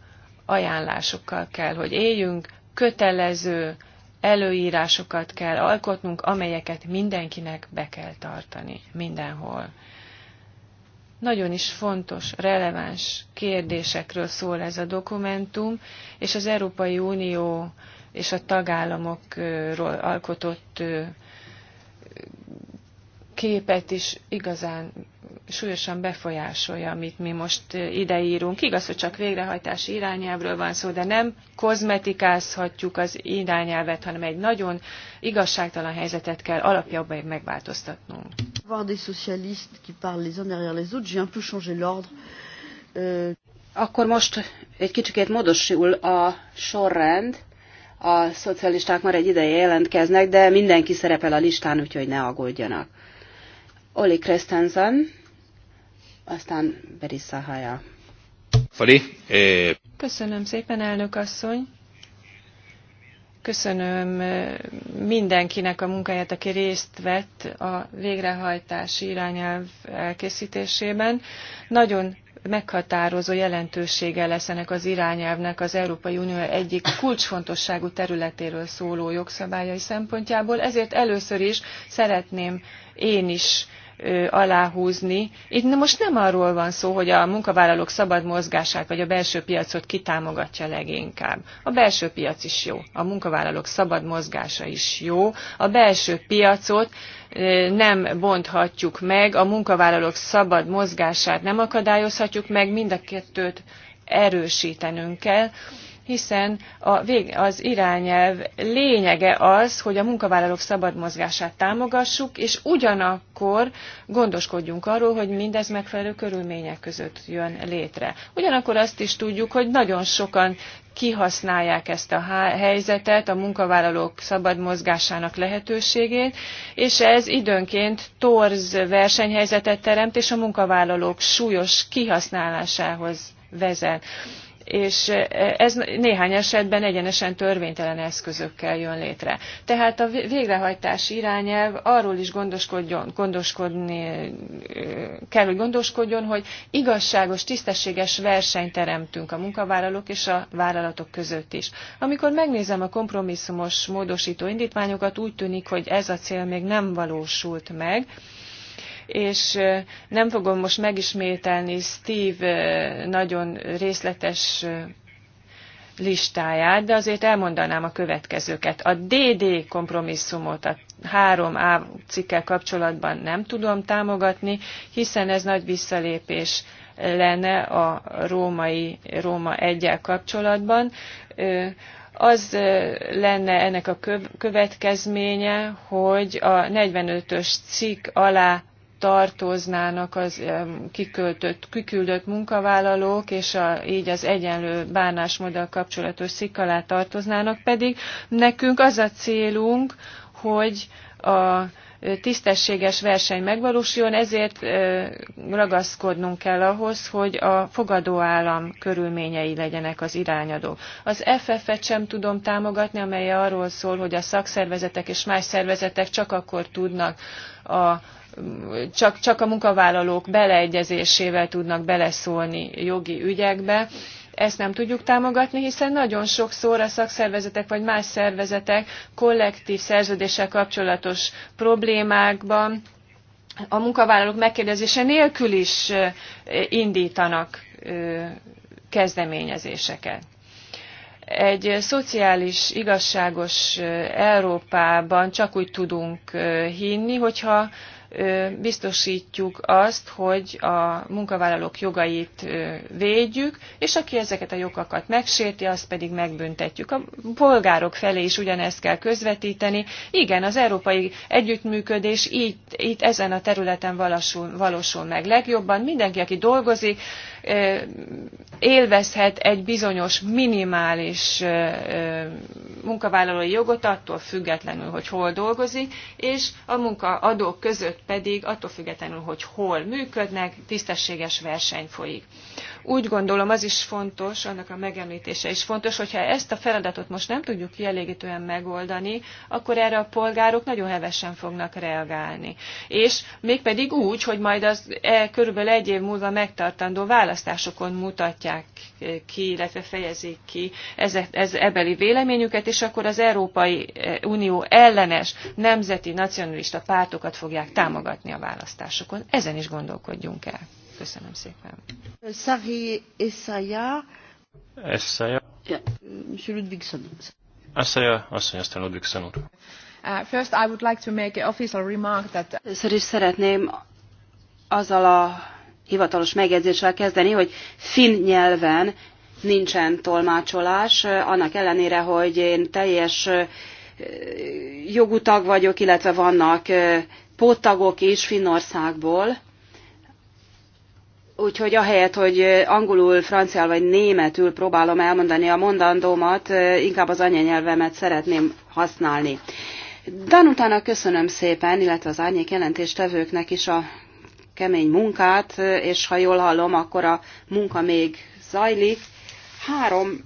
Speaker 4: ajánlásokkal kell, hogy éljünk, kötelező, előírásokat kell alkotnunk, amelyeket mindenkinek be kell tartani mindenhol. Nagyon is fontos, releváns kérdésekről szól ez a dokumentum, és az Európai Unió és a tagállamokról alkotott képet is igazán súlyosan befolyásolja, amit mi most ideírunk. Igaz, hogy csak végrehajtási irányelvről van szó, de nem kozmetikázhatjuk az irányelvet, hanem egy nagyon igazságtalan helyzetet kell alapjában megváltoztatnunk.
Speaker 1: Voir des socialistes qui parlent les uns derrière les autres, j'ai un peu changé l'ordre. Euh, Akkor most egy
Speaker 3: kicsikét módosul a sorrend. A szocialisták már egy ideje jelentkeznek, de mindenki szerepel a listán, úgyhogy ne aggódjanak. Oli Krestensen
Speaker 4: aztán Berissa Haya.
Speaker 2: Fali. Eh,
Speaker 4: Köszönöm szépen, elnök asszony. Köszönöm eh, mindenkinek a munkáját, aki részt vett a végrehajtási irányelv elkészítésében. Nagyon meghatározó jelentősége lesz ennek az irányelvnek az Európai Unió egyik kulcsfontosságú területéről szóló jogszabályai szempontjából, ezért először is szeretném én is aláhúzni. Itt most nem arról van szó, hogy a munkavállalók szabad mozgását vagy a belső piacot kitámogatja leginkább. A belső piac is jó, a munkavállalók szabad mozgása is jó, a belső piacot nem bonthatjuk meg, a munkavállalók szabad mozgását nem akadályozhatjuk meg, mind a kettőt erősítenünk kell hiszen a vég, az irányelv lényege az, hogy a munkavállalók szabad mozgását támogassuk, és ugyanakkor gondoskodjunk arról, hogy mindez megfelelő körülmények között jön létre. Ugyanakkor azt is tudjuk, hogy nagyon sokan kihasználják ezt a helyzetet, a munkavállalók szabad mozgásának lehetőségét, és ez időnként torz versenyhelyzetet teremt, és a munkavállalók súlyos kihasználásához vezet és e, ez néhány esetben egyenesen törvénytelen eszközökkel jön létre. Tehát a végrehajtás irányelv arról is gondoskodjon, gondoskodni, e, kell, hogy gondoskodjon, hogy igazságos, tisztességes versenyt teremtünk a munkavállalók és a vállalatok között is. Amikor megnézem a kompromisszumos módosító indítványokat, úgy tűnik, hogy ez a cél még nem valósult meg, és nem fogom most megismételni Steve nagyon részletes listáját, de azért elmondanám a következőket. A DD kompromisszumot a 3A cikkel kapcsolatban nem tudom támogatni, hiszen ez nagy visszalépés lenne a római, Róma egyel kapcsolatban. Az lenne ennek a következménye, hogy a 45-ös cikk alá tartoznának az kiköltött, kiküldött munkavállalók, és a, így az egyenlő bánásmóddal kapcsolatos szik alá tartoznának, pedig nekünk az a célunk, hogy a tisztességes verseny megvalósuljon, ezért e, ragaszkodnunk kell ahhoz, hogy a fogadóállam körülményei legyenek az irányadók. Az FF-et sem tudom támogatni, amely arról szól, hogy a szakszervezetek és más szervezetek csak akkor tudnak a csak, csak a munkavállalók beleegyezésével tudnak beleszólni jogi ügyekbe. Ezt nem tudjuk támogatni, hiszen nagyon sokszor a szakszervezetek vagy más szervezetek kollektív szerződéssel kapcsolatos problémákban a munkavállalók megkérdezése nélkül is indítanak kezdeményezéseket egy szociális, igazságos Európában csak úgy tudunk hinni, hogyha biztosítjuk azt, hogy a munkavállalók jogait védjük, és aki ezeket a jogokat megsérti, azt pedig megbüntetjük. A polgárok felé is ugyanezt kell közvetíteni. Igen, az európai együttműködés itt, itt ezen a területen valósul, valósul meg legjobban. Mindenki, aki dolgozik, élvezhet egy bizonyos minimális munkavállalói jogot attól függetlenül, hogy hol dolgozik, és a munkaadók között pedig attól függetlenül, hogy hol működnek, tisztességes verseny folyik úgy gondolom az is fontos, annak a megemlítése is fontos, hogyha ezt a feladatot most nem tudjuk kielégítően megoldani, akkor erre a polgárok nagyon hevesen fognak reagálni. És mégpedig úgy, hogy majd az e, körülbelül egy év múlva megtartandó választásokon mutatják ki, illetve fejezik ki ez, ez ebeli véleményüket, és akkor az Európai e, Unió ellenes nemzeti nacionalista pártokat fogják támogatni a választásokon. Ezen is gondolkodjunk el. Köszönöm szépen.
Speaker 1: Szari Eszája. Eszája.
Speaker 2: Yeah. Ludvigson. Eszája, asszony, aztán Ludvigson úr.
Speaker 3: Uh, first I would like to make an official remark that... Uh, szerint szeretném azzal a hivatalos megjegyzéssel kezdeni, hogy finn nyelven nincsen tolmácsolás, uh, annak ellenére, hogy én teljes uh, jogutag vagyok, illetve vannak póttagok is Finnországból. Úgyhogy ahelyett, hogy angolul, franciál vagy németül próbálom elmondani a mondandómat, inkább az anyanyelvemet szeretném használni. Danutának köszönöm szépen, illetve az árnyék jelentéstevőknek is a kemény munkát, és ha jól hallom, akkor a munka még zajlik. Három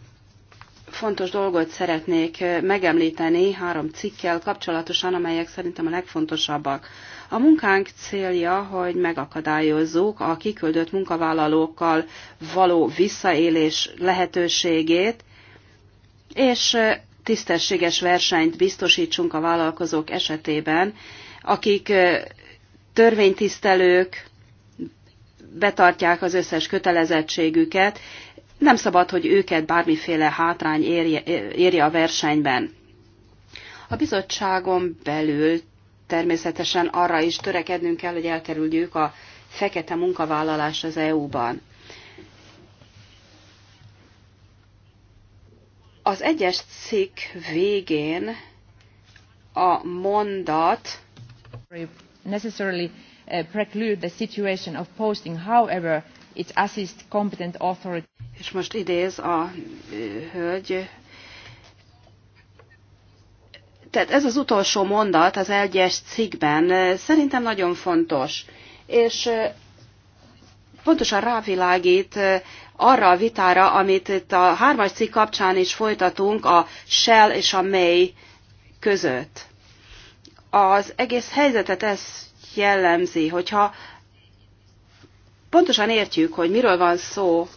Speaker 3: fontos dolgot szeretnék megemlíteni, három cikkel kapcsolatosan, amelyek szerintem a legfontosabbak. A munkánk célja, hogy megakadályozzuk a kiküldött munkavállalókkal való visszaélés lehetőségét, és tisztességes versenyt biztosítsunk a vállalkozók esetében, akik törvénytisztelők, betartják az összes kötelezettségüket, nem szabad, hogy őket bármiféle hátrány érje, érje a versenyben. A bizottságon belül természetesen arra is törekednünk kell, hogy elkerüljük a fekete munkavállalást az EU-ban. Az egyes cikk végén a mondat necessarily eh, preclude the situation of posting, however, it assists competent authority. És most idéz a eh, hölgy tehát ez az utolsó mondat az egyes cikkben szerintem nagyon fontos, és pontosan rávilágít arra a vitára, amit itt a hármas cikk kapcsán is folytatunk a shell és a may között. Az egész helyzetet ez jellemzi, hogyha pontosan értjük, hogy miről van szó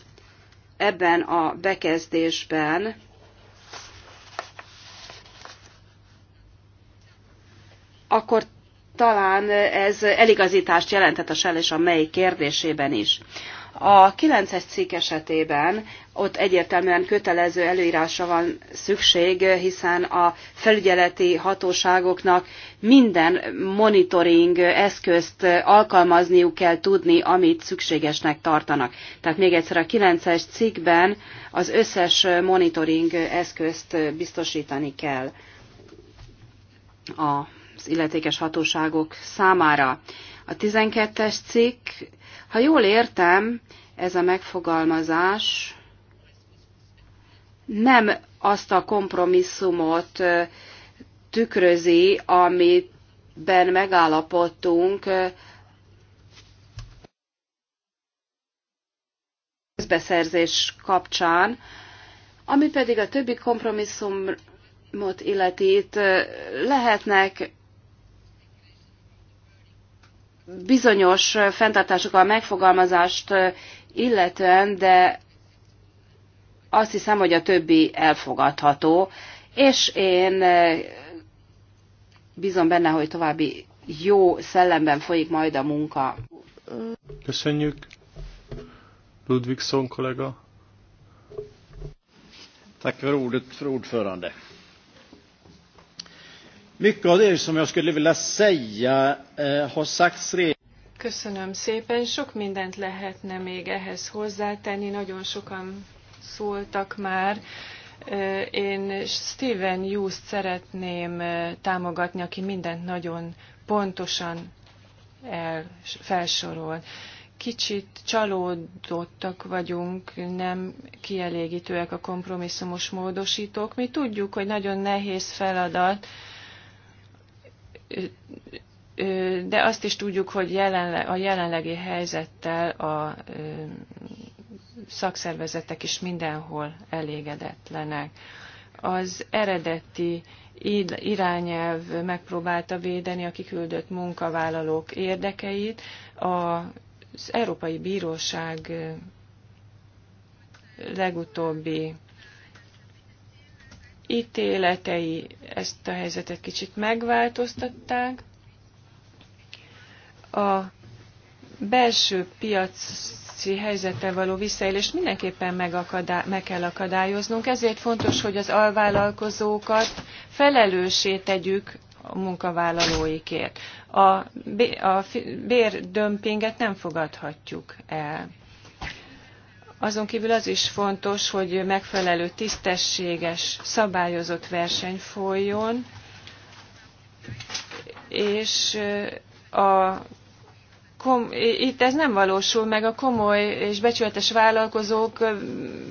Speaker 3: ebben a bekezdésben, akkor talán ez eligazítást jelentett a Shell és a mely kérdésében is. A 9-es cikk esetében ott egyértelműen kötelező előírásra van szükség, hiszen a felügyeleti hatóságoknak minden monitoring eszközt alkalmazniuk kell tudni, amit szükségesnek tartanak. Tehát még egyszer a 9-es cikkben az összes monitoring eszközt biztosítani kell a az illetékes hatóságok számára. A 12-es cikk, ha jól értem, ez a megfogalmazás nem azt a kompromisszumot tükrözi, amiben megállapodtunk közbeszerzés kapcsán, ami pedig a többi kompromisszumot illeti, itt lehetnek bizonyos fenntartásokkal megfogalmazást illetően, de azt hiszem, hogy a többi elfogadható, és én bízom benne, hogy további jó szellemben folyik majd a munka.
Speaker 2: Köszönjük. Ludvigson kollega. Tack för ordet, fru ordförande. Mycket av
Speaker 5: det som jag skulle vilja säga eh, har sagts redan.
Speaker 4: Köszönöm szépen. Sok mindent lehetne még ehhez hozzátenni. Nagyon sokan szóltak már. Eh, én Steven Hughes-t szeretném eh, támogatni, aki mindent nagyon pontosan el, felsorol. Kicsit csalódottak vagyunk, nem kielégítőek a kompromisszumos módosítók. Mi tudjuk, hogy nagyon nehéz feladat, de azt is tudjuk, hogy a jelenlegi helyzettel a szakszervezetek is mindenhol elégedetlenek. Az eredeti irányelv megpróbálta védeni a kiküldött munkavállalók érdekeit. Az Európai Bíróság legutóbbi ítéletei ezt a helyzetet kicsit megváltoztatták. A belső piaci helyzettel való visszaélést mindenképpen megakadály, meg kell akadályoznunk, ezért fontos, hogy az alvállalkozókat felelőssé tegyük a munkavállalóikért. A, a bérdömpinget nem fogadhatjuk el. Azon kívül az is fontos, hogy megfelelő, tisztességes, szabályozott verseny folyjon, és a kom, itt ez nem valósul meg, a komoly és becsületes vállalkozók,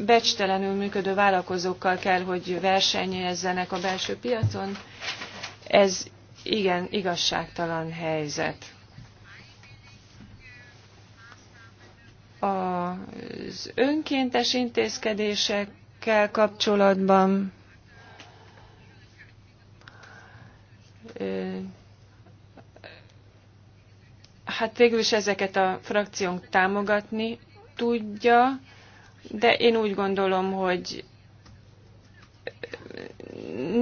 Speaker 4: becstelenül működő vállalkozókkal kell, hogy versenyezzenek a belső piacon. Ez igen igazságtalan helyzet. az önkéntes intézkedésekkel kapcsolatban hát végül is ezeket a frakciónk támogatni tudja, de én úgy gondolom, hogy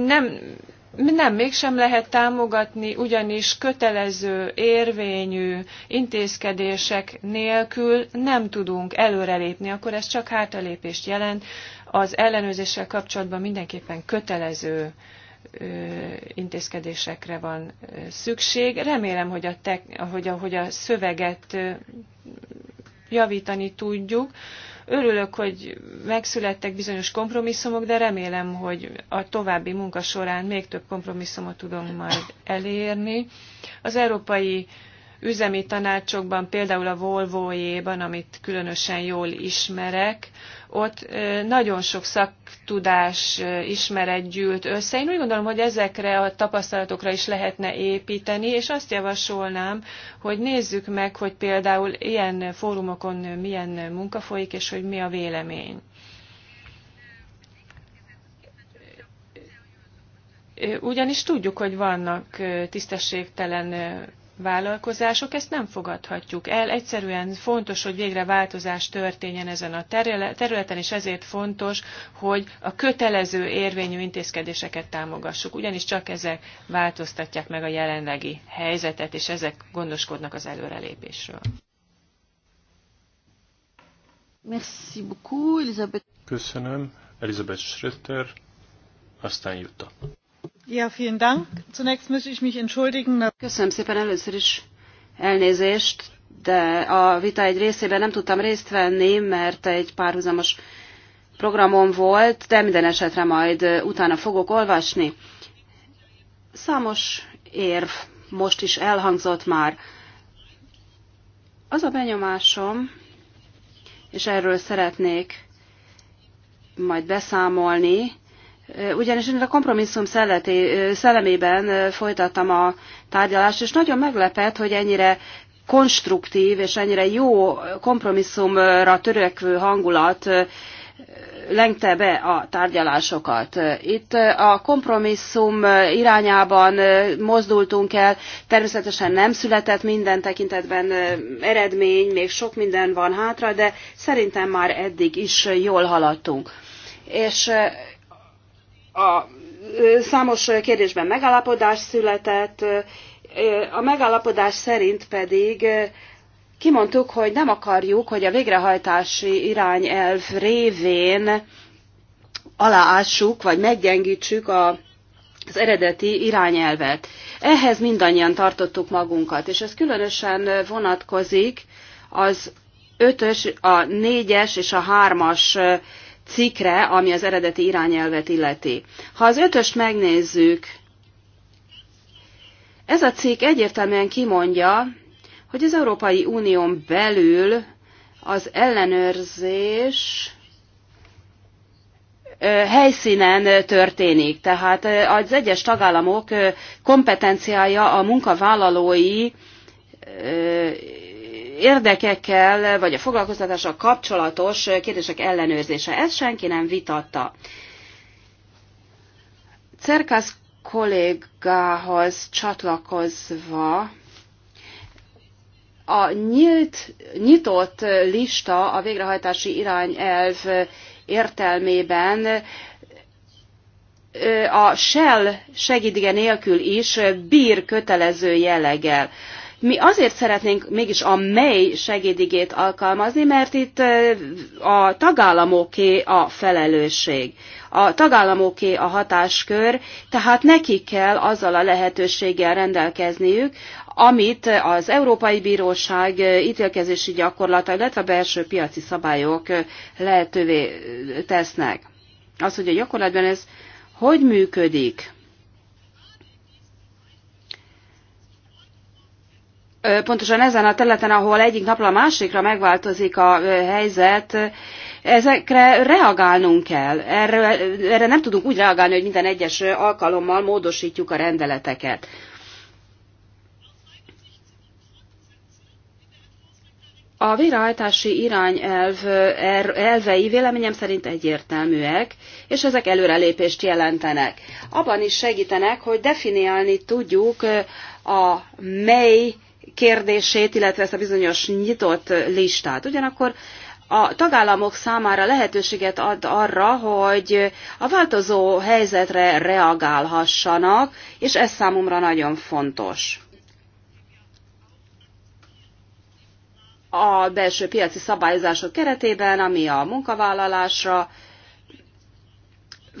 Speaker 4: nem nem, mégsem lehet támogatni, ugyanis kötelező, érvényű intézkedések nélkül nem tudunk előrelépni, akkor ez csak hátralépést jelent. Az ellenőrzéssel kapcsolatban mindenképpen kötelező intézkedésekre van szükség. Remélem, hogy a, te, hogy a, hogy a szöveget javítani tudjuk. Örülök, hogy megszülettek bizonyos kompromisszumok, de remélem, hogy a további munka során még több kompromisszumot tudunk majd elérni. Az európai üzemi tanácsokban, például a volvo amit különösen jól ismerek, ott nagyon sok szaktudás, ismeret gyűlt össze. Én úgy gondolom, hogy ezekre a tapasztalatokra is lehetne építeni, és azt javasolnám, hogy nézzük meg, hogy például ilyen fórumokon milyen munka folyik, és hogy mi a vélemény. Ugyanis tudjuk, hogy vannak tisztességtelen vállalkozások, ezt nem fogadhatjuk el. Egyszerűen fontos, hogy végre változás történjen ezen a területen, és ezért fontos, hogy a kötelező érvényű intézkedéseket támogassuk, ugyanis csak ezek változtatják meg a jelenlegi helyzetet, és ezek gondoskodnak az előrelépésről.
Speaker 1: Merci beaucoup, Elizabeth.
Speaker 2: Köszönöm, Elizabeth Schröter, aztán Jutta.
Speaker 3: Köszönöm szépen először is elnézést, de a vita egy részében nem tudtam részt venni, mert egy párhuzamos programom volt, de minden esetre majd utána fogok olvasni. Számos érv most is elhangzott már. Az a benyomásom, és erről szeretnék majd beszámolni, ugyanis én a kompromisszum szelleti, szellemében folytattam a tárgyalást, és nagyon meglepett, hogy ennyire konstruktív és ennyire jó kompromisszumra törekvő hangulat lengte be a tárgyalásokat. Itt a kompromisszum irányában mozdultunk el, természetesen nem született minden tekintetben eredmény, még sok minden van hátra, de szerintem már eddig is jól haladtunk. És a számos kérdésben megállapodás született, a megállapodás szerint pedig kimondtuk, hogy nem akarjuk, hogy a végrehajtási irányelv révén aláássuk vagy meggyengítsük a az eredeti irányelvet. Ehhez mindannyian tartottuk magunkat, és ez különösen vonatkozik az ötös, a négyes és a hármas cikkre, ami az eredeti irányelvet illeti. Ha az ötöst megnézzük, ez a cikk egyértelműen kimondja, hogy az Európai Unión belül az ellenőrzés helyszínen történik. Tehát az egyes tagállamok kompetenciája a munkavállalói érdekekkel, vagy a foglalkoztatással kapcsolatos kérdések ellenőrzése. Ezt senki nem vitatta. Cerkász kollégához csatlakozva a nyílt, nyitott lista a végrehajtási irányelv értelmében a Shell segítige nélkül is bír kötelező jelleggel. Mi azért szeretnénk mégis a mely segédigét alkalmazni, mert itt a tagállamoké a felelősség, a tagállamoké a hatáskör, tehát nekik kell azzal a lehetőséggel rendelkezniük, amit az Európai Bíróság ítélkezési gyakorlata, illetve a belső piaci szabályok lehetővé tesznek. Az, hogy a gyakorlatban ez hogy működik, pontosan ezen a területen, ahol egyik napra a másikra megváltozik a helyzet, ezekre reagálnunk kell. Erre, erre nem tudunk úgy reagálni, hogy minden egyes alkalommal módosítjuk a rendeleteket. A végrehajtási irányelv er, elvei véleményem szerint egyértelműek, és ezek előrelépést jelentenek. Abban is segítenek, hogy definiálni tudjuk a mely kérdését, illetve ezt a bizonyos nyitott listát. Ugyanakkor a tagállamok számára lehetőséget ad arra, hogy a változó helyzetre reagálhassanak, és ez számomra nagyon fontos. A belső piaci szabályozások keretében, ami a munkavállalásra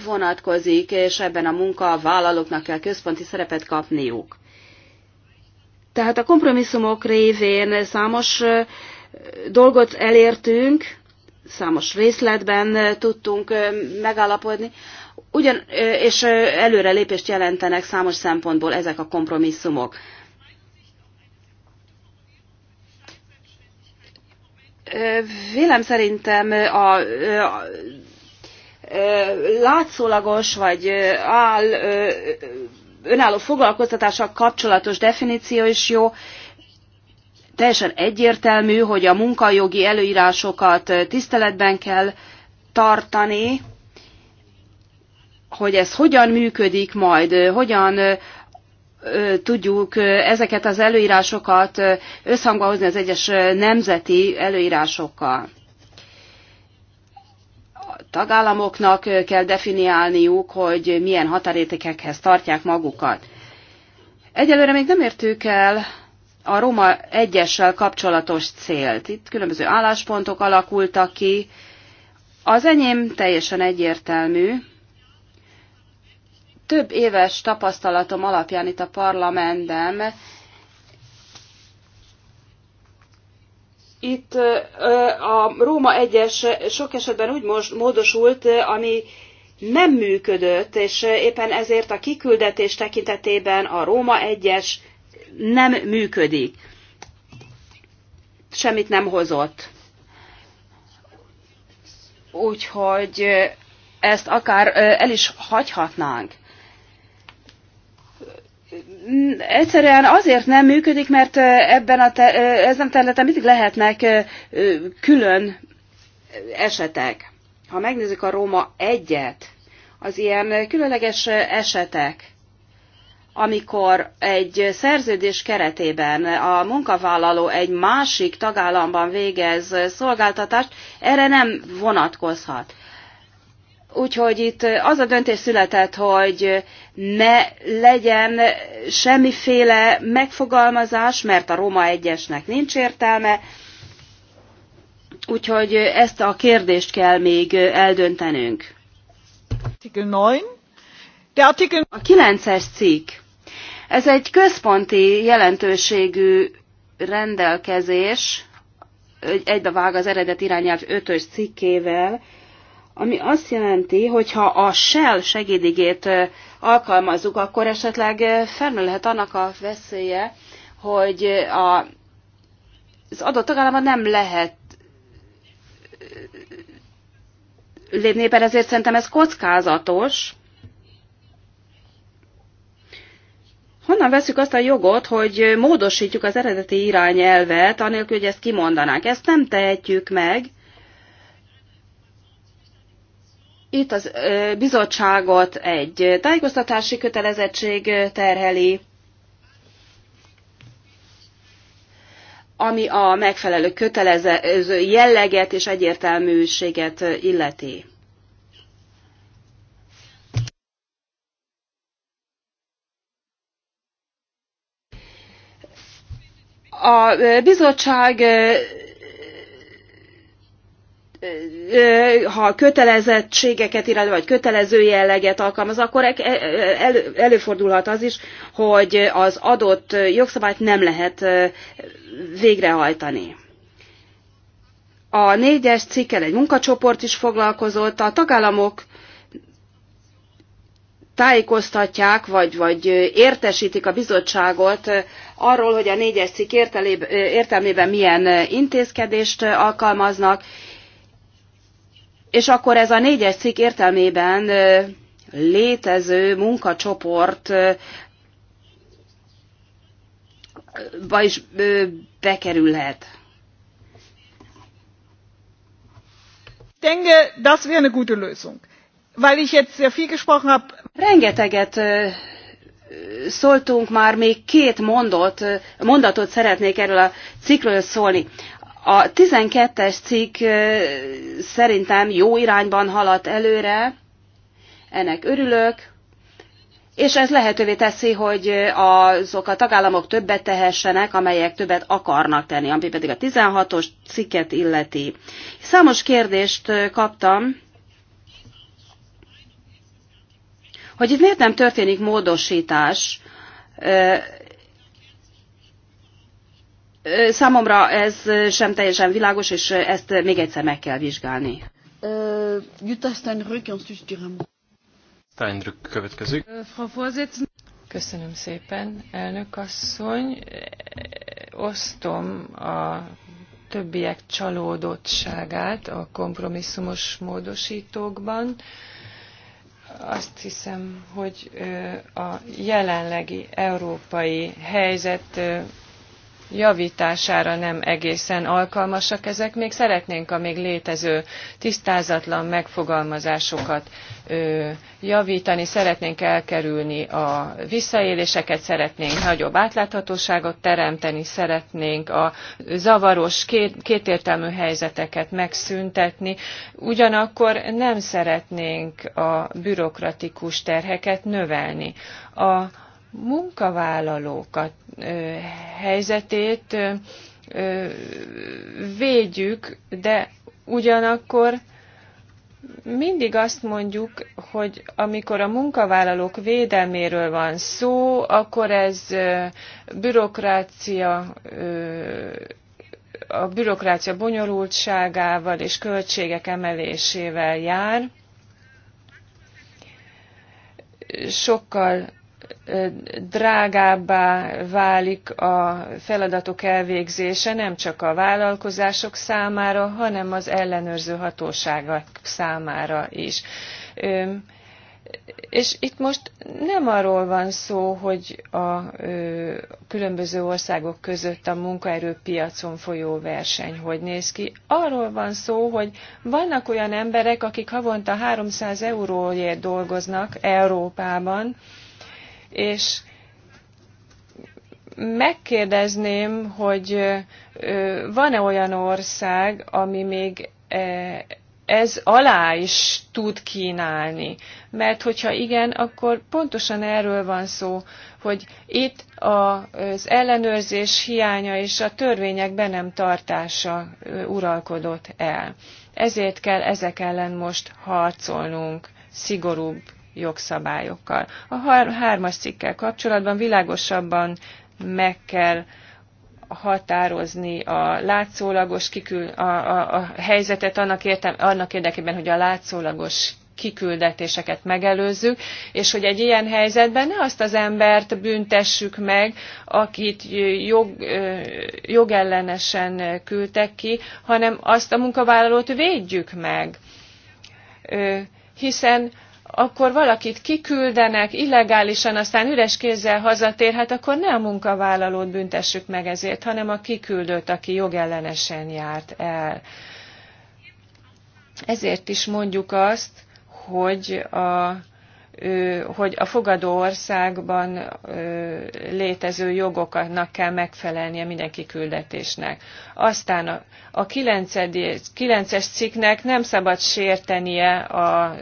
Speaker 3: vonatkozik, és ebben a munkavállalóknak kell központi szerepet kapniuk. Tehát a kompromisszumok révén számos dolgot elértünk, számos részletben tudtunk megállapodni, ugyan, és előrelépést jelentenek számos szempontból ezek a kompromisszumok. Vélem szerintem a, látszólagos vagy áll önálló foglalkoztatással kapcsolatos definíció is jó. Teljesen egyértelmű, hogy a munkajogi előírásokat tiszteletben kell tartani, hogy ez hogyan működik majd, hogyan tudjuk ezeket az előírásokat összhangba hozni az egyes nemzeti előírásokkal tagállamoknak kell definiálniuk, hogy milyen határértékekhez tartják magukat. Egyelőre még nem értük el a Roma egyessel kapcsolatos célt. Itt különböző álláspontok alakultak ki. Az enyém teljesen egyértelmű. Több éves tapasztalatom alapján itt a parlamentben itt a Róma 1-es sok esetben úgy módosult, ami nem működött, és éppen ezért a kiküldetés tekintetében a Róma 1-es nem működik. Semmit nem hozott. Úgyhogy ezt akár el is hagyhatnánk egyszerűen azért nem működik, mert ebben a te, ezen a területen mindig lehetnek külön esetek. Ha megnézzük a Róma egyet, az ilyen különleges esetek, amikor egy szerződés keretében a munkavállaló egy másik tagállamban végez szolgáltatást, erre nem vonatkozhat. Úgyhogy itt az a döntés született, hogy ne legyen semmiféle megfogalmazás, mert a Roma egyesnek nincs értelme, úgyhogy ezt a kérdést kell még eldöntenünk. A 9-es cikk. Ez egy központi jelentőségű rendelkezés, egybevág az eredet irányelv 5-ös cikkével, ami azt jelenti, hogy ha a Shell segédigét alkalmazzuk, akkor esetleg fennülhet annak a veszélye, hogy a, az adott tagállamban nem lehet lépni, éppen ezért szerintem ez kockázatos. Honnan veszük azt a jogot, hogy módosítjuk az eredeti irányelvet, anélkül, hogy ezt kimondanák? Ezt nem tehetjük meg, Itt az bizottságot egy tájékoztatási kötelezettség terheli, ami a megfelelő kötelező jelleget és egyértelműséget illeti. A bizottság ha kötelezettségeket illetve vagy kötelező jelleget alkalmaz, akkor e, e, előfordulhat az is, hogy az adott jogszabályt nem lehet végrehajtani. A négyes cikkel egy munkacsoport is foglalkozott, a tagállamok tájékoztatják, vagy, vagy értesítik a bizottságot arról, hogy a négyes cikk értelmében milyen intézkedést alkalmaznak, és akkor ez a négyes cikk értelmében létező munkacsoport vagyis is bekerülhet. denke, das wäre eine gute Lösung. Weil ich jetzt sehr viel gesprochen habe. Rengeteget szóltunk már, még két mondot, mondatot szeretnék erről a cikről szólni. A 12-es cikk szerintem jó irányban haladt előre, ennek örülök, és ez lehetővé teszi, hogy azok a tagállamok többet tehessenek, amelyek többet akarnak tenni, ami pedig a 16-os cikket illeti. Számos kérdést kaptam, hogy itt miért nem történik módosítás, Számomra ez sem teljesen világos, és ezt még egyszer meg kell vizsgálni.
Speaker 1: Jutta Steinrück, ensuite Durand.
Speaker 2: Steinrück következik.
Speaker 4: Köszönöm szépen, elnök asszony. Osztom a többiek csalódottságát a kompromisszumos módosítókban. Azt hiszem, hogy a jelenlegi európai helyzet javítására nem egészen alkalmasak ezek. Még szeretnénk a még létező tisztázatlan megfogalmazásokat ö, javítani, szeretnénk elkerülni a visszaéléseket, szeretnénk nagyobb átláthatóságot teremteni, szeretnénk a zavaros, két, kétértelmű helyzeteket megszüntetni, ugyanakkor nem szeretnénk a bürokratikus terheket növelni. A munkavállalókat helyzetét védjük, de ugyanakkor mindig azt mondjuk, hogy amikor a munkavállalók védelméről van szó, akkor ez bürokrácia, a bürokrácia bonyolultságával és költségek emelésével jár. Sokkal drágábbá válik a feladatok elvégzése nem csak a vállalkozások számára, hanem az ellenőrző hatóságok számára is. És itt most nem arról van szó, hogy a különböző országok között a munkaerőpiacon folyó verseny hogy néz ki. Arról van szó, hogy vannak olyan emberek, akik havonta 300 euróért dolgoznak Európában, és megkérdezném, hogy van-e olyan ország, ami még e, ez alá is tud kínálni. Mert hogyha igen, akkor pontosan erről van szó, hogy itt az ellenőrzés hiánya és a törvények be nem tartása uralkodott el. Ezért kell ezek ellen most harcolnunk szigorúbb jogszabályokkal. A hármas cikkel kapcsolatban világosabban meg kell határozni a látszólagos kikül, a, a, a helyzetet annak, értem, annak érdekében, hogy a látszólagos kiküldetéseket megelőzzük, és hogy egy ilyen helyzetben ne azt az embert büntessük meg, akit jog, jogellenesen küldtek ki, hanem azt a munkavállalót védjük meg. Hiszen akkor valakit kiküldenek illegálisan, aztán üres kézzel hazatér, hát akkor ne a munkavállalót büntessük meg ezért, hanem a kiküldőt, aki jogellenesen járt el. Ezért is mondjuk azt, hogy a hogy a fogadó országban létező jogoknak kell megfelelnie mindenki küldetésnek. Aztán a 9-es cikknek nem szabad sértenie a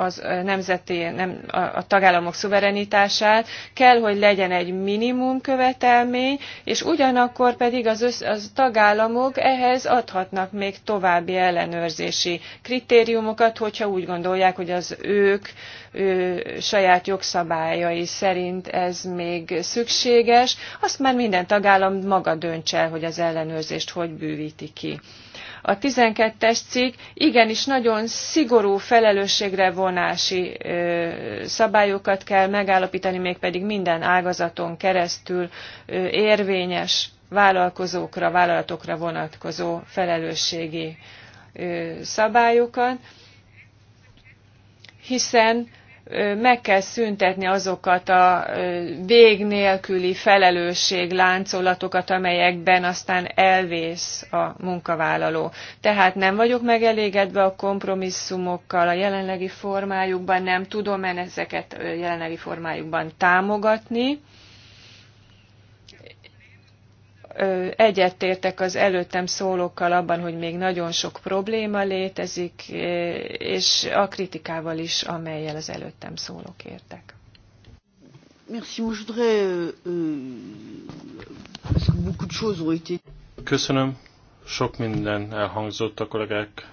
Speaker 4: az nemzeti, nem, a, a tagállamok szuverenitását, kell, hogy legyen egy minimum követelmény, és ugyanakkor pedig az, össz, az tagállamok ehhez adhatnak még további ellenőrzési kritériumokat, hogyha úgy gondolják, hogy az ők ő, saját jogszabályai szerint ez még szükséges, azt már minden tagállam maga döntse, hogy az ellenőrzést hogy bűvíti ki. A 12-es cikk igenis nagyon szigorú felelősségre vonási szabályokat kell megállaptani mégpedig minden ágazaton keresztül érvényes vállalkozókra, vállalatokra vonatkozó felelősségi szabályokat, hiszen meg kell szüntetni azokat a vég nélküli felelősség láncolatokat, amelyekben aztán elvész a munkavállaló. Tehát nem vagyok megelégedve a kompromisszumokkal a jelenlegi formájukban, nem tudom ezeket jelenlegi formájukban támogatni egyetértek az előttem szólókkal abban, hogy még nagyon sok probléma létezik, és a kritikával is, amelyel az előttem szólók értek.
Speaker 1: Euh, euh,
Speaker 2: Köszönöm. Sok minden elhangzott a kollégák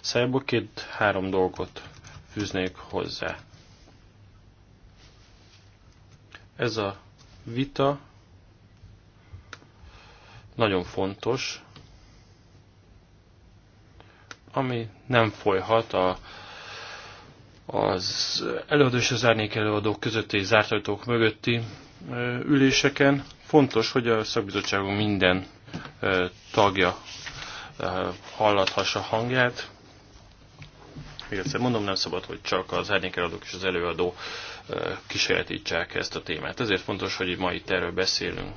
Speaker 2: szájából. Két-három dolgot fűznék hozzá. Ez a vita nagyon fontos, ami nem folyhat a, az előadó és az árnyék előadók közötti zárt ajtók mögötti üléseken. Fontos, hogy a szakbizottságon minden tagja hallathassa hangját. Még egyszer mondom, nem szabad, hogy csak az árnyékeladók és az előadó kísérletítsák ezt a témát. Ezért fontos, hogy ma itt erről beszélünk.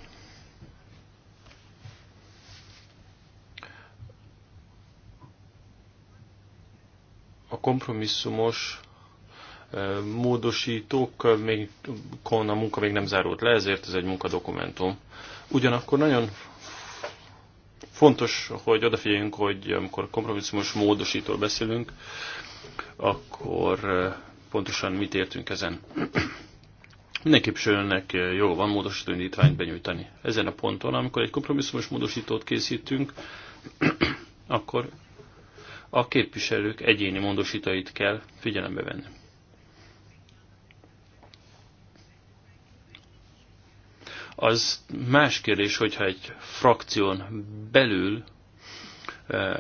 Speaker 2: a kompromisszumos módosítók, még a munka még nem zárult le, ezért ez egy munkadokumentum. Ugyanakkor nagyon fontos, hogy odafigyeljünk, hogy amikor kompromisszumos módosítól beszélünk, akkor pontosan mit értünk ezen. Mindenképp sőnek jó van módosító indítványt benyújtani. Ezen a ponton, amikor egy kompromisszumos módosítót készítünk, akkor a képviselők egyéni mondosítait kell figyelembe venni. Az más kérdés, hogyha egy frakción belül eh,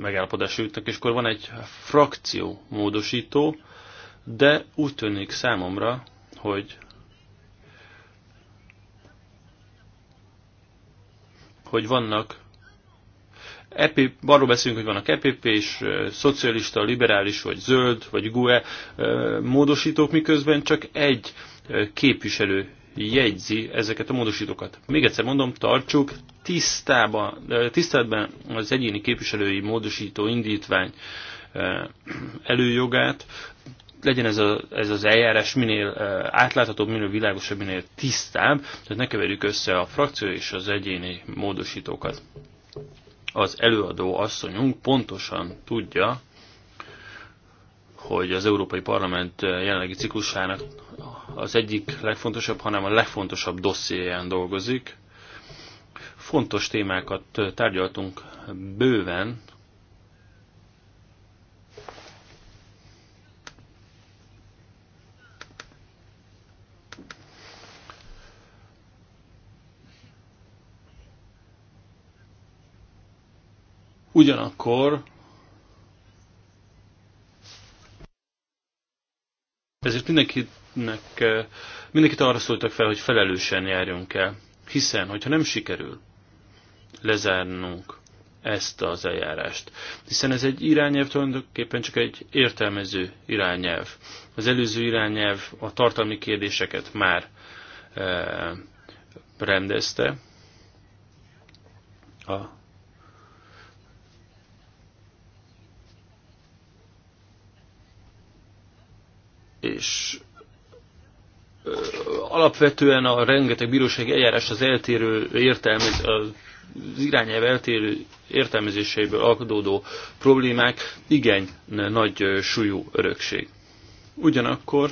Speaker 2: megállapodásra jutnak, és akkor van egy frakció módosító, de úgy tűnik számomra, hogy hogy vannak EPP, arról beszélünk, hogy vannak EPP és szocialista, liberális, vagy zöld, vagy GUE módosítók, miközben csak egy képviselő jegyzi ezeket a módosítókat. Még egyszer mondom, tartsuk tisztában, tiszteletben az egyéni képviselői módosító indítvány előjogát, legyen ez, a, ez az eljárás minél átláthatóbb, minél világosabb, minél tisztább, tehát ne keverjük össze a frakció és az egyéni módosítókat az előadó asszonyunk pontosan tudja, hogy az Európai Parlament jelenlegi ciklusának az egyik legfontosabb, hanem a legfontosabb dossziéján dolgozik. Fontos témákat tárgyaltunk bőven Ugyanakkor ezért mindenkinek, eh, mindenkit arra szóltak fel, hogy felelősen járjunk el. Hiszen, hogyha nem sikerül lezárnunk ezt az eljárást. Hiszen ez egy irányelv tulajdonképpen csak egy értelmező irányelv. Az előző irányelv a tartalmi kérdéseket már e, rendezte, a és alapvetően a rengeteg bírósági eljárás az eltérő értelmez, az irányelv eltérő értelmezéseiből alkodódó problémák igen nagy súlyú örökség. Ugyanakkor,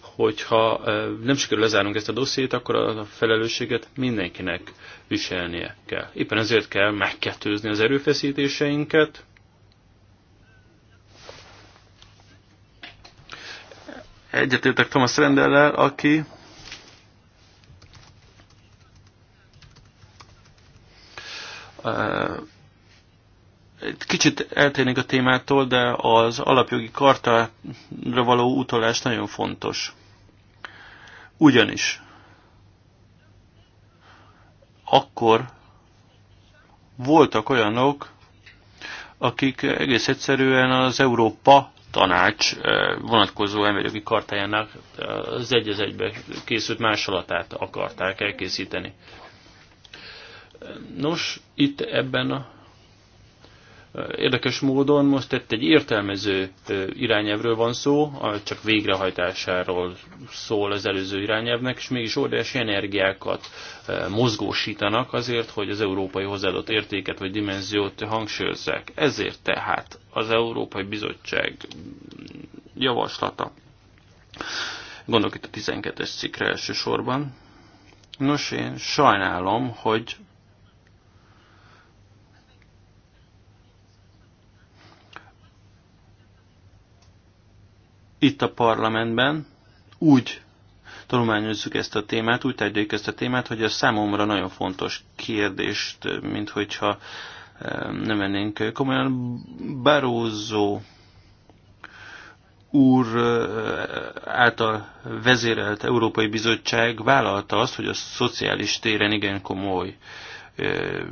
Speaker 2: hogyha nem sikerül lezárnunk ezt a dossziét, akkor a felelősséget mindenkinek viselnie kell. Éppen ezért kell megkettőzni az erőfeszítéseinket, Egyetértek Thomas Rendellel, aki egy kicsit eltérnék a témától, de az alapjogi kartára való utalás nagyon fontos. Ugyanis akkor voltak olyanok, akik egész egyszerűen az Európa tanács eh, vonatkozó emberi kartájának eh, az egy az egybe készült másolatát akarták elkészíteni. Nos, itt ebben a Érdekes módon most itt egy értelmező irányelvről van szó, csak végrehajtásáról szól az előző irányelvnek, és mégis óriási energiákat mozgósítanak azért, hogy az európai hozzáadott értéket vagy dimenziót hangsúlyozzák. Ezért tehát az Európai Bizottság javaslata, gondolok itt a 12-es cikkre elsősorban, Nos, én sajnálom, hogy itt a parlamentben úgy tanulmányozzuk ezt a témát, úgy tárgyaljuk ezt a témát, hogy a számomra nagyon fontos kérdést, mint hogyha eh, nem ennénk komolyan. Barózó úr eh, által vezérelt Európai Bizottság vállalta azt, hogy a szociális téren igen komoly eh,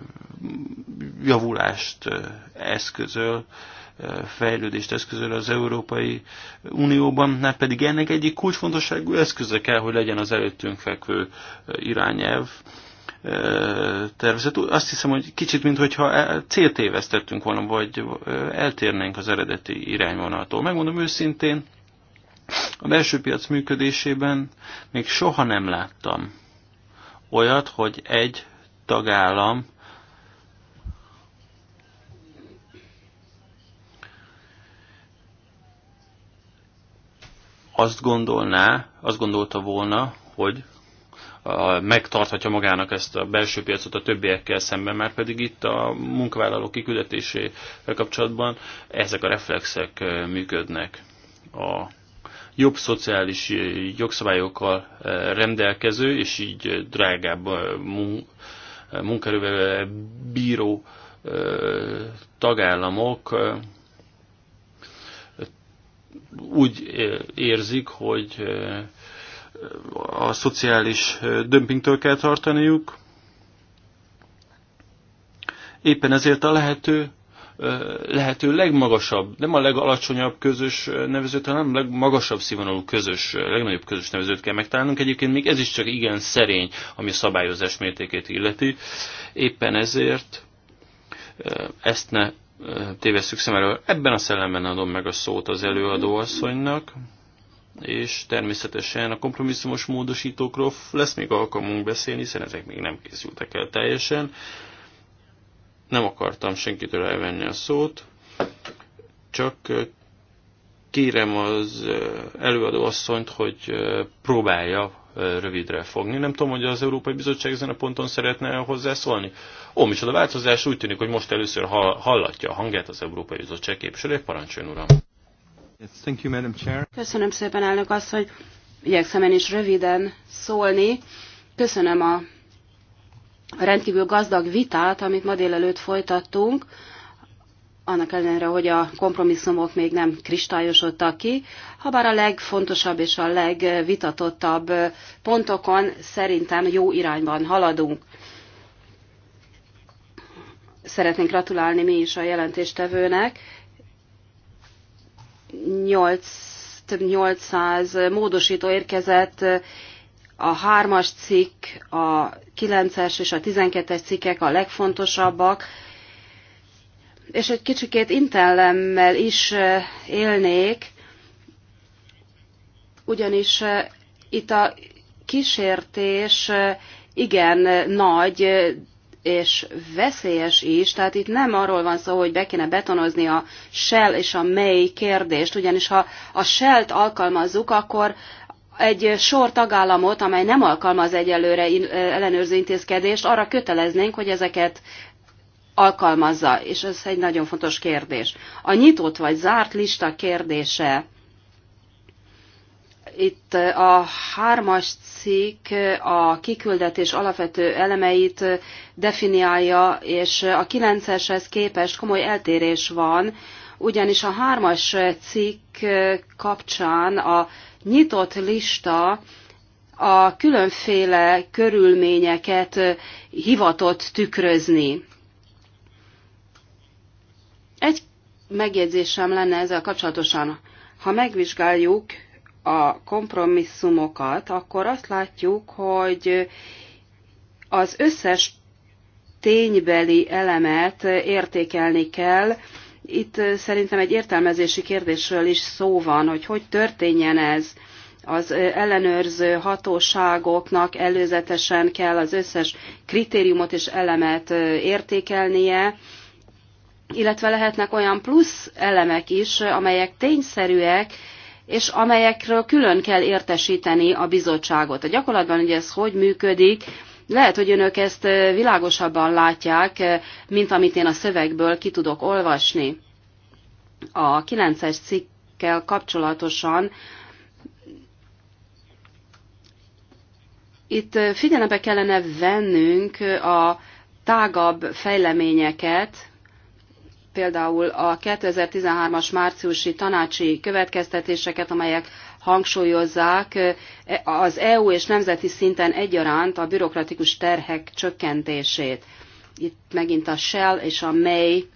Speaker 2: javulást eszközöl fejlődést eszközöl az Európai Unióban, mert pedig ennek egyik kulcsfontosságú eszköze kell, hogy legyen az előttünk fekvő irányelv tervezet. Azt hiszem, hogy kicsit, mintha e, céltévesztettünk volna, vagy eltérnénk az eredeti irányvonaltól. Megmondom őszintén, a belső piac működésében még soha nem láttam olyat, hogy egy tagállam azt gondolná, azt gondolta volna, hogy megtarthatja magának ezt a belső piacot a többiekkel szemben, már pedig itt a munkavállalók kiküldetésével kapcsolatban ezek a reflexek működnek. A jobb szociális jogszabályokkal rendelkező, és így drágább munkerővel bíró tagállamok úgy eh, érzik, hogy eh, a szociális eh, dömpingtől kell tartaniuk. Éppen ezért a lehető lehető legmagasabb, nem a legalacsonyabb közös nevezőt, hanem a legmagasabb színvonalú közös, legnagyobb közös nevezőt kell megtalálnunk. Egyébként még ez is csak igen szerény, ami a szabályozás mértékét illeti. Éppen ezért ezt ne tévesszük szem elől. Ebben a szellemben adom meg a szót az előadóasszonynak, és természetesen a kompromisszumos módosítókról lesz még alkalmunk beszélni, hiszen ezek még nem készültek el teljesen. Nem akartam senkitől elvenni a szót, csak kérem az előadó asszonyt, hogy próbálja rövidre fogni. Nem tudom, hogy az Európai Bizottság ezen a ponton szeretne hozzászólni. Ó, micsoda változás, úgy tűnik, hogy most először hallatja a hangját az Európai Bizottság képviselője. Parancsoljon, uram! Thank you, Madam Chair.
Speaker 3: Köszönöm szépen, elnök hogy Igyekszem én is röviden szólni. Köszönöm a rendkívül gazdag vitát, amit ma délelőtt folytattunk annak ellenére, hogy a kompromisszumok még nem kristályosodtak ki, habár a legfontosabb és a legvitatottabb pontokon szerintem jó irányban haladunk. Szeretnénk gratulálni mi is a jelentéstevőnek. 8, több 800 módosító érkezett, a hármas cikk, a 9-es és a 12-es cikkek a legfontosabbak, és egy kicsikét intellemmel is élnék, ugyanis itt a kísértés igen nagy, és veszélyes is, tehát itt nem arról van szó, hogy be kéne betonozni a shell és a mely kérdést, ugyanis ha a shell-t alkalmazzuk, akkor egy sor tagállamot, amely nem alkalmaz egyelőre ellenőrző intézkedést, arra köteleznénk, hogy ezeket alkalmazza, és ez egy nagyon fontos kérdés. A nyitott vagy zárt lista kérdése, itt eh, a hármas cikk eh, a kiküldetés alapvető elemeit eh, definiálja, és a kilenceshez képest komoly eltérés van, ugyanis a hármas cikk kapcsán a nyitott lista a különféle körülményeket hivatott tükrözni. Egy megjegyzésem lenne ezzel kapcsolatosan. Ha megvizsgáljuk a kompromisszumokat, akkor azt látjuk, hogy az összes ténybeli elemet értékelni kell. Itt szerintem egy értelmezési kérdésről is szó van, hogy hogy történjen ez. Az ellenőrző hatóságoknak előzetesen kell az összes kritériumot és elemet értékelnie, illetve lehetnek olyan plusz elemek is, amelyek tényszerűek, és amelyekről külön kell értesíteni a bizottságot. A gyakorlatban ugye ez hogy működik, lehet, hogy önök ezt világosabban látják, mint amit én a szövegből ki tudok olvasni. A 9-es cikkkel kapcsolatosan itt figyelembe kellene vennünk a tágabb fejleményeket, például a 2013-as márciusi tanácsi következtetéseket, amelyek hangsúlyozzák e, az EU és nemzeti szinten egyaránt a bürokratikus terhek csökkentését. Itt megint a Shell és a May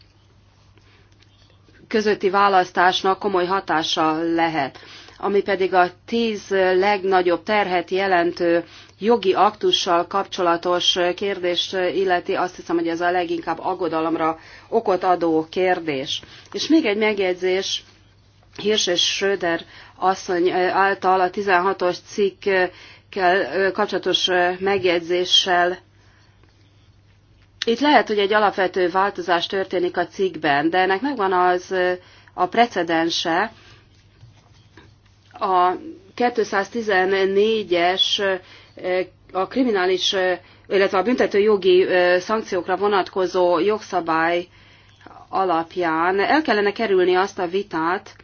Speaker 3: közötti választásnak komoly hatása lehet ami pedig a tíz legnagyobb terhet jelentő jogi aktussal kapcsolatos kérdést illeti, azt hiszem, hogy ez a leginkább aggodalomra okot adó kérdés. És még egy megjegyzés, Hirsch és Schröder asszony által a 16-os cikkkel kapcsolatos megjegyzéssel itt lehet, hogy egy alapvető változás történik a cikkben, de ennek megvan az a precedense. A 214-es a kriminális, illetve a büntető jogi szankciókra vonatkozó jogszabály alapján el kellene kerülni azt a vitát,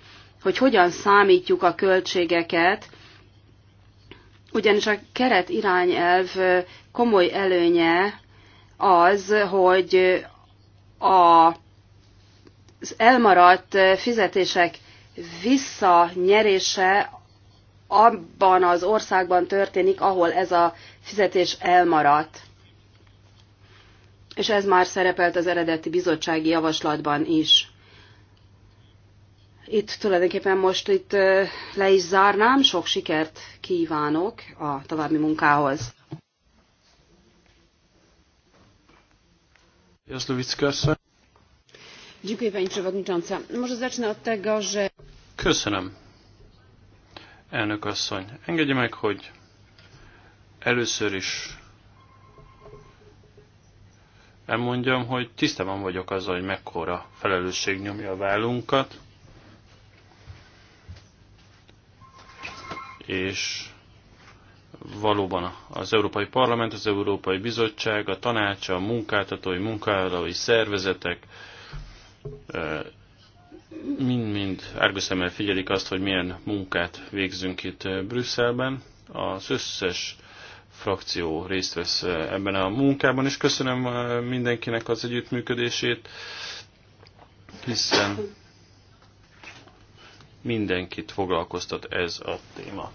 Speaker 3: hogy hogyan számítjuk a költségeket, ugyanis a keret irányelv komoly előnye az, hogy a, az elmaradt fizetések visszanyerése abban az országban történik, ahol ez a fizetés elmaradt. És ez már szerepelt az eredeti bizottsági javaslatban is. Itt tulajdonképpen most itt le is zárnám, sok sikert kívánok a további munkához. Dziękuję Pani Przewodnicząca. Może zacznę od tego,
Speaker 2: że... Köszönöm. Elnök asszony, engedje meg, hogy először is elmondjam, hogy tisztában vagyok azzal, hogy mekkora felelősség nyomja a vállunkat, és valóban az Európai Parlament, az Európai Bizottság, a tanácsa, a munkáltatói, munkáltatói szervezetek mind-mind árgőszemmel figyelik azt, hogy milyen munkát végzünk itt eh, Brüsszelben. Az összes frakció részt vesz eh, ebben a munkában, és köszönöm eh, mindenkinek az együttműködését, hiszen mindenkit foglalkoztat ez a téma.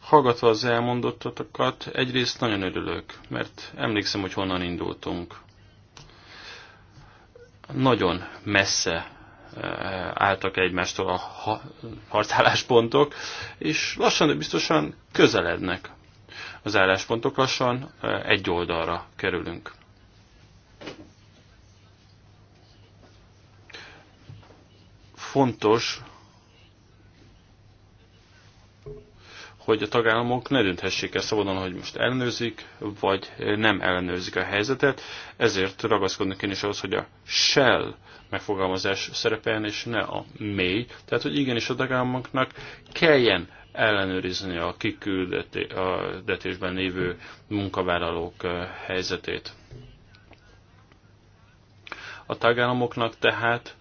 Speaker 2: Hallgatva az elmondottatokat, egyrészt nagyon örülök, mert emlékszem, hogy honnan indultunk nagyon messze eh, álltak egymástól a harcálláspontok, és lassan, de biztosan közelednek az álláspontok, lassan eh, egy oldalra kerülünk. Fontos, hogy a tagállamok ne dönthessék el szabadon, hogy most ellenőrzik, vagy nem ellenőrzik a helyzetet, ezért ragaszkodnak én is ahhoz, hogy a shell megfogalmazás szerepeljen, és ne a mély. Tehát, hogy igenis a tagállamoknak kelljen ellenőrizni a kiküldetésben lévő munkavállalók helyzetét. A tagállamoknak tehát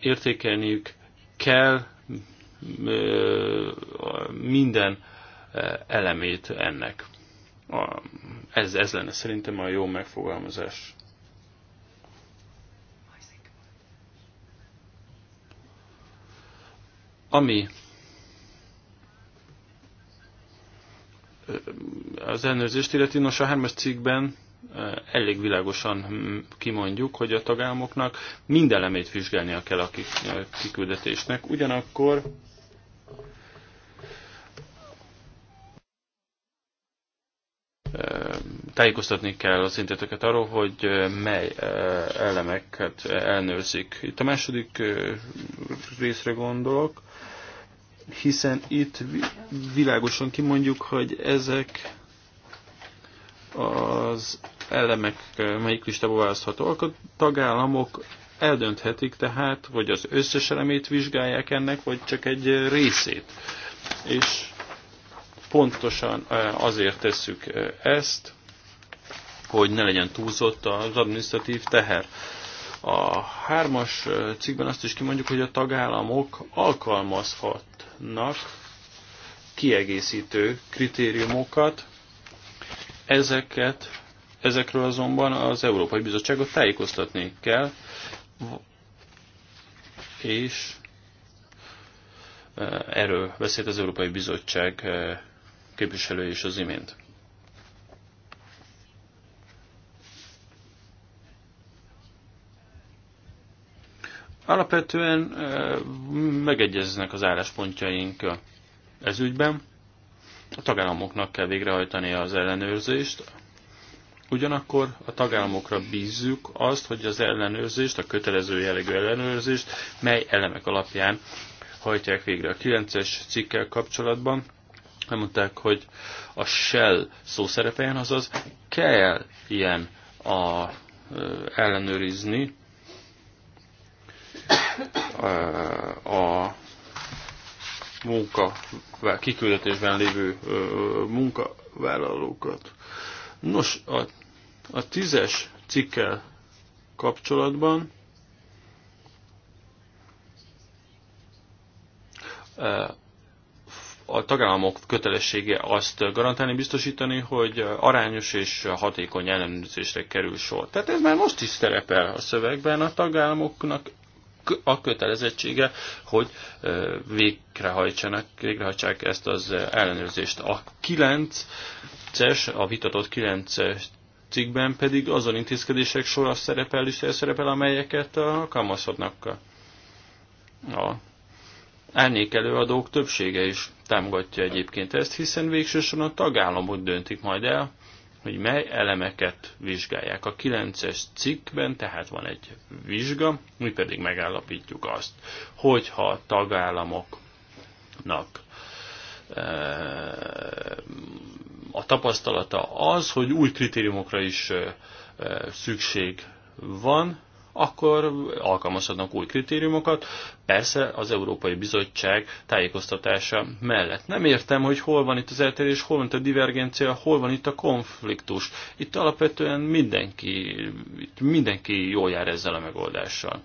Speaker 2: értékelniük kell minden elemét ennek. Ez, ez lenne szerintem a jó megfogalmazás. Ami az ellenőrzést illeti, nos a hármas cikkben elég világosan kimondjuk, hogy a tagállamoknak minden elemét vizsgálnia kell a kiküldetésnek. Ugyanakkor tájékoztatni kell az intézeteket arról, hogy mely elemeket hát, ellenőrzik. Itt a második részre gondolok, hiszen itt világosan kimondjuk, hogy ezek az elemek melyik listába választhatóak. A tagállamok eldönthetik tehát, hogy az összes elemét vizsgálják ennek, vagy csak egy részét. És pontosan azért tesszük ezt, hogy ne legyen túlzott az adminisztratív teher. A hármas cikkben azt is kimondjuk, hogy a tagállamok alkalmazhatnak kiegészítő kritériumokat, ezeket, ezekről azonban az Európai Bizottságot tájékoztatni kell, és erről beszélt az Európai Bizottság képviselő is az imént. Alapvetően megegyeznek az álláspontjaink ez ügyben. A tagállamoknak kell végrehajtani az ellenőrzést, Ugyanakkor a tagállamokra bízzük azt, hogy az ellenőrzést, a kötelező jellegű ellenőrzést mely elemek alapján hajtják végre. A 9-es cikkel kapcsolatban mondták, hogy a shell szó szerepeljen, azaz kell ilyen a, ellenőrizni a munka, kiküldetésben lévő munkavállalókat. Nos, a, a tízes cikkel kapcsolatban a tagállamok kötelessége azt garantálni, biztosítani, hogy arányos és hatékony ellenőrzésre kerül sor. Tehát ez már most is szerepel a szövegben, a tagállamoknak a kötelezettsége, hogy végrehajtsanak, végrehajtsák ezt az ellenőrzést. A 9-es, a vitatott 9-es cikkben pedig azon intézkedések sora szerepel, is szerepel, amelyeket alkalmazhatnak a Árnyék előadók többsége is támogatja egyébként ezt, hiszen végsősorban a tagállamok döntik majd el, hogy mely elemeket vizsgálják. A 9-es cikkben tehát van egy vizsga, mi pedig megállapítjuk azt, hogyha a tagállamoknak e, a tapasztalata az, hogy új kritériumokra is e, szükség van, akkor alkalmazhatnak új kritériumokat, persze az Európai Bizottság tájékoztatása mellett. Nem értem, hogy hol van itt az eltérés, hol van itt a divergencia, hol van itt a konfliktus. Itt alapvetően mindenki, itt mindenki jól jár ezzel a megoldással.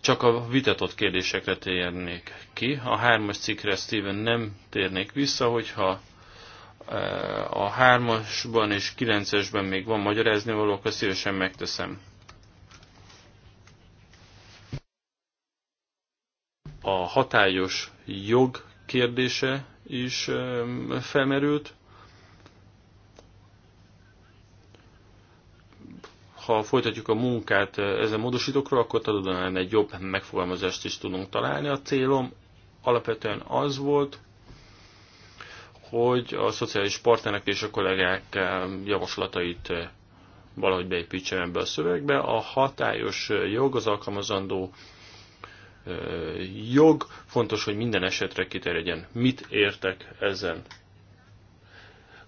Speaker 2: Csak a vitatott kérdésekre térnék ki. A hármas cikkre Steven nem térnék vissza, hogyha a hármasban és kilencesben még van magyarázni való, akkor szívesen megteszem. A hatályos jog kérdése is felmerült. ha folytatjuk a munkát ezen módosítókról, akkor talán egy jobb megfogalmazást is tudunk találni. A célom alapvetően az volt, hogy a szociális partnerek és a kollégák eh, javaslatait eh, valahogy beépítsem ebbe a szövegbe. A hatályos jog, az alkalmazandó eh, jog, fontos, hogy minden esetre kiterjedjen. Mit értek ezen?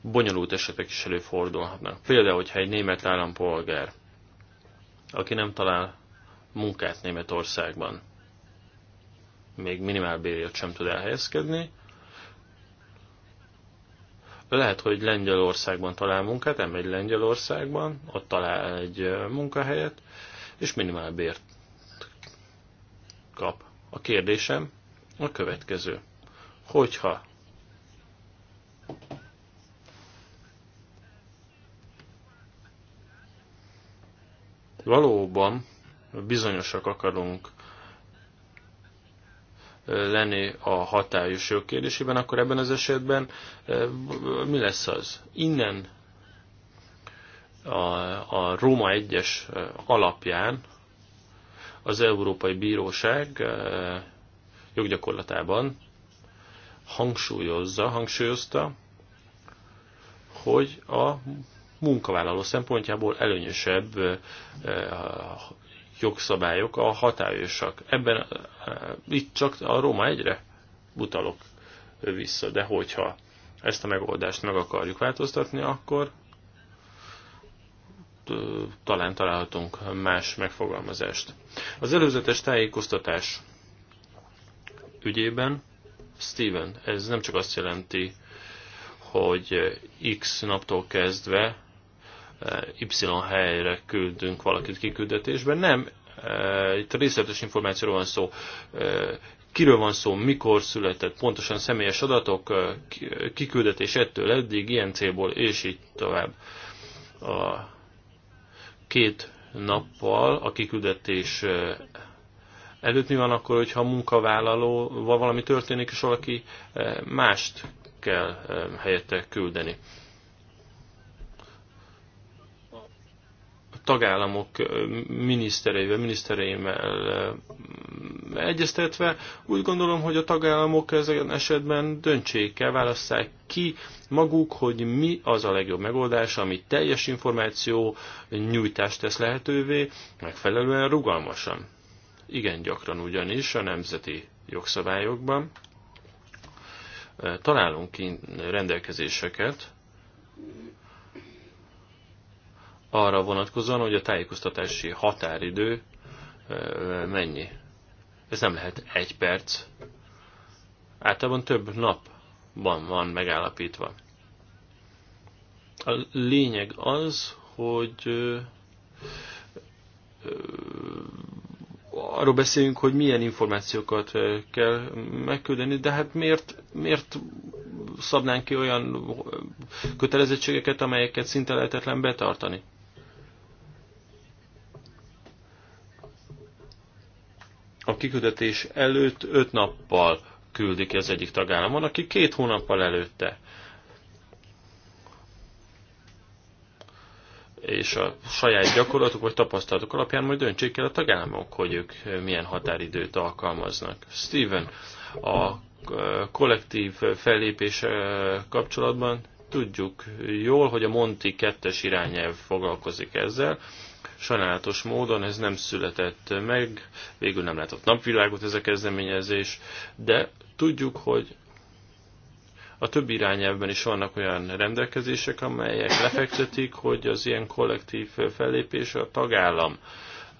Speaker 2: Bonyolult esetek is előfordulhatnak. Például, hogyha egy német állampolgár, aki nem talál munkát Németországban, még minimálbérért sem tud elhelyezkedni, lehet, hogy Lengyelországban talál munkát, elmegy Lengyelországban, ott talál egy munkahelyet, és bért kap. A kérdésem a következő. Hogyha valóban bizonyosak akarunk lenni a hatályos jog kérdésében, akkor ebben az esetben mi lesz az? Innen a, a Róma 1-es alapján az Európai Bíróság joggyakorlatában hangsúlyozza, hangsúlyozta, hogy a munkavállaló szempontjából előnyösebb jogszabályok a hatályosak. Ebben eh, itt csak a Róma egyre butalok vissza, de hogyha ezt a megoldást meg akarjuk változtatni, akkor talán találhatunk más megfogalmazást. Az előzetes tájékoztatás ügyében, Steven, ez nem csak azt jelenti, hogy x naptól kezdve Eh, y helyre küldünk valakit kiküldetésben. Nem, eh, itt részletes információról van szó, eh, kiről van szó, mikor született, pontosan személyes adatok, kiküldetés ettől eddig, ilyen célból, és így tovább. A két nappal a kiküldetés előtt mi van akkor, hogyha a munkavállalóval valami történik, és valaki mást kell helyette küldeni. tagállamok minisztereivel, minisztereimmel egyeztetve, úgy gondolom, hogy a tagállamok ezen esetben döntsék el, válasszák ki maguk, hogy mi az a legjobb megoldás, ami teljes információ nyújtást tesz lehetővé, megfelelően rugalmasan. Igen gyakran ugyanis a nemzeti jogszabályokban találunk ki rendelkezéseket, arra vonatkozóan, hogy a tájékoztatási határidő mennyi. Ez nem lehet egy perc. Általában több napban van megállapítva. A lényeg az, hogy arról beszélünk, hogy milyen információkat kell megküldeni, de hát miért, miért szabnánk ki olyan kötelezettségeket, amelyeket szinte lehetetlen betartani? kiküldetés előtt 5 nappal küldik az egyik tagállamon, aki két hónappal előtte. És a saját gyakorlatok vagy tapasztalatok alapján majd döntsék el a tagállamok, hogy ők milyen határidőt alkalmaznak. Steven, a kollektív fellépés kapcsolatban tudjuk jól, hogy a Monti kettes irányelv foglalkozik ezzel. Sajnálatos módon ez nem született meg, végül nem látott napvilágot ez a kezdeményezés, de tudjuk, hogy a több irányelvben is vannak olyan rendelkezések, amelyek lefektetik, hogy az ilyen kollektív fellépés a tagállam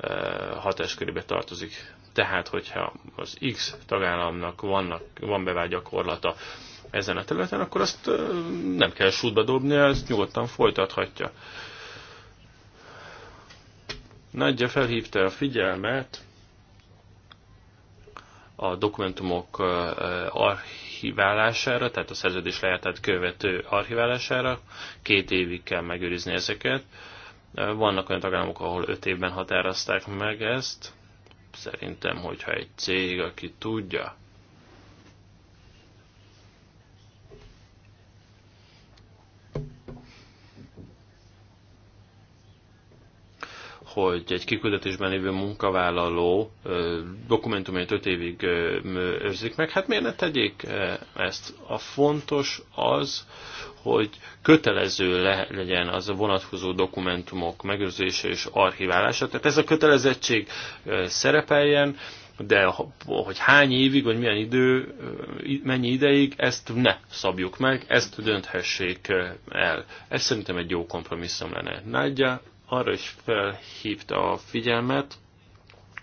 Speaker 2: eh, hatáskörébe tartozik. Tehát, hogyha az X tagállamnak vannak, van bevált gyakorlata ezen a területen, akkor azt eh, nem kell sútba dobni, ezt nyugodtan folytathatja. Nagyja felhívta a figyelmet a dokumentumok archiválására, tehát a szerződés lejártát követő archiválására. Két évig kell megőrizni ezeket. Vannak olyan tagállamok, ahol öt évben határozták meg ezt. Szerintem, hogyha egy cég, aki tudja, hogy egy kiküldetésben lévő munkavállaló dokumentumait 5 évig őrzik meg, hát miért ne tegyék ezt? A fontos az, hogy kötelező le, legyen az a vonatkozó dokumentumok megőrzése és archiválása. Tehát ez a kötelezettség szerepeljen, de hogy hány évig, vagy milyen idő, mennyi ideig, ezt ne szabjuk meg, ezt dönthessék el. Ez szerintem egy jó kompromisszum lenne. Nagyja arra is felhívta a figyelmet,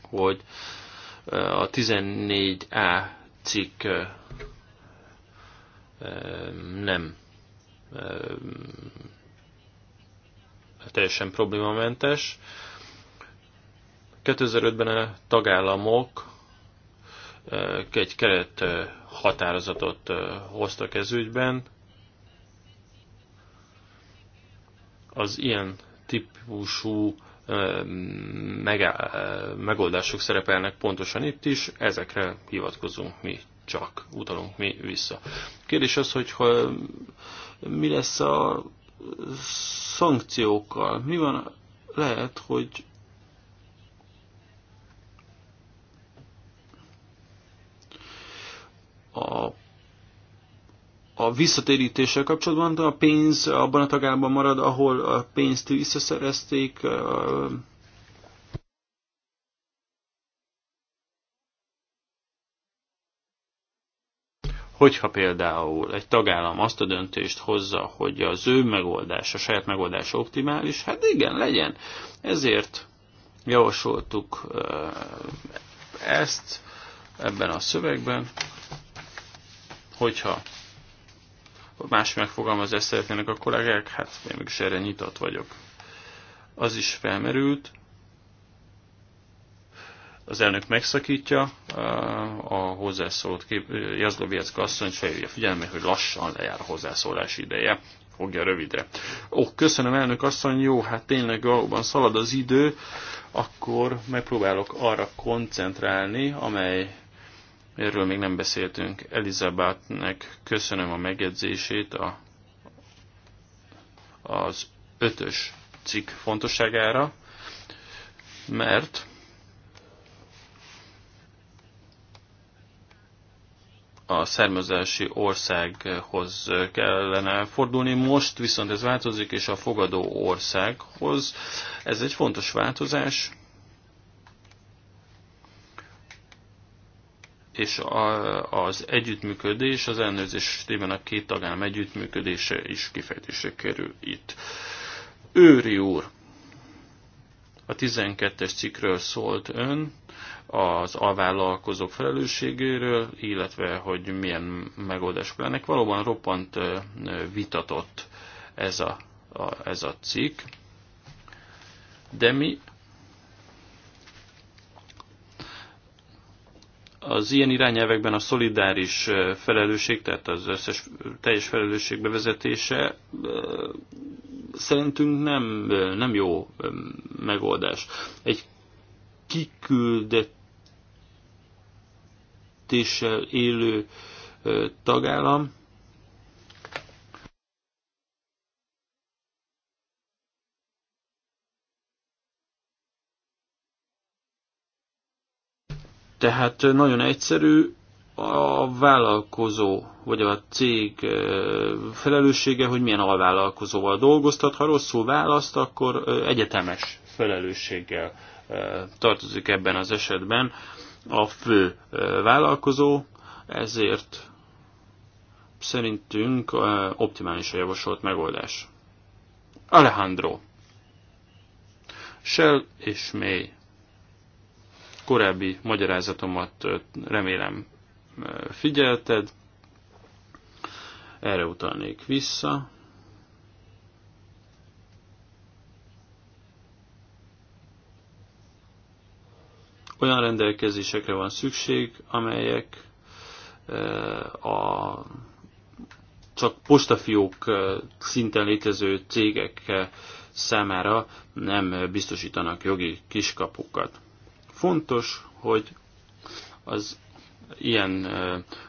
Speaker 2: hogy a 14A cikk nem teljesen problémamentes. 2005-ben a tagállamok egy keret határozatot hoztak ez ügyben. Az ilyen típusú megoldások szerepelnek pontosan itt is, ezekre hivatkozunk mi csak, utalunk mi vissza. Kérdés az, hogy ha, mi lesz a szankciókkal? Mi van, lehet, hogy a a visszatérítéssel kapcsolatban a pénz abban a tagállamban marad, ahol a pénzt visszaszerezték, Hogyha például egy tagállam azt a döntést hozza, hogy az ő megoldás, a saját megoldás optimális, hát igen, legyen. Ezért javasoltuk ezt ebben a szövegben, hogyha más megfogalmazást szeretnének a kollégák, hát én mégis erre nyitott vagyok. Az is felmerült, az elnök megszakítja, eh, a hozzászólt kép, eh, Jazloviecka asszony felhívja figyelme, hogy lassan lejár a hozzászólás ideje. Fogja rövidre. Ó, köszönöm elnök asszony, jó, hát tényleg valóban szalad az idő, akkor megpróbálok arra koncentrálni, amely Erről még nem beszéltünk. Elizabethnek köszönöm a megjegyzését a, az ötös cikk fontosságára, mert a származási országhoz kellene fordulni. Most viszont ez változik, és a fogadó országhoz. Ez egy fontos változás, és a, az együttműködés, az ellenőrzés tében a két tagállam együttműködése is kifejtésre kerül itt. Őri úr, a 12-es cikkről szólt ön, az alvállalkozók felelősségéről, illetve hogy milyen megoldások lennek. Valóban roppant vitatott ez a, a, ez a cikk, de mi Az ilyen irányelvekben a szolidáris felelősség, tehát az összes teljes felelősség bevezetése szerintünk nem, nem jó megoldás. Egy kiküldetéssel élő tagállam Tehát nagyon egyszerű, a vállalkozó vagy a cég eh, felelőssége, hogy milyen alvállalkozóval dolgoztat. Ha rosszul választ, akkor eh, egyetemes felelősséggel eh, tartozik ebben az esetben a fő vállalkozó, ezért szerintünk optimális a javasolt megoldás. Alejandro. Shell és mély korábbi magyarázatomat remélem figyelted. Erre utalnék vissza. Olyan rendelkezésekre van szükség, amelyek a csak postafiók szinten létező cégek számára nem biztosítanak jogi kiskapukat. Fontos, hogy az ilyen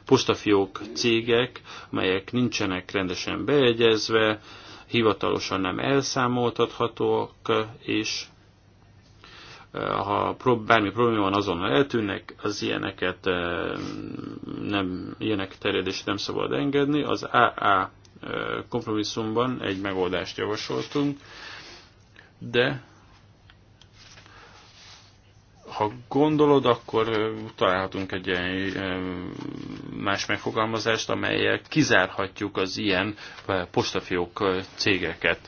Speaker 2: postafiók cégek, amelyek nincsenek rendesen bejegyezve, hivatalosan nem elszámoltathatóak, és ha bármi probléma van, azonnal eltűnnek, az ilyeneket nem, ilyenek terjedését nem szabad engedni. Az AA kompromisszumban egy megoldást javasoltunk, de ha gondolod, akkor találhatunk egy ilyen más megfogalmazást, amelyel kizárhatjuk az ilyen postafiók cégeket.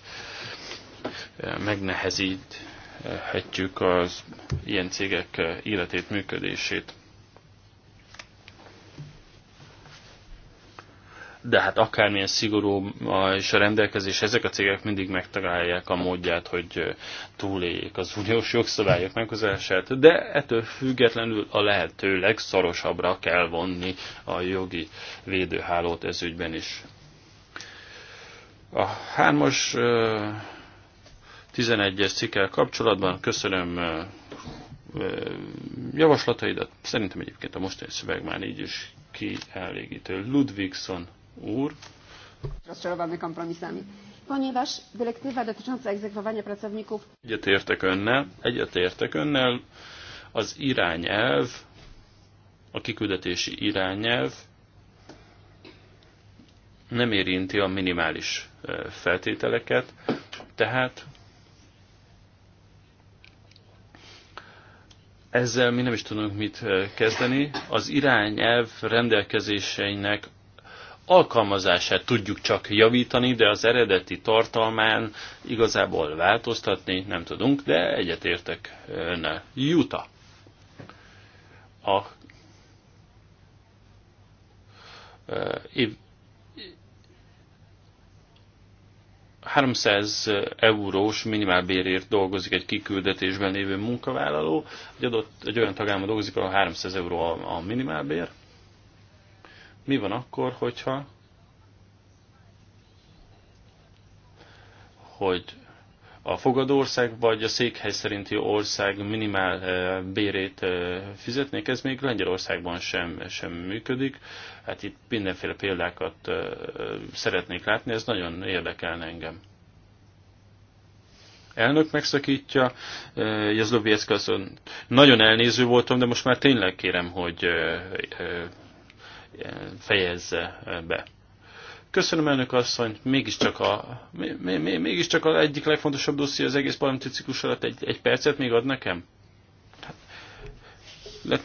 Speaker 2: Megnehezíthetjük az ilyen cégek életét, működését. de hát akármilyen szigorú és a rendelkezés, ezek a cégek mindig megtalálják a módját, hogy túléljék az uniós jogszabályok meghozását, de ettől függetlenül a lehető legszorosabbra kell vonni a jogi védőhálót ügyben is. A hármas 11-es cikkel kapcsolatban köszönöm javaslataidat. Szerintem egyébként a mostani szöveg már így is kielégítő. Ludvigson úr.
Speaker 1: Rozczarowane
Speaker 3: kompromisami. Ponieważ dyrektywa dotycząca egzekwowania pracowników...
Speaker 2: Egyetértek önnel, egyetértek önnel. Az irányelv, a kiküldetési irányelv nem érinti a minimális feltételeket, tehát ezzel mi nem is tudunk mit kezdeni. Az irányelv rendelkezéseinek alkalmazását tudjuk csak javítani, de az eredeti tartalmán igazából változtatni nem tudunk, de egyetértek önnel. Juta. A év 300 eurós minimálbérért dolgozik egy kiküldetésben lévő munkavállaló, egy, adott, egy olyan tagállamban dolgozik, ahol 300 euró a, a minimálbér, mi van akkor, hogyha hogy a fogadország vagy a székhely szerinti ország minimál eh, bérét eh, fizetnék, ez még Lengyelországban sem, sem működik. Hát itt mindenféle példákat eh, szeretnék látni, ez nagyon érdekelne engem. Elnök megszakítja, azt nagyon elnéző voltam, de most már tényleg kérem, hogy fejezze be. Köszönöm elnök asszony, mégiscsak a, mégiscsak a egyik legfontosabb dosszi az egész parlamenti ciklus alatt egy, egy percet még ad nekem? Hát,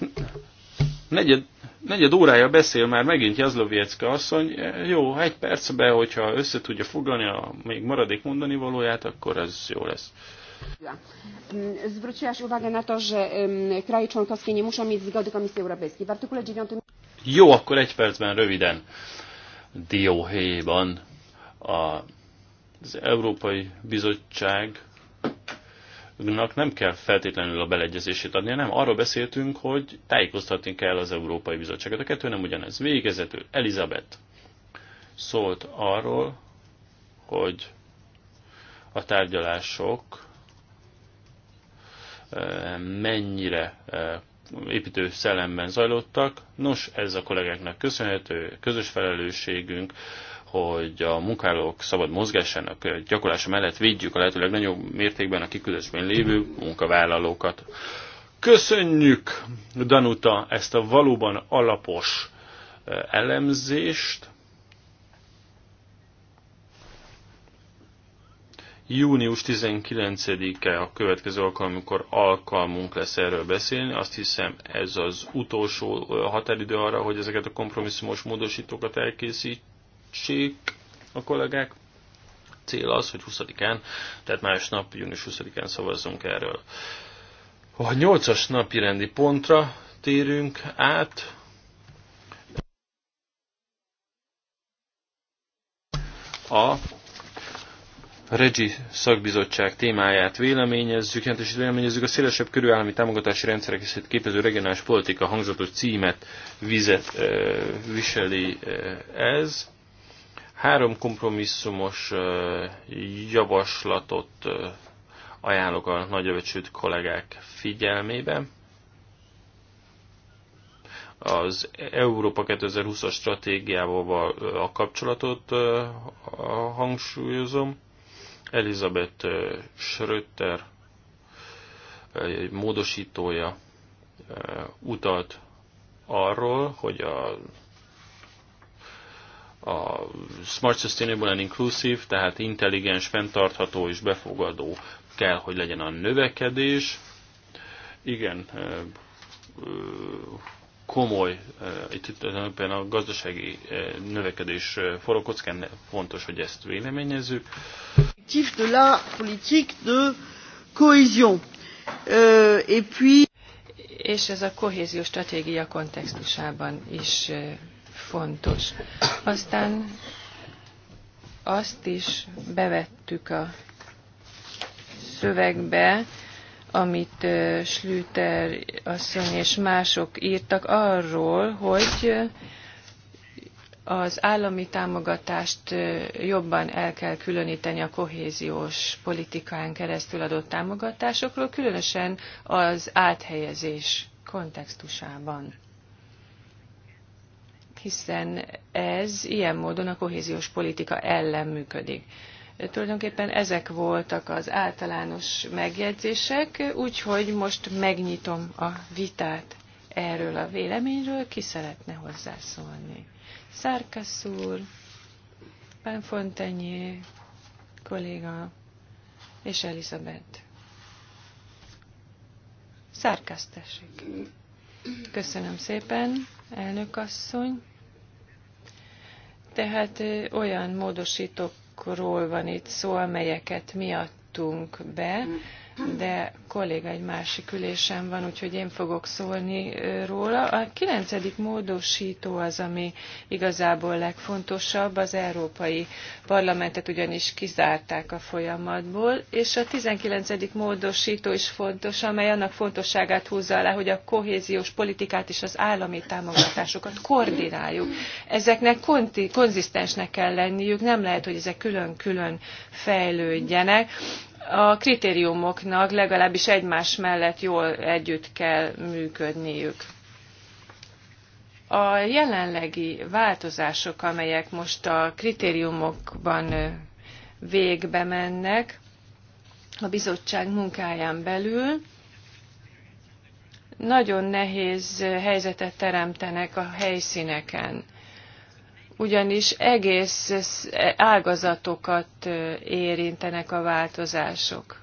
Speaker 2: negyed, negyed órája beszél már megint Jazloviecka asszony, jó, egy percbe, hogyha össze tudja foglalni a még maradék mondani valóját, akkor ez jó lesz.
Speaker 1: Hm,
Speaker 3: zwróciłaś uwagę na to, że kraje członkowskie nie muszą mieć zgody Komisji Europejskiej. W artykule 9
Speaker 2: jó, akkor egy percben röviden. Dióhéjban az Európai bizottságnak nem kell feltétlenül a beleegyezését adnia, nem arról beszéltünk, hogy tájékoztatni kell az Európai Bizottságot. A kettő nem ugyanez. Végezető Elizabeth szólt arról, hogy a tárgyalások eh, mennyire eh, építő szellemben zajlottak. Nos, ez a kollégáknak köszönhető, közös felelősségünk, hogy a munkálók szabad mozgásának gyakorlása mellett védjük a lehető legnagyobb mértékben a kiküldésben lévő munkavállalókat. Köszönjük, Danuta, ezt a valóban alapos eh, elemzést. Június 19-e a következő alkalom, amikor alkalmunk lesz erről beszélni. Azt hiszem ez az utolsó határidő arra, hogy ezeket a kompromisszumos módosítókat elkészítsék a kollégák. Cél az, hogy 20-án, tehát másnap, június 20-án szavazzunk erről. A 8-as napi rendi pontra térünk át. A Regi szakbizottság témáját véleményezzük, jelentős véleményezzük a szélesebb körülállami támogatási rendszerek és képező regionális politika hangzatos címet vizet, viseli ez. Három kompromisszumos javaslatot ajánlok a nagyövetsült kollégák figyelmébe. Az Európa 2020-as stratégiával a kapcsolatot hangsúlyozom Elizabeth Schröter módosítója utalt arról, hogy a a Smart Sustainable and Inclusive, tehát intelligens, fenntartható és befogadó kell, hogy legyen a növekedés. Igen, komoly, itt, itt a gazdasági növekedés forró kockán fontos, hogy ezt véleményezzük
Speaker 1: objectifs de la politique de cohésion.
Speaker 4: Euh, et puis... És ez a kohéziós stratégia kontextusában is fontos. Aztán azt is bevettük a szövegbe, amit Schlüter asszony és mások írtak arról, hogy az állami támogatást jobban el kell különíteni a kohéziós politikán keresztül adott támogatásokról, különösen az áthelyezés kontextusában. Hiszen ez ilyen módon a kohéziós politika ellen működik. Tulajdonképpen ezek voltak az általános megjegyzések, úgyhogy most megnyitom a vitát erről a véleményről, ki szeretne hozzászólni. Szerkesz úr, Pánfontanyé kolléga és Elizabeth. Szerkesztessék. Köszönöm szépen, elnök asszony. Tehát olyan módosítókról van itt szó, amelyeket miattunk be, de kolléga egy másik ülésen van, úgyhogy én fogok szólni róla. A kilencedik módosító az, ami igazából legfontosabb, az Európai Parlamentet ugyanis kizárták a folyamatból, és a tizenkilencedik módosító is fontos, amely annak fontosságát húzza alá, hogy a kohéziós politikát és az állami támogatásokat koordináljuk. Ezeknek konzisztensnek kell lenniük, nem lehet, hogy ezek külön-külön fejlődjenek, a kritériumoknak legalábbis egymás mellett jól együtt kell működniük. A jelenlegi változások, amelyek most a kritériumokban végbe mennek a bizottság munkáján belül, nagyon nehéz helyzetet teremtenek a helyszíneken ugyanis egész ágazatokat érintenek a változások.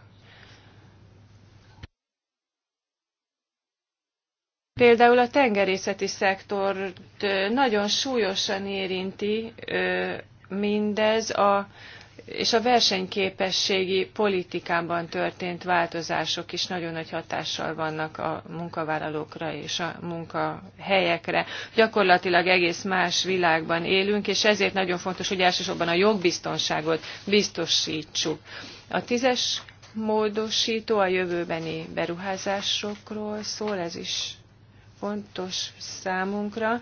Speaker 4: Például a tengerészeti szektort nagyon súlyosan érinti mindez a és a versenyképességi politikában történt változások is nagyon nagy hatással vannak a munkavállalókra és a munkahelyekre. Gyakorlatilag egész más világban élünk, és ezért nagyon fontos, hogy elsősorban a jogbiztonságot biztosítsuk. A tízes módosító a jövőbeni beruházásokról szól, ez is fontos számunkra.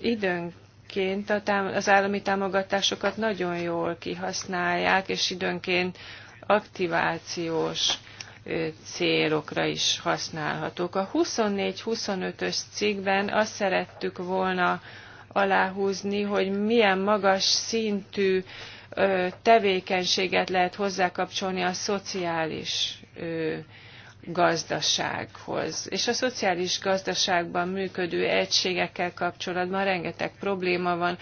Speaker 4: Időnk egyébként az állami támogatásokat nagyon jól kihasználják, és időnként aktivációs célokra is használhatók. A 24-25-ös cikkben azt szerettük volna aláhúzni, hogy milyen magas szintű tevékenységet lehet hozzákapcsolni a szociális gazdasághoz. És a szociális gazdaságban működő egységekkel kapcsolatban rengeteg probléma van,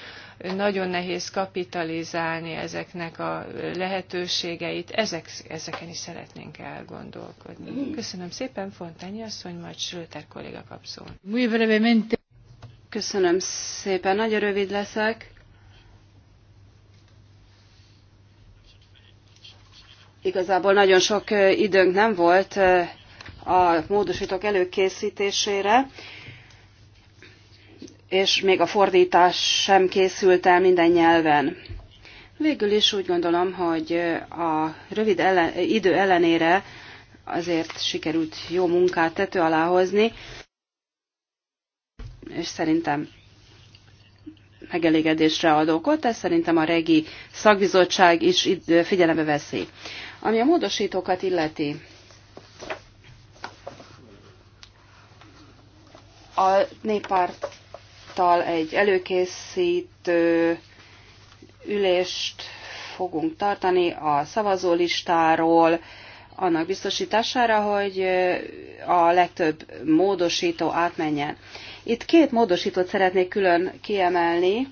Speaker 4: nagyon nehéz kapitalizálni ezeknek a lehetőségeit, Ezek, ezeken is szeretnénk elgondolkodni. Köszönöm szépen, Fontányi asszony, majd Schröter kolléga kap
Speaker 3: Köszönöm szépen, nagyon rövid leszek. Igazából nagyon sok időnk nem volt a módosítók előkészítésére, és még a fordítás sem készült el minden nyelven. Végül is úgy gondolom, hogy a rövid ellen, idő ellenére azért sikerült jó munkát tető alá hozni, és szerintem megelégedésre ad okot, ezt szerintem a regi szakbizottság is figyelembe veszi. Ami a módosítókat illeti, a néppárttal egy előkészítő ülést fogunk tartani a szavazólistáról, annak biztosítására, hogy a legtöbb módosító átmenjen. Itt két módosítót szeretnék külön kiemelni.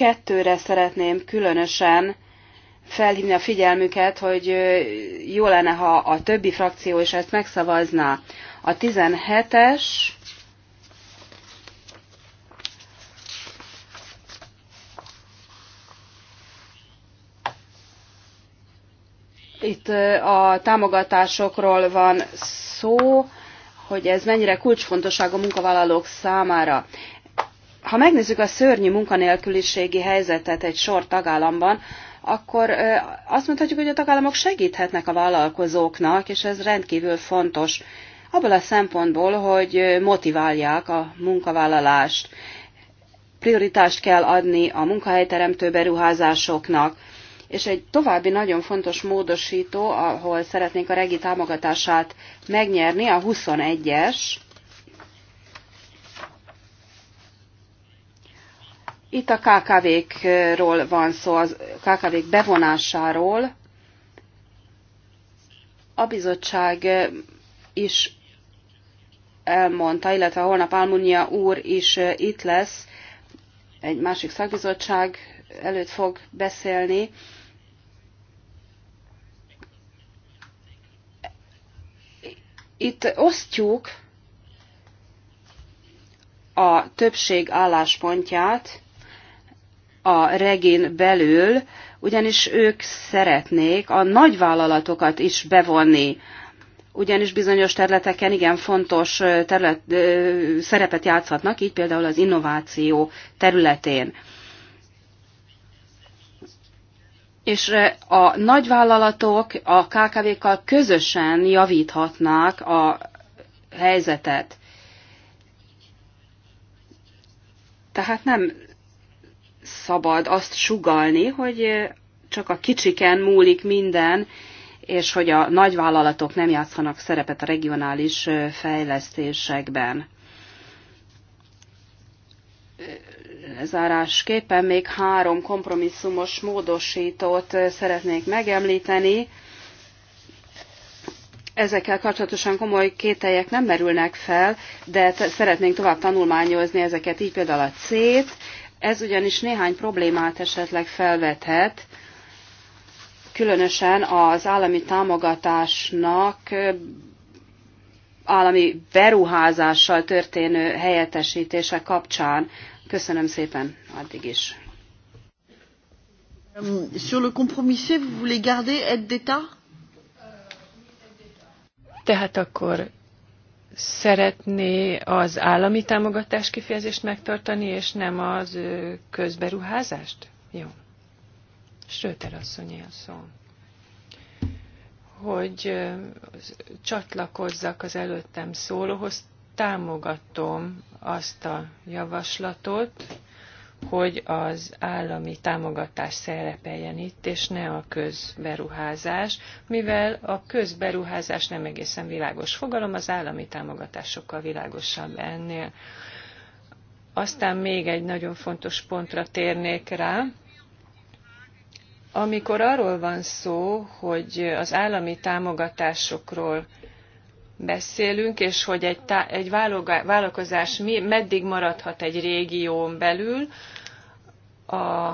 Speaker 3: kettőre szeretném különösen felhívni a figyelmüket, hogy jó lenne, ha a többi frakció is ezt megszavazná. A 17-es, Itt a támogatásokról van szó, hogy ez mennyire kulcsfontosság a munkavállalók számára ha megnézzük a szörnyű munkanélküliségi helyzetet egy sor tagállamban, akkor azt mondhatjuk, hogy a tagállamok segíthetnek a vállalkozóknak, és ez rendkívül fontos abból a szempontból, hogy motiválják a munkavállalást. Prioritást kell adni a munkahelyteremtő beruházásoknak, és egy további nagyon fontos módosító, ahol szeretnénk a regi támogatását megnyerni, a 21-es, Itt a KKV-król van szó, az KKV-k bevonásáról. A bizottság is elmondta, illetve holnap Almunia úr is itt lesz, egy másik szakbizottság előtt fog beszélni. Itt osztjuk a többség álláspontját, a regén belül, ugyanis ők szeretnék a nagyvállalatokat is bevonni, ugyanis bizonyos területeken igen fontos terület, szerepet játszhatnak, így például az innováció területén. És a nagyvállalatok a KKV-kkal közösen javíthatnák a helyzetet. Tehát nem szabad azt sugalni, hogy csak a kicsiken múlik minden, és hogy a nagyvállalatok nem játszanak szerepet a regionális fejlesztésekben. Zárásképpen még három kompromisszumos módosítót szeretnék megemlíteni. Ezekkel kapcsolatosan komoly kételjek nem merülnek fel, de szeretnénk tovább tanulmányozni ezeket, így például a C-t, ez ugyanis néhány problémát esetleg felvethet, különösen az állami támogatásnak állami beruházással történő helyettesítése kapcsán. Köszönöm szépen addig is.
Speaker 1: Euh, sur le compromis vous voulez garder aide d'État?
Speaker 4: Tehát akkor szeretné az állami támogatás kifejezést megtartani, és nem az közberuházást? Jó. Sőter asszony a szó. Hogy csatlakozzak az előttem szólóhoz, támogatom azt a javaslatot, hogy az állami támogatás szerepeljen itt, és ne a közberuházás, mivel a közberuházás nem egészen világos fogalom, az állami támogatás sokkal világosabb ennél. Aztán még egy nagyon fontos pontra térnék rá, amikor arról van szó, hogy az állami támogatásokról beszélünk, és hogy egy, tá- egy vállalkozás mi, meddig maradhat egy régión belül, a,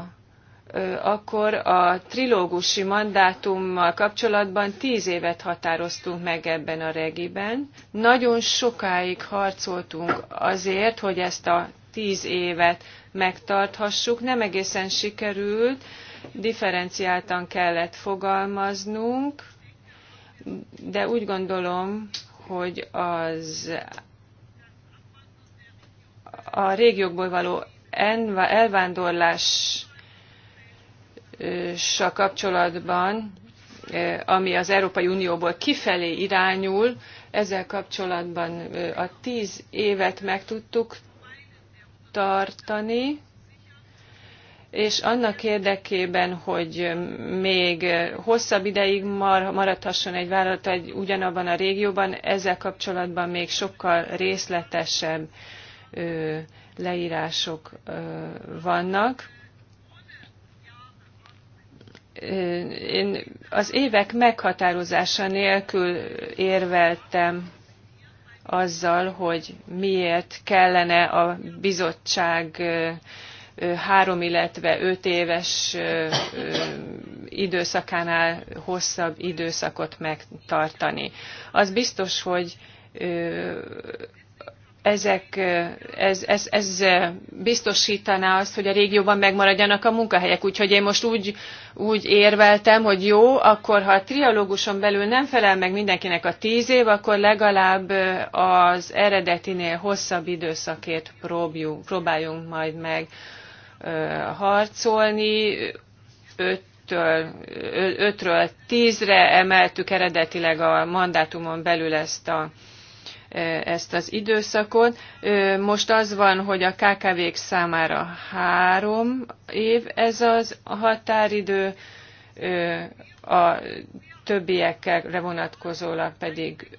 Speaker 4: akkor a trilógusi mandátummal kapcsolatban tíz évet határoztunk meg ebben a regiben. Nagyon sokáig harcoltunk azért, hogy ezt a tíz évet megtarthassuk. Nem egészen sikerült, differenciáltan kellett fogalmaznunk, de úgy gondolom, hogy az a régiókból való elvándorlással kapcsolatban, e, ami az Európai Unióból kifelé irányul, ezzel kapcsolatban e, a tíz évet meg tudtuk tartani, és annak érdekében, hogy még hosszabb ideig maradhasson egy vállalat egy ugyanabban a régióban, ezzel kapcsolatban még sokkal részletesebb leírások vannak. Én az évek meghatározása nélkül érveltem azzal, hogy miért kellene a bizottság három, illetve öt éves időszakánál hosszabb időszakot megtartani. Az biztos, hogy ezek, ez, ez, ez biztosítaná azt, hogy a régióban megmaradjanak a munkahelyek. Úgyhogy én most úgy, úgy érveltem, hogy jó, akkor ha a trialóguson belül nem felel meg mindenkinek a tíz év, akkor legalább az eredetinél hosszabb időszakért próbjunk, próbáljunk majd meg harcolni. 5 ről 10-re emeltük eredetileg a mandátumon belül ezt a ezt az időszakot. Most az van, hogy a KKV-k számára három év ez az határidő, a többiekre vonatkozólag pedig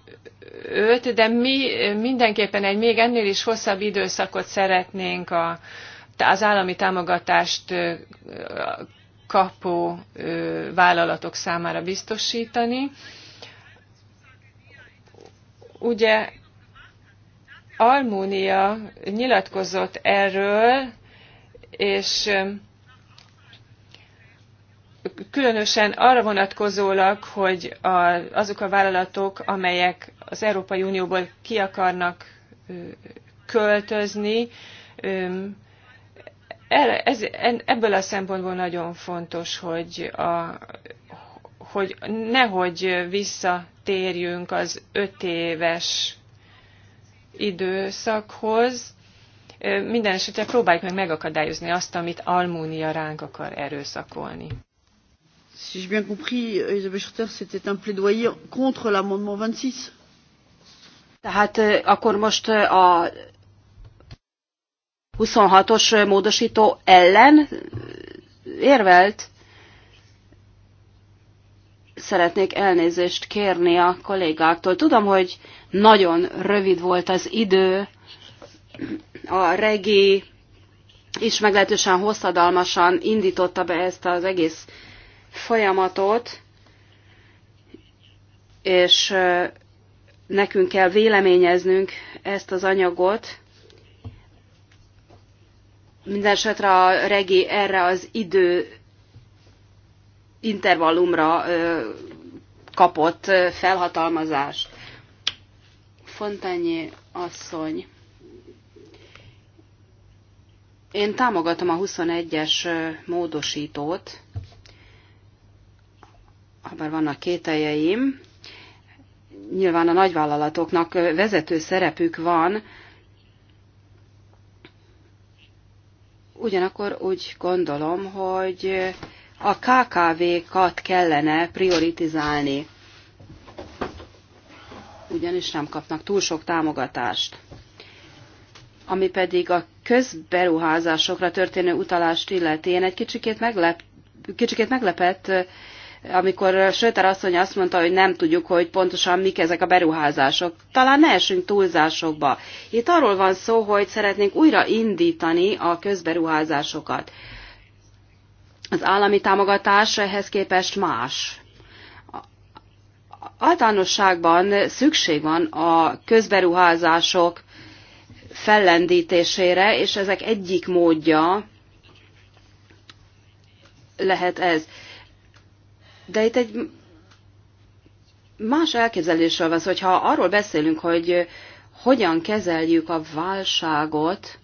Speaker 4: öt, de mi mindenképpen egy még ennél is hosszabb időszakot szeretnénk a, az állami támogatást kapó vállalatok számára biztosítani. Ugye Almúnia nyilatkozott erről, és különösen arra vonatkozólag, hogy azok a vállalatok, amelyek az Európai Unióból ki akarnak költözni, erre, ez, ebből a szempontból nagyon fontos, hogy, a, hogy nehogy visszatérjünk az öt éves időszakhoz, minden esetre próbáljuk meg megakadályozni azt, amit Almúnia ránk akar erőszakolni.
Speaker 1: Si j'ai bien compris, Elisabeth Schroeter, c'était un plaidoyer contre l'amendement 26. Tehát akkor most a
Speaker 3: 26-os módosító ellen érvelt. Szeretnék elnézést kérni a kollégáktól. Tudom, hogy nagyon rövid volt az idő, a regi is meglehetősen hosszadalmasan indította be ezt az egész folyamatot, és nekünk kell véleményeznünk ezt az anyagot. Mindenesetre a regé erre az idő intervallumra kapott felhatalmazást. Fontányi asszony. Én támogatom a 21-es módosítót, habár vannak kételjeim. Nyilván a nagyvállalatoknak vezető szerepük van, ugyanakkor úgy gondolom, hogy a KKV-kat kellene prioritizálni, ugyanis nem kapnak túl sok támogatást. Ami pedig a közberuházásokra történő utalást illeti, én egy kicsikét, meglep, kicsikét meglepett, amikor Söter asszony azt mondta, hogy nem tudjuk, hogy pontosan mik ezek a beruházások. Talán ne esünk túlzásokba. Itt arról van szó, hogy szeretnénk újra indítani a közberuházásokat. Az állami támogatás ehhez képest más. Általánosságban szükség van a közberuházások fellendítésére, és ezek egyik módja lehet ez. De itt egy más elképzelésről van hogyha arról beszélünk, hogy hogyan kezeljük a válságot,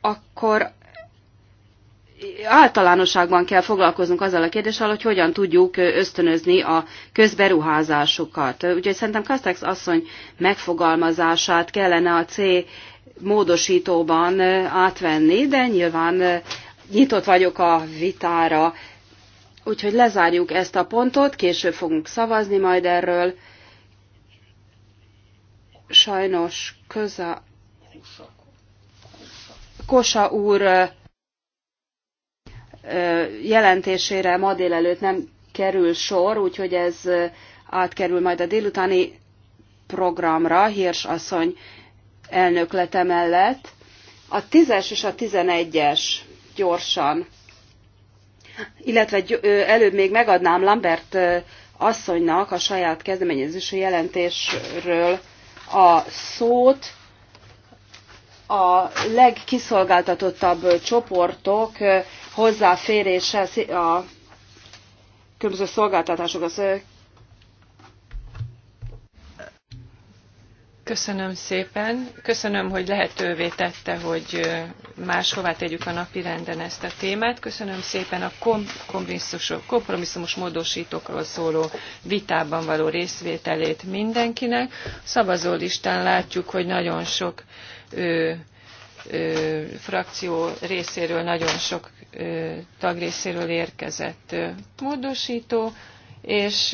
Speaker 3: akkor általánosságban kell foglalkoznunk azzal a kérdéssel, hogy hogyan tudjuk ösztönözni a közberuházásokat. Úgyhogy szerintem Kastex asszony megfogalmazását kellene a C módosítóban átvenni, de nyilván nyitott vagyok a vitára, úgyhogy lezárjuk ezt a pontot, később fogunk szavazni majd erről. Sajnos köze... Kosa úr jelentésére ma délelőtt nem kerül sor, úgyhogy ez átkerül majd a délutáni programra. Hirs asszony elnöklete mellett. A 10-es és a 11-es gyorsan. Illetve előbb még megadnám Lambert asszonynak a saját kezdeményezésű jelentésről a szót. A legkiszolgáltatottabb csoportok hozzáférése a különböző szolgáltatásokhoz
Speaker 4: Köszönöm szépen. Köszönöm, hogy lehetővé tette, hogy máshová tegyük a napi renden ezt a témát. Köszönöm szépen a kompromisszumos módosítókról szóló vitában való részvételét mindenkinek. Szavazólistán látjuk, hogy nagyon sok ö, ö, frakció részéről, nagyon sok ö, tag részéről érkezett ö, módosító és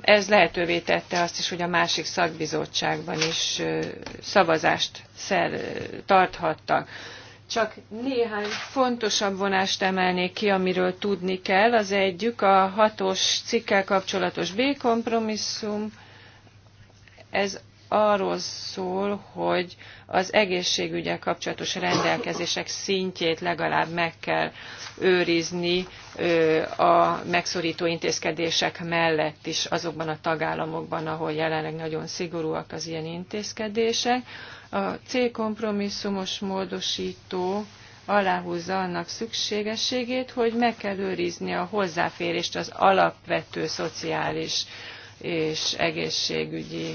Speaker 4: ez lehetővé tette azt is, hogy a másik szakbizottságban is szavazást szer, tarthattak. Csak néhány fontosabb vonást emelnék ki, amiről tudni kell. Az egyik a hatos cikkel kapcsolatos B kompromisszum. Ez arról szól, hogy az egészségügyel kapcsolatos rendelkezések szintjét legalább meg kell őrizni a megszorító intézkedések mellett is azokban a tagállamokban, ahol jelenleg nagyon szigorúak az ilyen intézkedések. A célkompromisszumos módosító aláhúzza annak szükségességét, hogy meg kell őrizni a hozzáférést az alapvető szociális és egészségügyi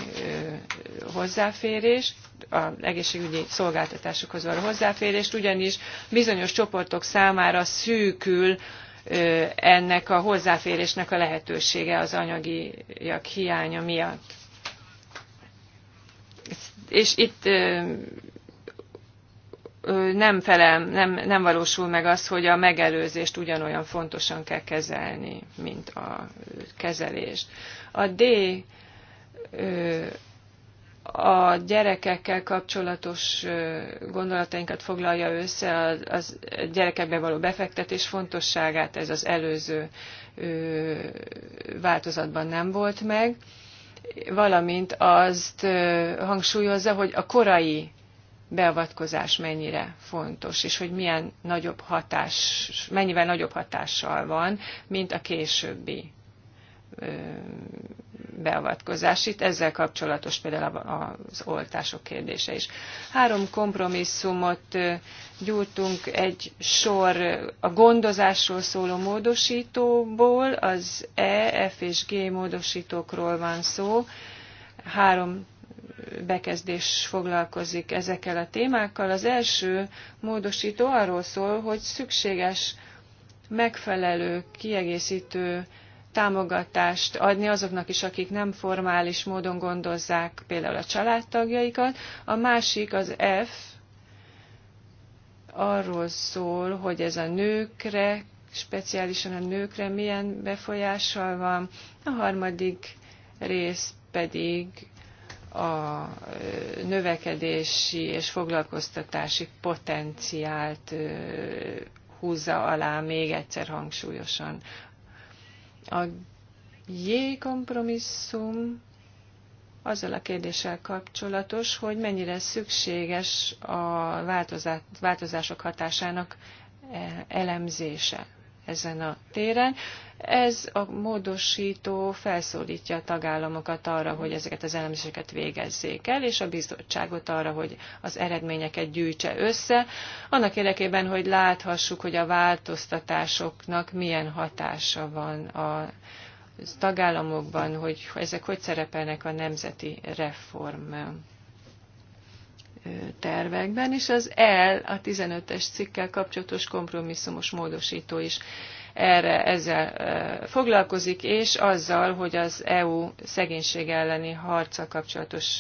Speaker 4: hozzáférés, az egészségügyi szolgáltatásokhoz való hozzáférést, ugyanis bizonyos csoportok számára szűkül ennek a hozzáférésnek a lehetősége az anyagiak hiánya miatt. És itt nem, felem, nem, nem valósul meg az, hogy a megelőzést ugyanolyan fontosan kell kezelni, mint a kezelést. A D a gyerekekkel kapcsolatos gondolatainkat foglalja össze, a, a gyerekekbe való befektetés fontosságát, ez az előző változatban nem volt meg, valamint azt hangsúlyozza, hogy a korai beavatkozás mennyire fontos, és hogy milyen nagyobb hatás, mennyivel nagyobb hatással van, mint a későbbi beavatkozás. Itt ezzel kapcsolatos például az oltások kérdése is. Három kompromisszumot gyújtunk egy sor a gondozásról szóló módosítóból, az E, F és G módosítókról van szó. Három bekezdés foglalkozik ezekkel a témákkal. Az első módosító arról szól, hogy szükséges megfelelő, kiegészítő támogatást adni azoknak is, akik nem formális módon gondozzák például a családtagjaikat. A másik, az F, arról szól, hogy ez a nőkre, speciálisan a nőkre milyen befolyással van. A harmadik rész pedig a növekedési és foglalkoztatási potenciált húzza alá még egyszer hangsúlyosan. A J kompromisszum azzal a kérdéssel kapcsolatos, hogy mennyire szükséges a változások hatásának e-, elemzése ezen a téren. Ez a módosító felszólítja a tagállamokat arra, hogy ezeket az elemzéseket végezzék el, és a bizottságot arra, hogy az eredményeket gyűjtse össze, annak érdekében, hogy láthassuk, hogy a változtatásoknak milyen hatása van a tagállamokban, hogy ezek hogy szerepelnek a nemzeti reform tervekben, és az L, a 15-es cikkel kapcsolatos kompromisszumos módosító is erre ezzel foglalkozik, és azzal, hogy az EU szegénység elleni harca kapcsolatos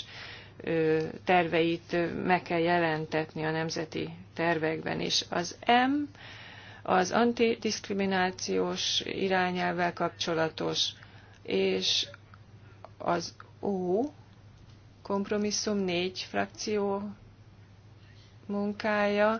Speaker 4: terveit meg kell jelentetni a nemzeti tervekben is. Az M az antidiskriminációs irányelvvel kapcsolatos, és az O kompromisszum, négy frakció munkája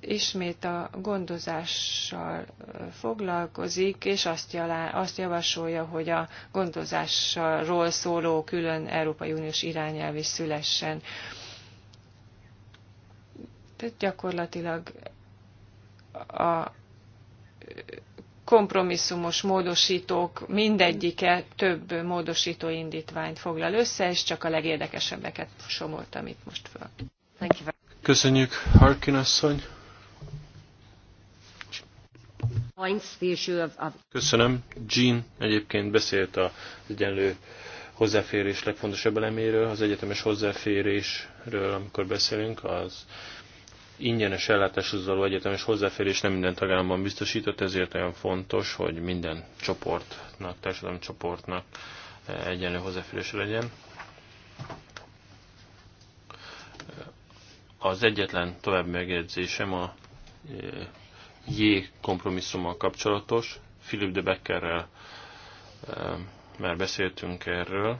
Speaker 4: ismét a gondozással foglalkozik, és azt, jalá, azt javasolja, hogy a gondozásról szóló külön Európai Uniós irányelv is szülessen. Tehát gyakorlatilag a kompromisszumos módosítók mindegyike több módosító indítványt foglal össze, és csak a legérdekesebbeket somoltam itt most föl.
Speaker 2: Köszönjük, Harkin asszony. Köszönöm. Jean egyébként beszélt az egyenlő hozzáférés legfontosabb eleméről, az egyetemes hozzáférésről, amikor beszélünk, az ingyenes ellátáshoz való egyetemes hozzáférés nem minden tagállamban biztosított, ezért olyan fontos, hogy minden csoportnak, társadalmi csoportnak eh, egyenlő hozzáférés legyen. Eh, az egyetlen tovább megjegyzésem a eh, J kompromisszummal kapcsolatos. Philip de Beckerrel már beszéltünk erről.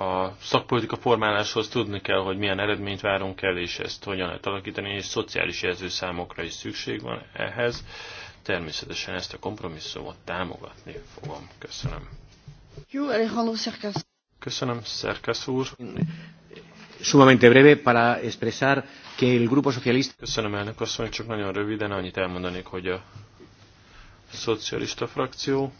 Speaker 2: a szakpolitika formáláshoz tudni kell, hogy milyen eredményt várunk el, és ezt hogyan lehet alakítani, és szociális jelzőszámokra is szükség van ehhez. Természetesen ezt a kompromisszumot támogatni fogom. Köszönöm.
Speaker 1: Jó, Alejandro Szerkesz.
Speaker 2: Köszönöm, Szerkesz úr. Sumamente breve para expresar que el Grupo Socialista... Köszönöm, elnök asszony, csak nagyon röviden annyit elmondanék, hogy a szocialista frakció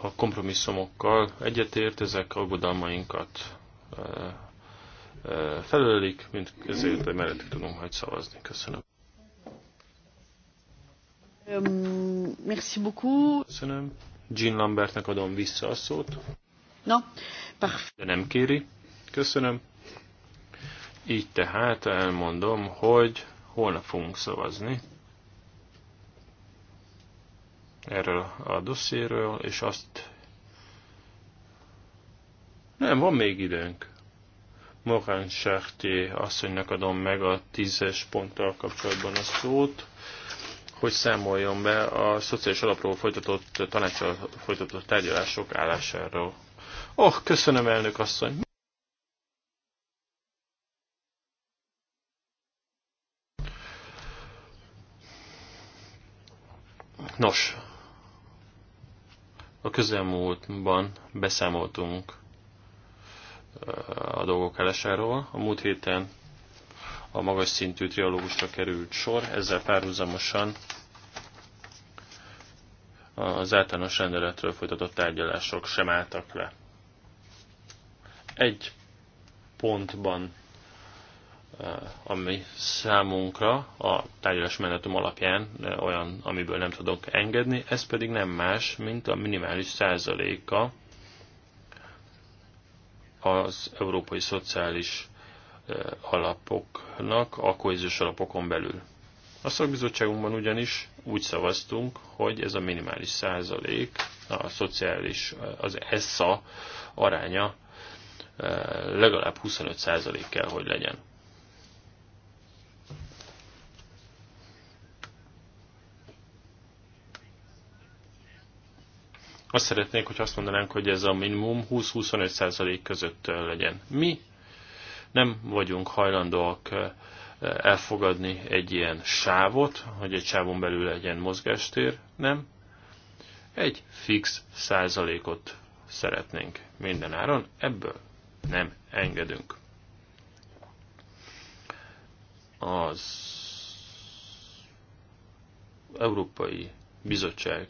Speaker 2: a kompromisszumokkal egyetért, ezek aggodalmainkat felölelik, mint ezért a mellettük tudunk majd szavazni. Köszönöm.
Speaker 1: merci beaucoup. Köszönöm.
Speaker 2: Jean Lambertnek adom vissza a szót. No, De nem kéri. Köszönöm. Így tehát elmondom, hogy holnap fogunk szavazni erről a dossziéről, és azt... Nem, van még időnk. Morán Sárté asszonynak adom meg a tízes ponttal kapcsolatban a szót, hogy számoljon be a szociális alapról folytatott tanácsal folytatott tárgyalások állásáról. Oh, köszönöm elnök asszony! Nos, a közelmúltban beszámoltunk eh, a dolgok elesáról. A múlt héten a magas szintű triológusra került sor, ezzel párhuzamosan az általános rendeletről folytatott tárgyalások sem álltak le. Egy pontban Eh, ami számunkra a tárgyalás menetem alapján eh, olyan, amiből nem tudok engedni, ez pedig nem más, mint a minimális százaléka az európai szociális eh, alapoknak a kohéziós alapokon belül. A szakbizottságunkban ugyanis úgy szavaztunk, hogy ez a minimális százalék, a szociális, az ESSA aránya legalább 25 százalék kell, hogy legyen. Azt szeretnék, hogy azt mondanánk, hogy ez a minimum 20-25% között legyen. Mi nem vagyunk hajlandóak elfogadni egy ilyen sávot, hogy egy sávon belül legyen mozgástér, nem. Egy fix százalékot szeretnénk minden áron, ebből nem engedünk. Az Európai Bizottság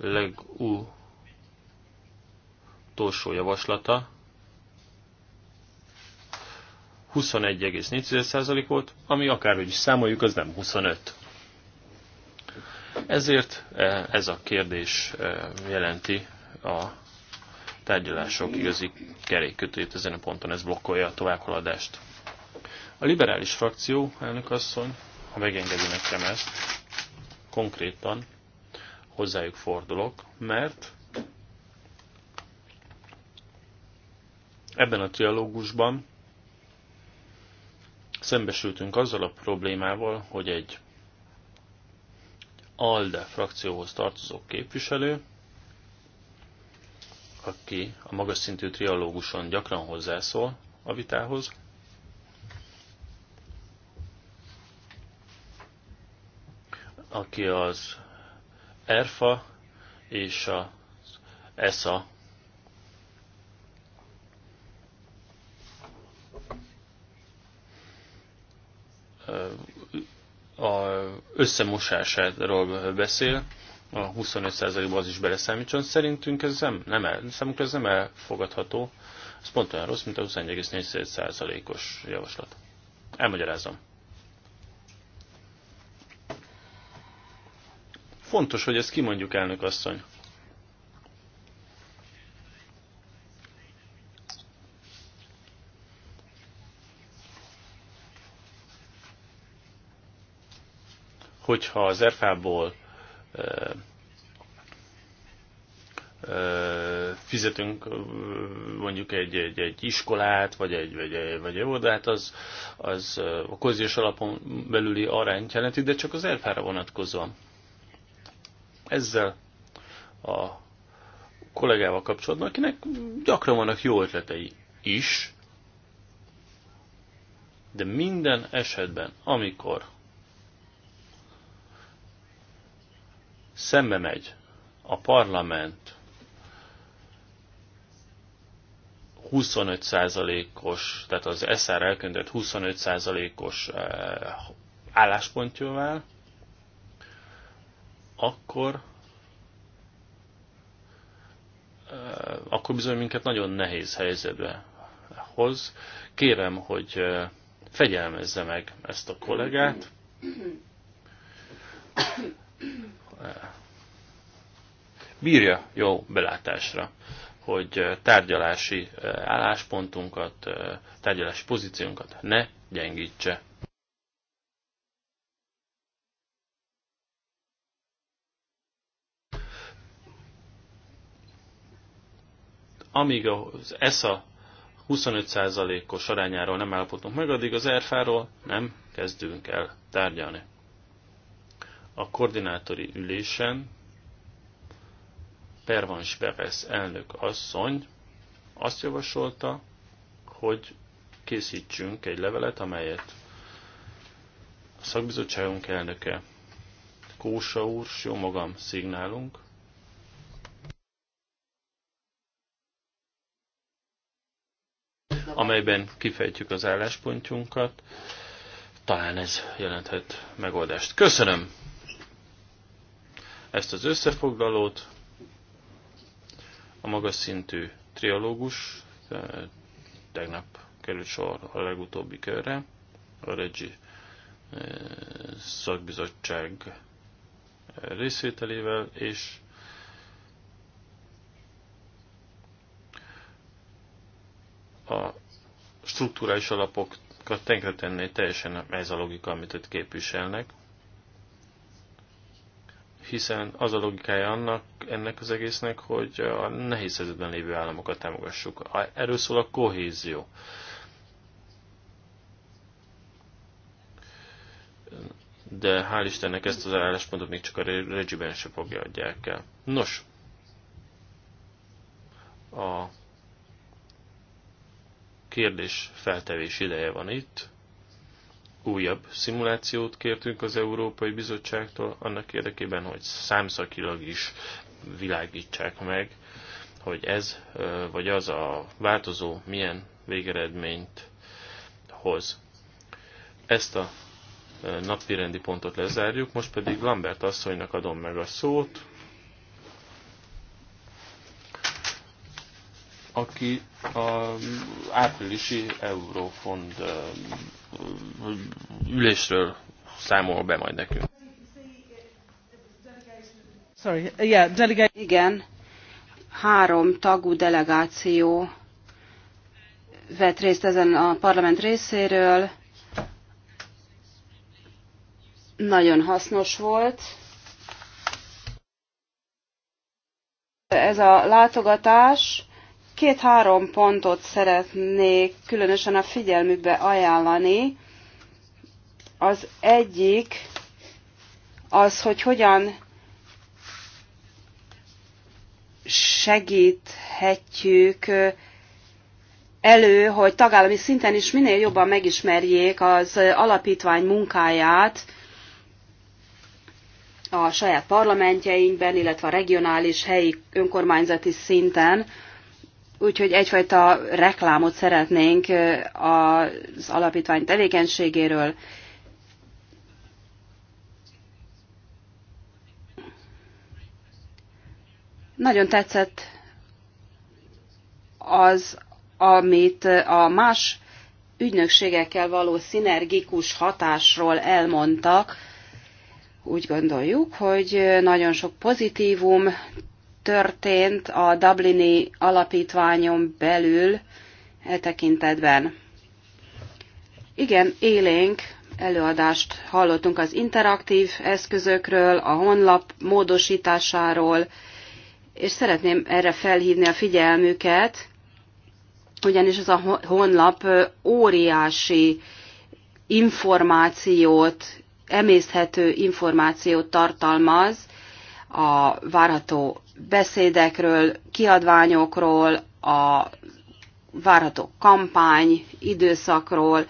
Speaker 2: legutolsó javaslata 21,4% volt, ami akárhogy is számoljuk, az nem 25. Ezért e, ez a kérdés e, jelenti a tárgyalások igazi kerékkötőjét ezen a ponton, ez blokkolja a továbbhaladást. A liberális frakció, elnök asszony, ha megengedi nekem ezt, konkrétan hozzájuk fordulok, mert ebben a trialógusban szembesültünk azzal a problémával, hogy egy ALDE frakcióhoz tartozó képviselő, aki a magas szintű trialóguson gyakran hozzászól a vitához, aki az ERFA és a ESA a összemosásáról beszél, a 25%-ba az is beleszámítson. Szerintünk ez nem, nem, el, számunkra ez nem elfogadható. Ez pont olyan rossz, mint a 21,4%-os javaslat. Elmagyarázom. Fontos, hogy ezt kimondjuk, elnök asszony. Hogyha az RFA-ból fizetünk mondjuk egy, egy, egy iskolát, vagy egy, vagy egy, vagy egy óvodát, hát az, az a közös alapon belüli arányt jelenti, de csak az elfára vonatkozóan ezzel a kollégával kapcsolatban, akinek gyakran vannak jó ötletei is, de minden esetben, amikor szembe megy a parlament 25%-os, tehát az SR elkönyvett 25%-os eh, álláspontjával, akkor eh, akkor bizony minket nagyon nehéz helyzetbe hoz. Kérem, hogy eh, fegyelmezze meg ezt a kollégát. Eh, bírja jó belátásra, hogy tárgyalási álláspontunkat, tárgyalási pozíciónkat ne gyengítse. amíg az ESA 25%-os arányáról nem állapodunk meg, addig az ERFA-ról nem kezdünk el tárgyalni. A koordinátori ülésen Pervans Perez elnök asszony azt javasolta, hogy készítsünk egy levelet, amelyet a szakbizottságunk elnöke Kósa úr, jó magam, szignálunk, amelyben kifejtjük az álláspontjunkat. Talán ez jelenthet megoldást. Köszönöm ezt az összefoglalót, a magas szintű triológus eh, tegnap került sor a legutóbbi körre, a Regi eh, szakbizottság részvételével, és strukturális alapokat tenkretenné teljesen ez a logika, amit itt képviselnek, hiszen az a logikája annak, ennek az egésznek, hogy a nehéz helyzetben lévő államokat támogassuk. Erről szól a kohézió. De hál' Istennek ezt az álláspontot még csak a regiben se fogja adják el. Nos, a kérdés feltevés ideje van itt. Újabb szimulációt kértünk az Európai Bizottságtól annak érdekében, hogy számszakilag is világítsák meg, hogy ez vagy az a változó milyen végeredményt hoz. Ezt a napirendi pontot lezárjuk, most pedig Lambert asszonynak adom meg a szót, aki a áprilisi Eurofond ülésről számol be majd nekünk.
Speaker 3: Sorry, yeah, delega- Igen, három tagú delegáció vett részt ezen a parlament részéről. Nagyon hasznos volt. Ez a látogatás Két-három pontot szeretnék különösen a figyelmükbe ajánlani. Az egyik az, hogy hogyan segíthetjük elő, hogy tagállami szinten is minél jobban megismerjék az alapítvány munkáját a saját parlamentjeinkben, illetve a regionális, helyi önkormányzati szinten, Úgyhogy egyfajta reklámot szeretnénk az alapítvány tevékenységéről. Nagyon tetszett az, amit a más ügynökségekkel való szinergikus hatásról elmondtak. Úgy gondoljuk, hogy nagyon sok pozitívum történt a Dublini alapítványon belül e tekintetben. Igen, élénk előadást hallottunk az interaktív eszközökről, a honlap módosításáról, és szeretném erre felhívni a figyelmüket, ugyanis ez a honlap óriási információt, emészhető információt tartalmaz a várható beszédekről, kiadványokról, a várható kampány időszakról,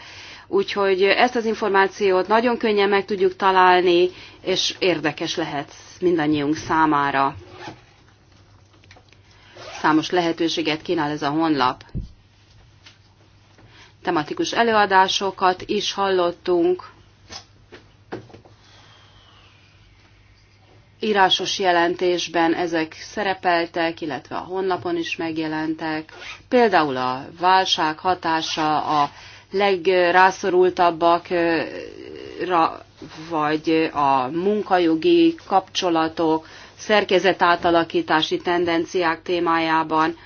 Speaker 3: úgyhogy ezt az információt nagyon könnyen meg tudjuk találni, és érdekes lehet mindannyiunk számára. Számos lehetőséget kínál ez a honlap. Tematikus előadásokat is hallottunk, írásos jelentésben ezek szerepeltek, illetve a honlapon is megjelentek. Például a válság hatása a legrászorultabbakra, vagy a munkajogi kapcsolatok, átalakítási tendenciák témájában.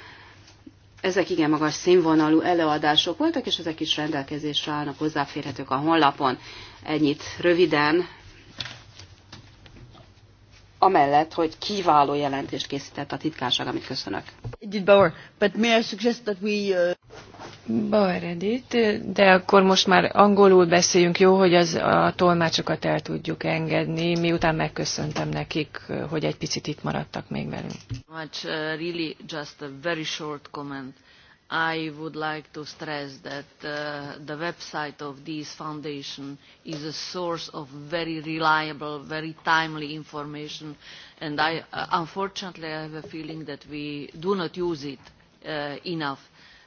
Speaker 3: Ezek igen magas színvonalú előadások voltak, és ezek is rendelkezésre állnak, hozzáférhetők a honlapon. Ennyit röviden amellett, hogy kiváló jelentést készített a titkárság, amit köszönök.
Speaker 4: Edith Bauer, but may I suggest that we... Uh... Bauer Edith, de akkor most már angolul beszéljünk, jó, hogy az a tolmácsokat el tudjuk engedni, miután megköszöntem nekik, hogy egy picit itt maradtak még velünk.
Speaker 3: Much, uh, really just a very short comment. I would like to stress that uh, the website of this foundation is a source of very reliable, very timely information, and I, uh, unfortunately I have a feeling that we do not use it uh, enough.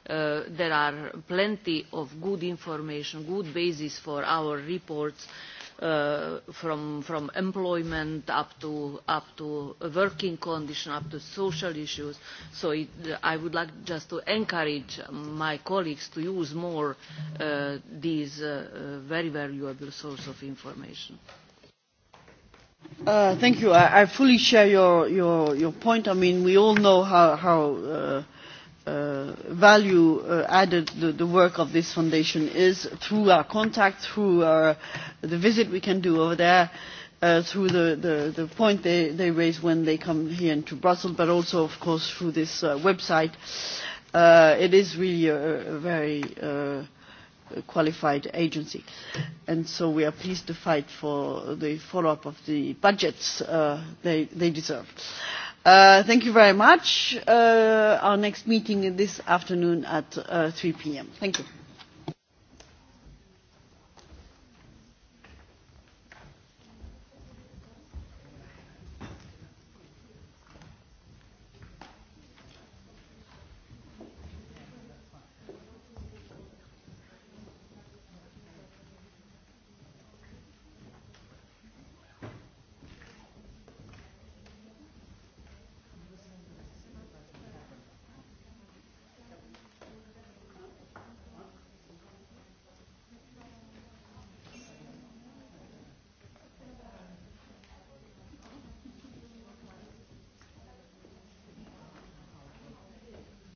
Speaker 3: Uh, there are plenty of good information, good basis for our reports, uh, Uh, from, from employment up to, up to working condition, up to social issues. So it, I would like just to encourage my colleagues to use more uh, these uh, uh very valuable source of information.
Speaker 1: Uh, thank you. I, I fully share your, your, your point. I mean, we all know how, how uh, Uh, value uh, added the, the work of this foundation is through our contact, through our, the visit we can do over there, uh, through the, the, the point they, they raise when they come here into Brussels, but also, of course, through this uh, website. Uh, it is really a, a very uh, qualified agency. And so we are pleased to fight for the follow-up of the budgets uh, they, they deserve. Uh, Uh, thank you very much. Uh, our next meeting this afternoon at uh, 3 p.m. Thank you.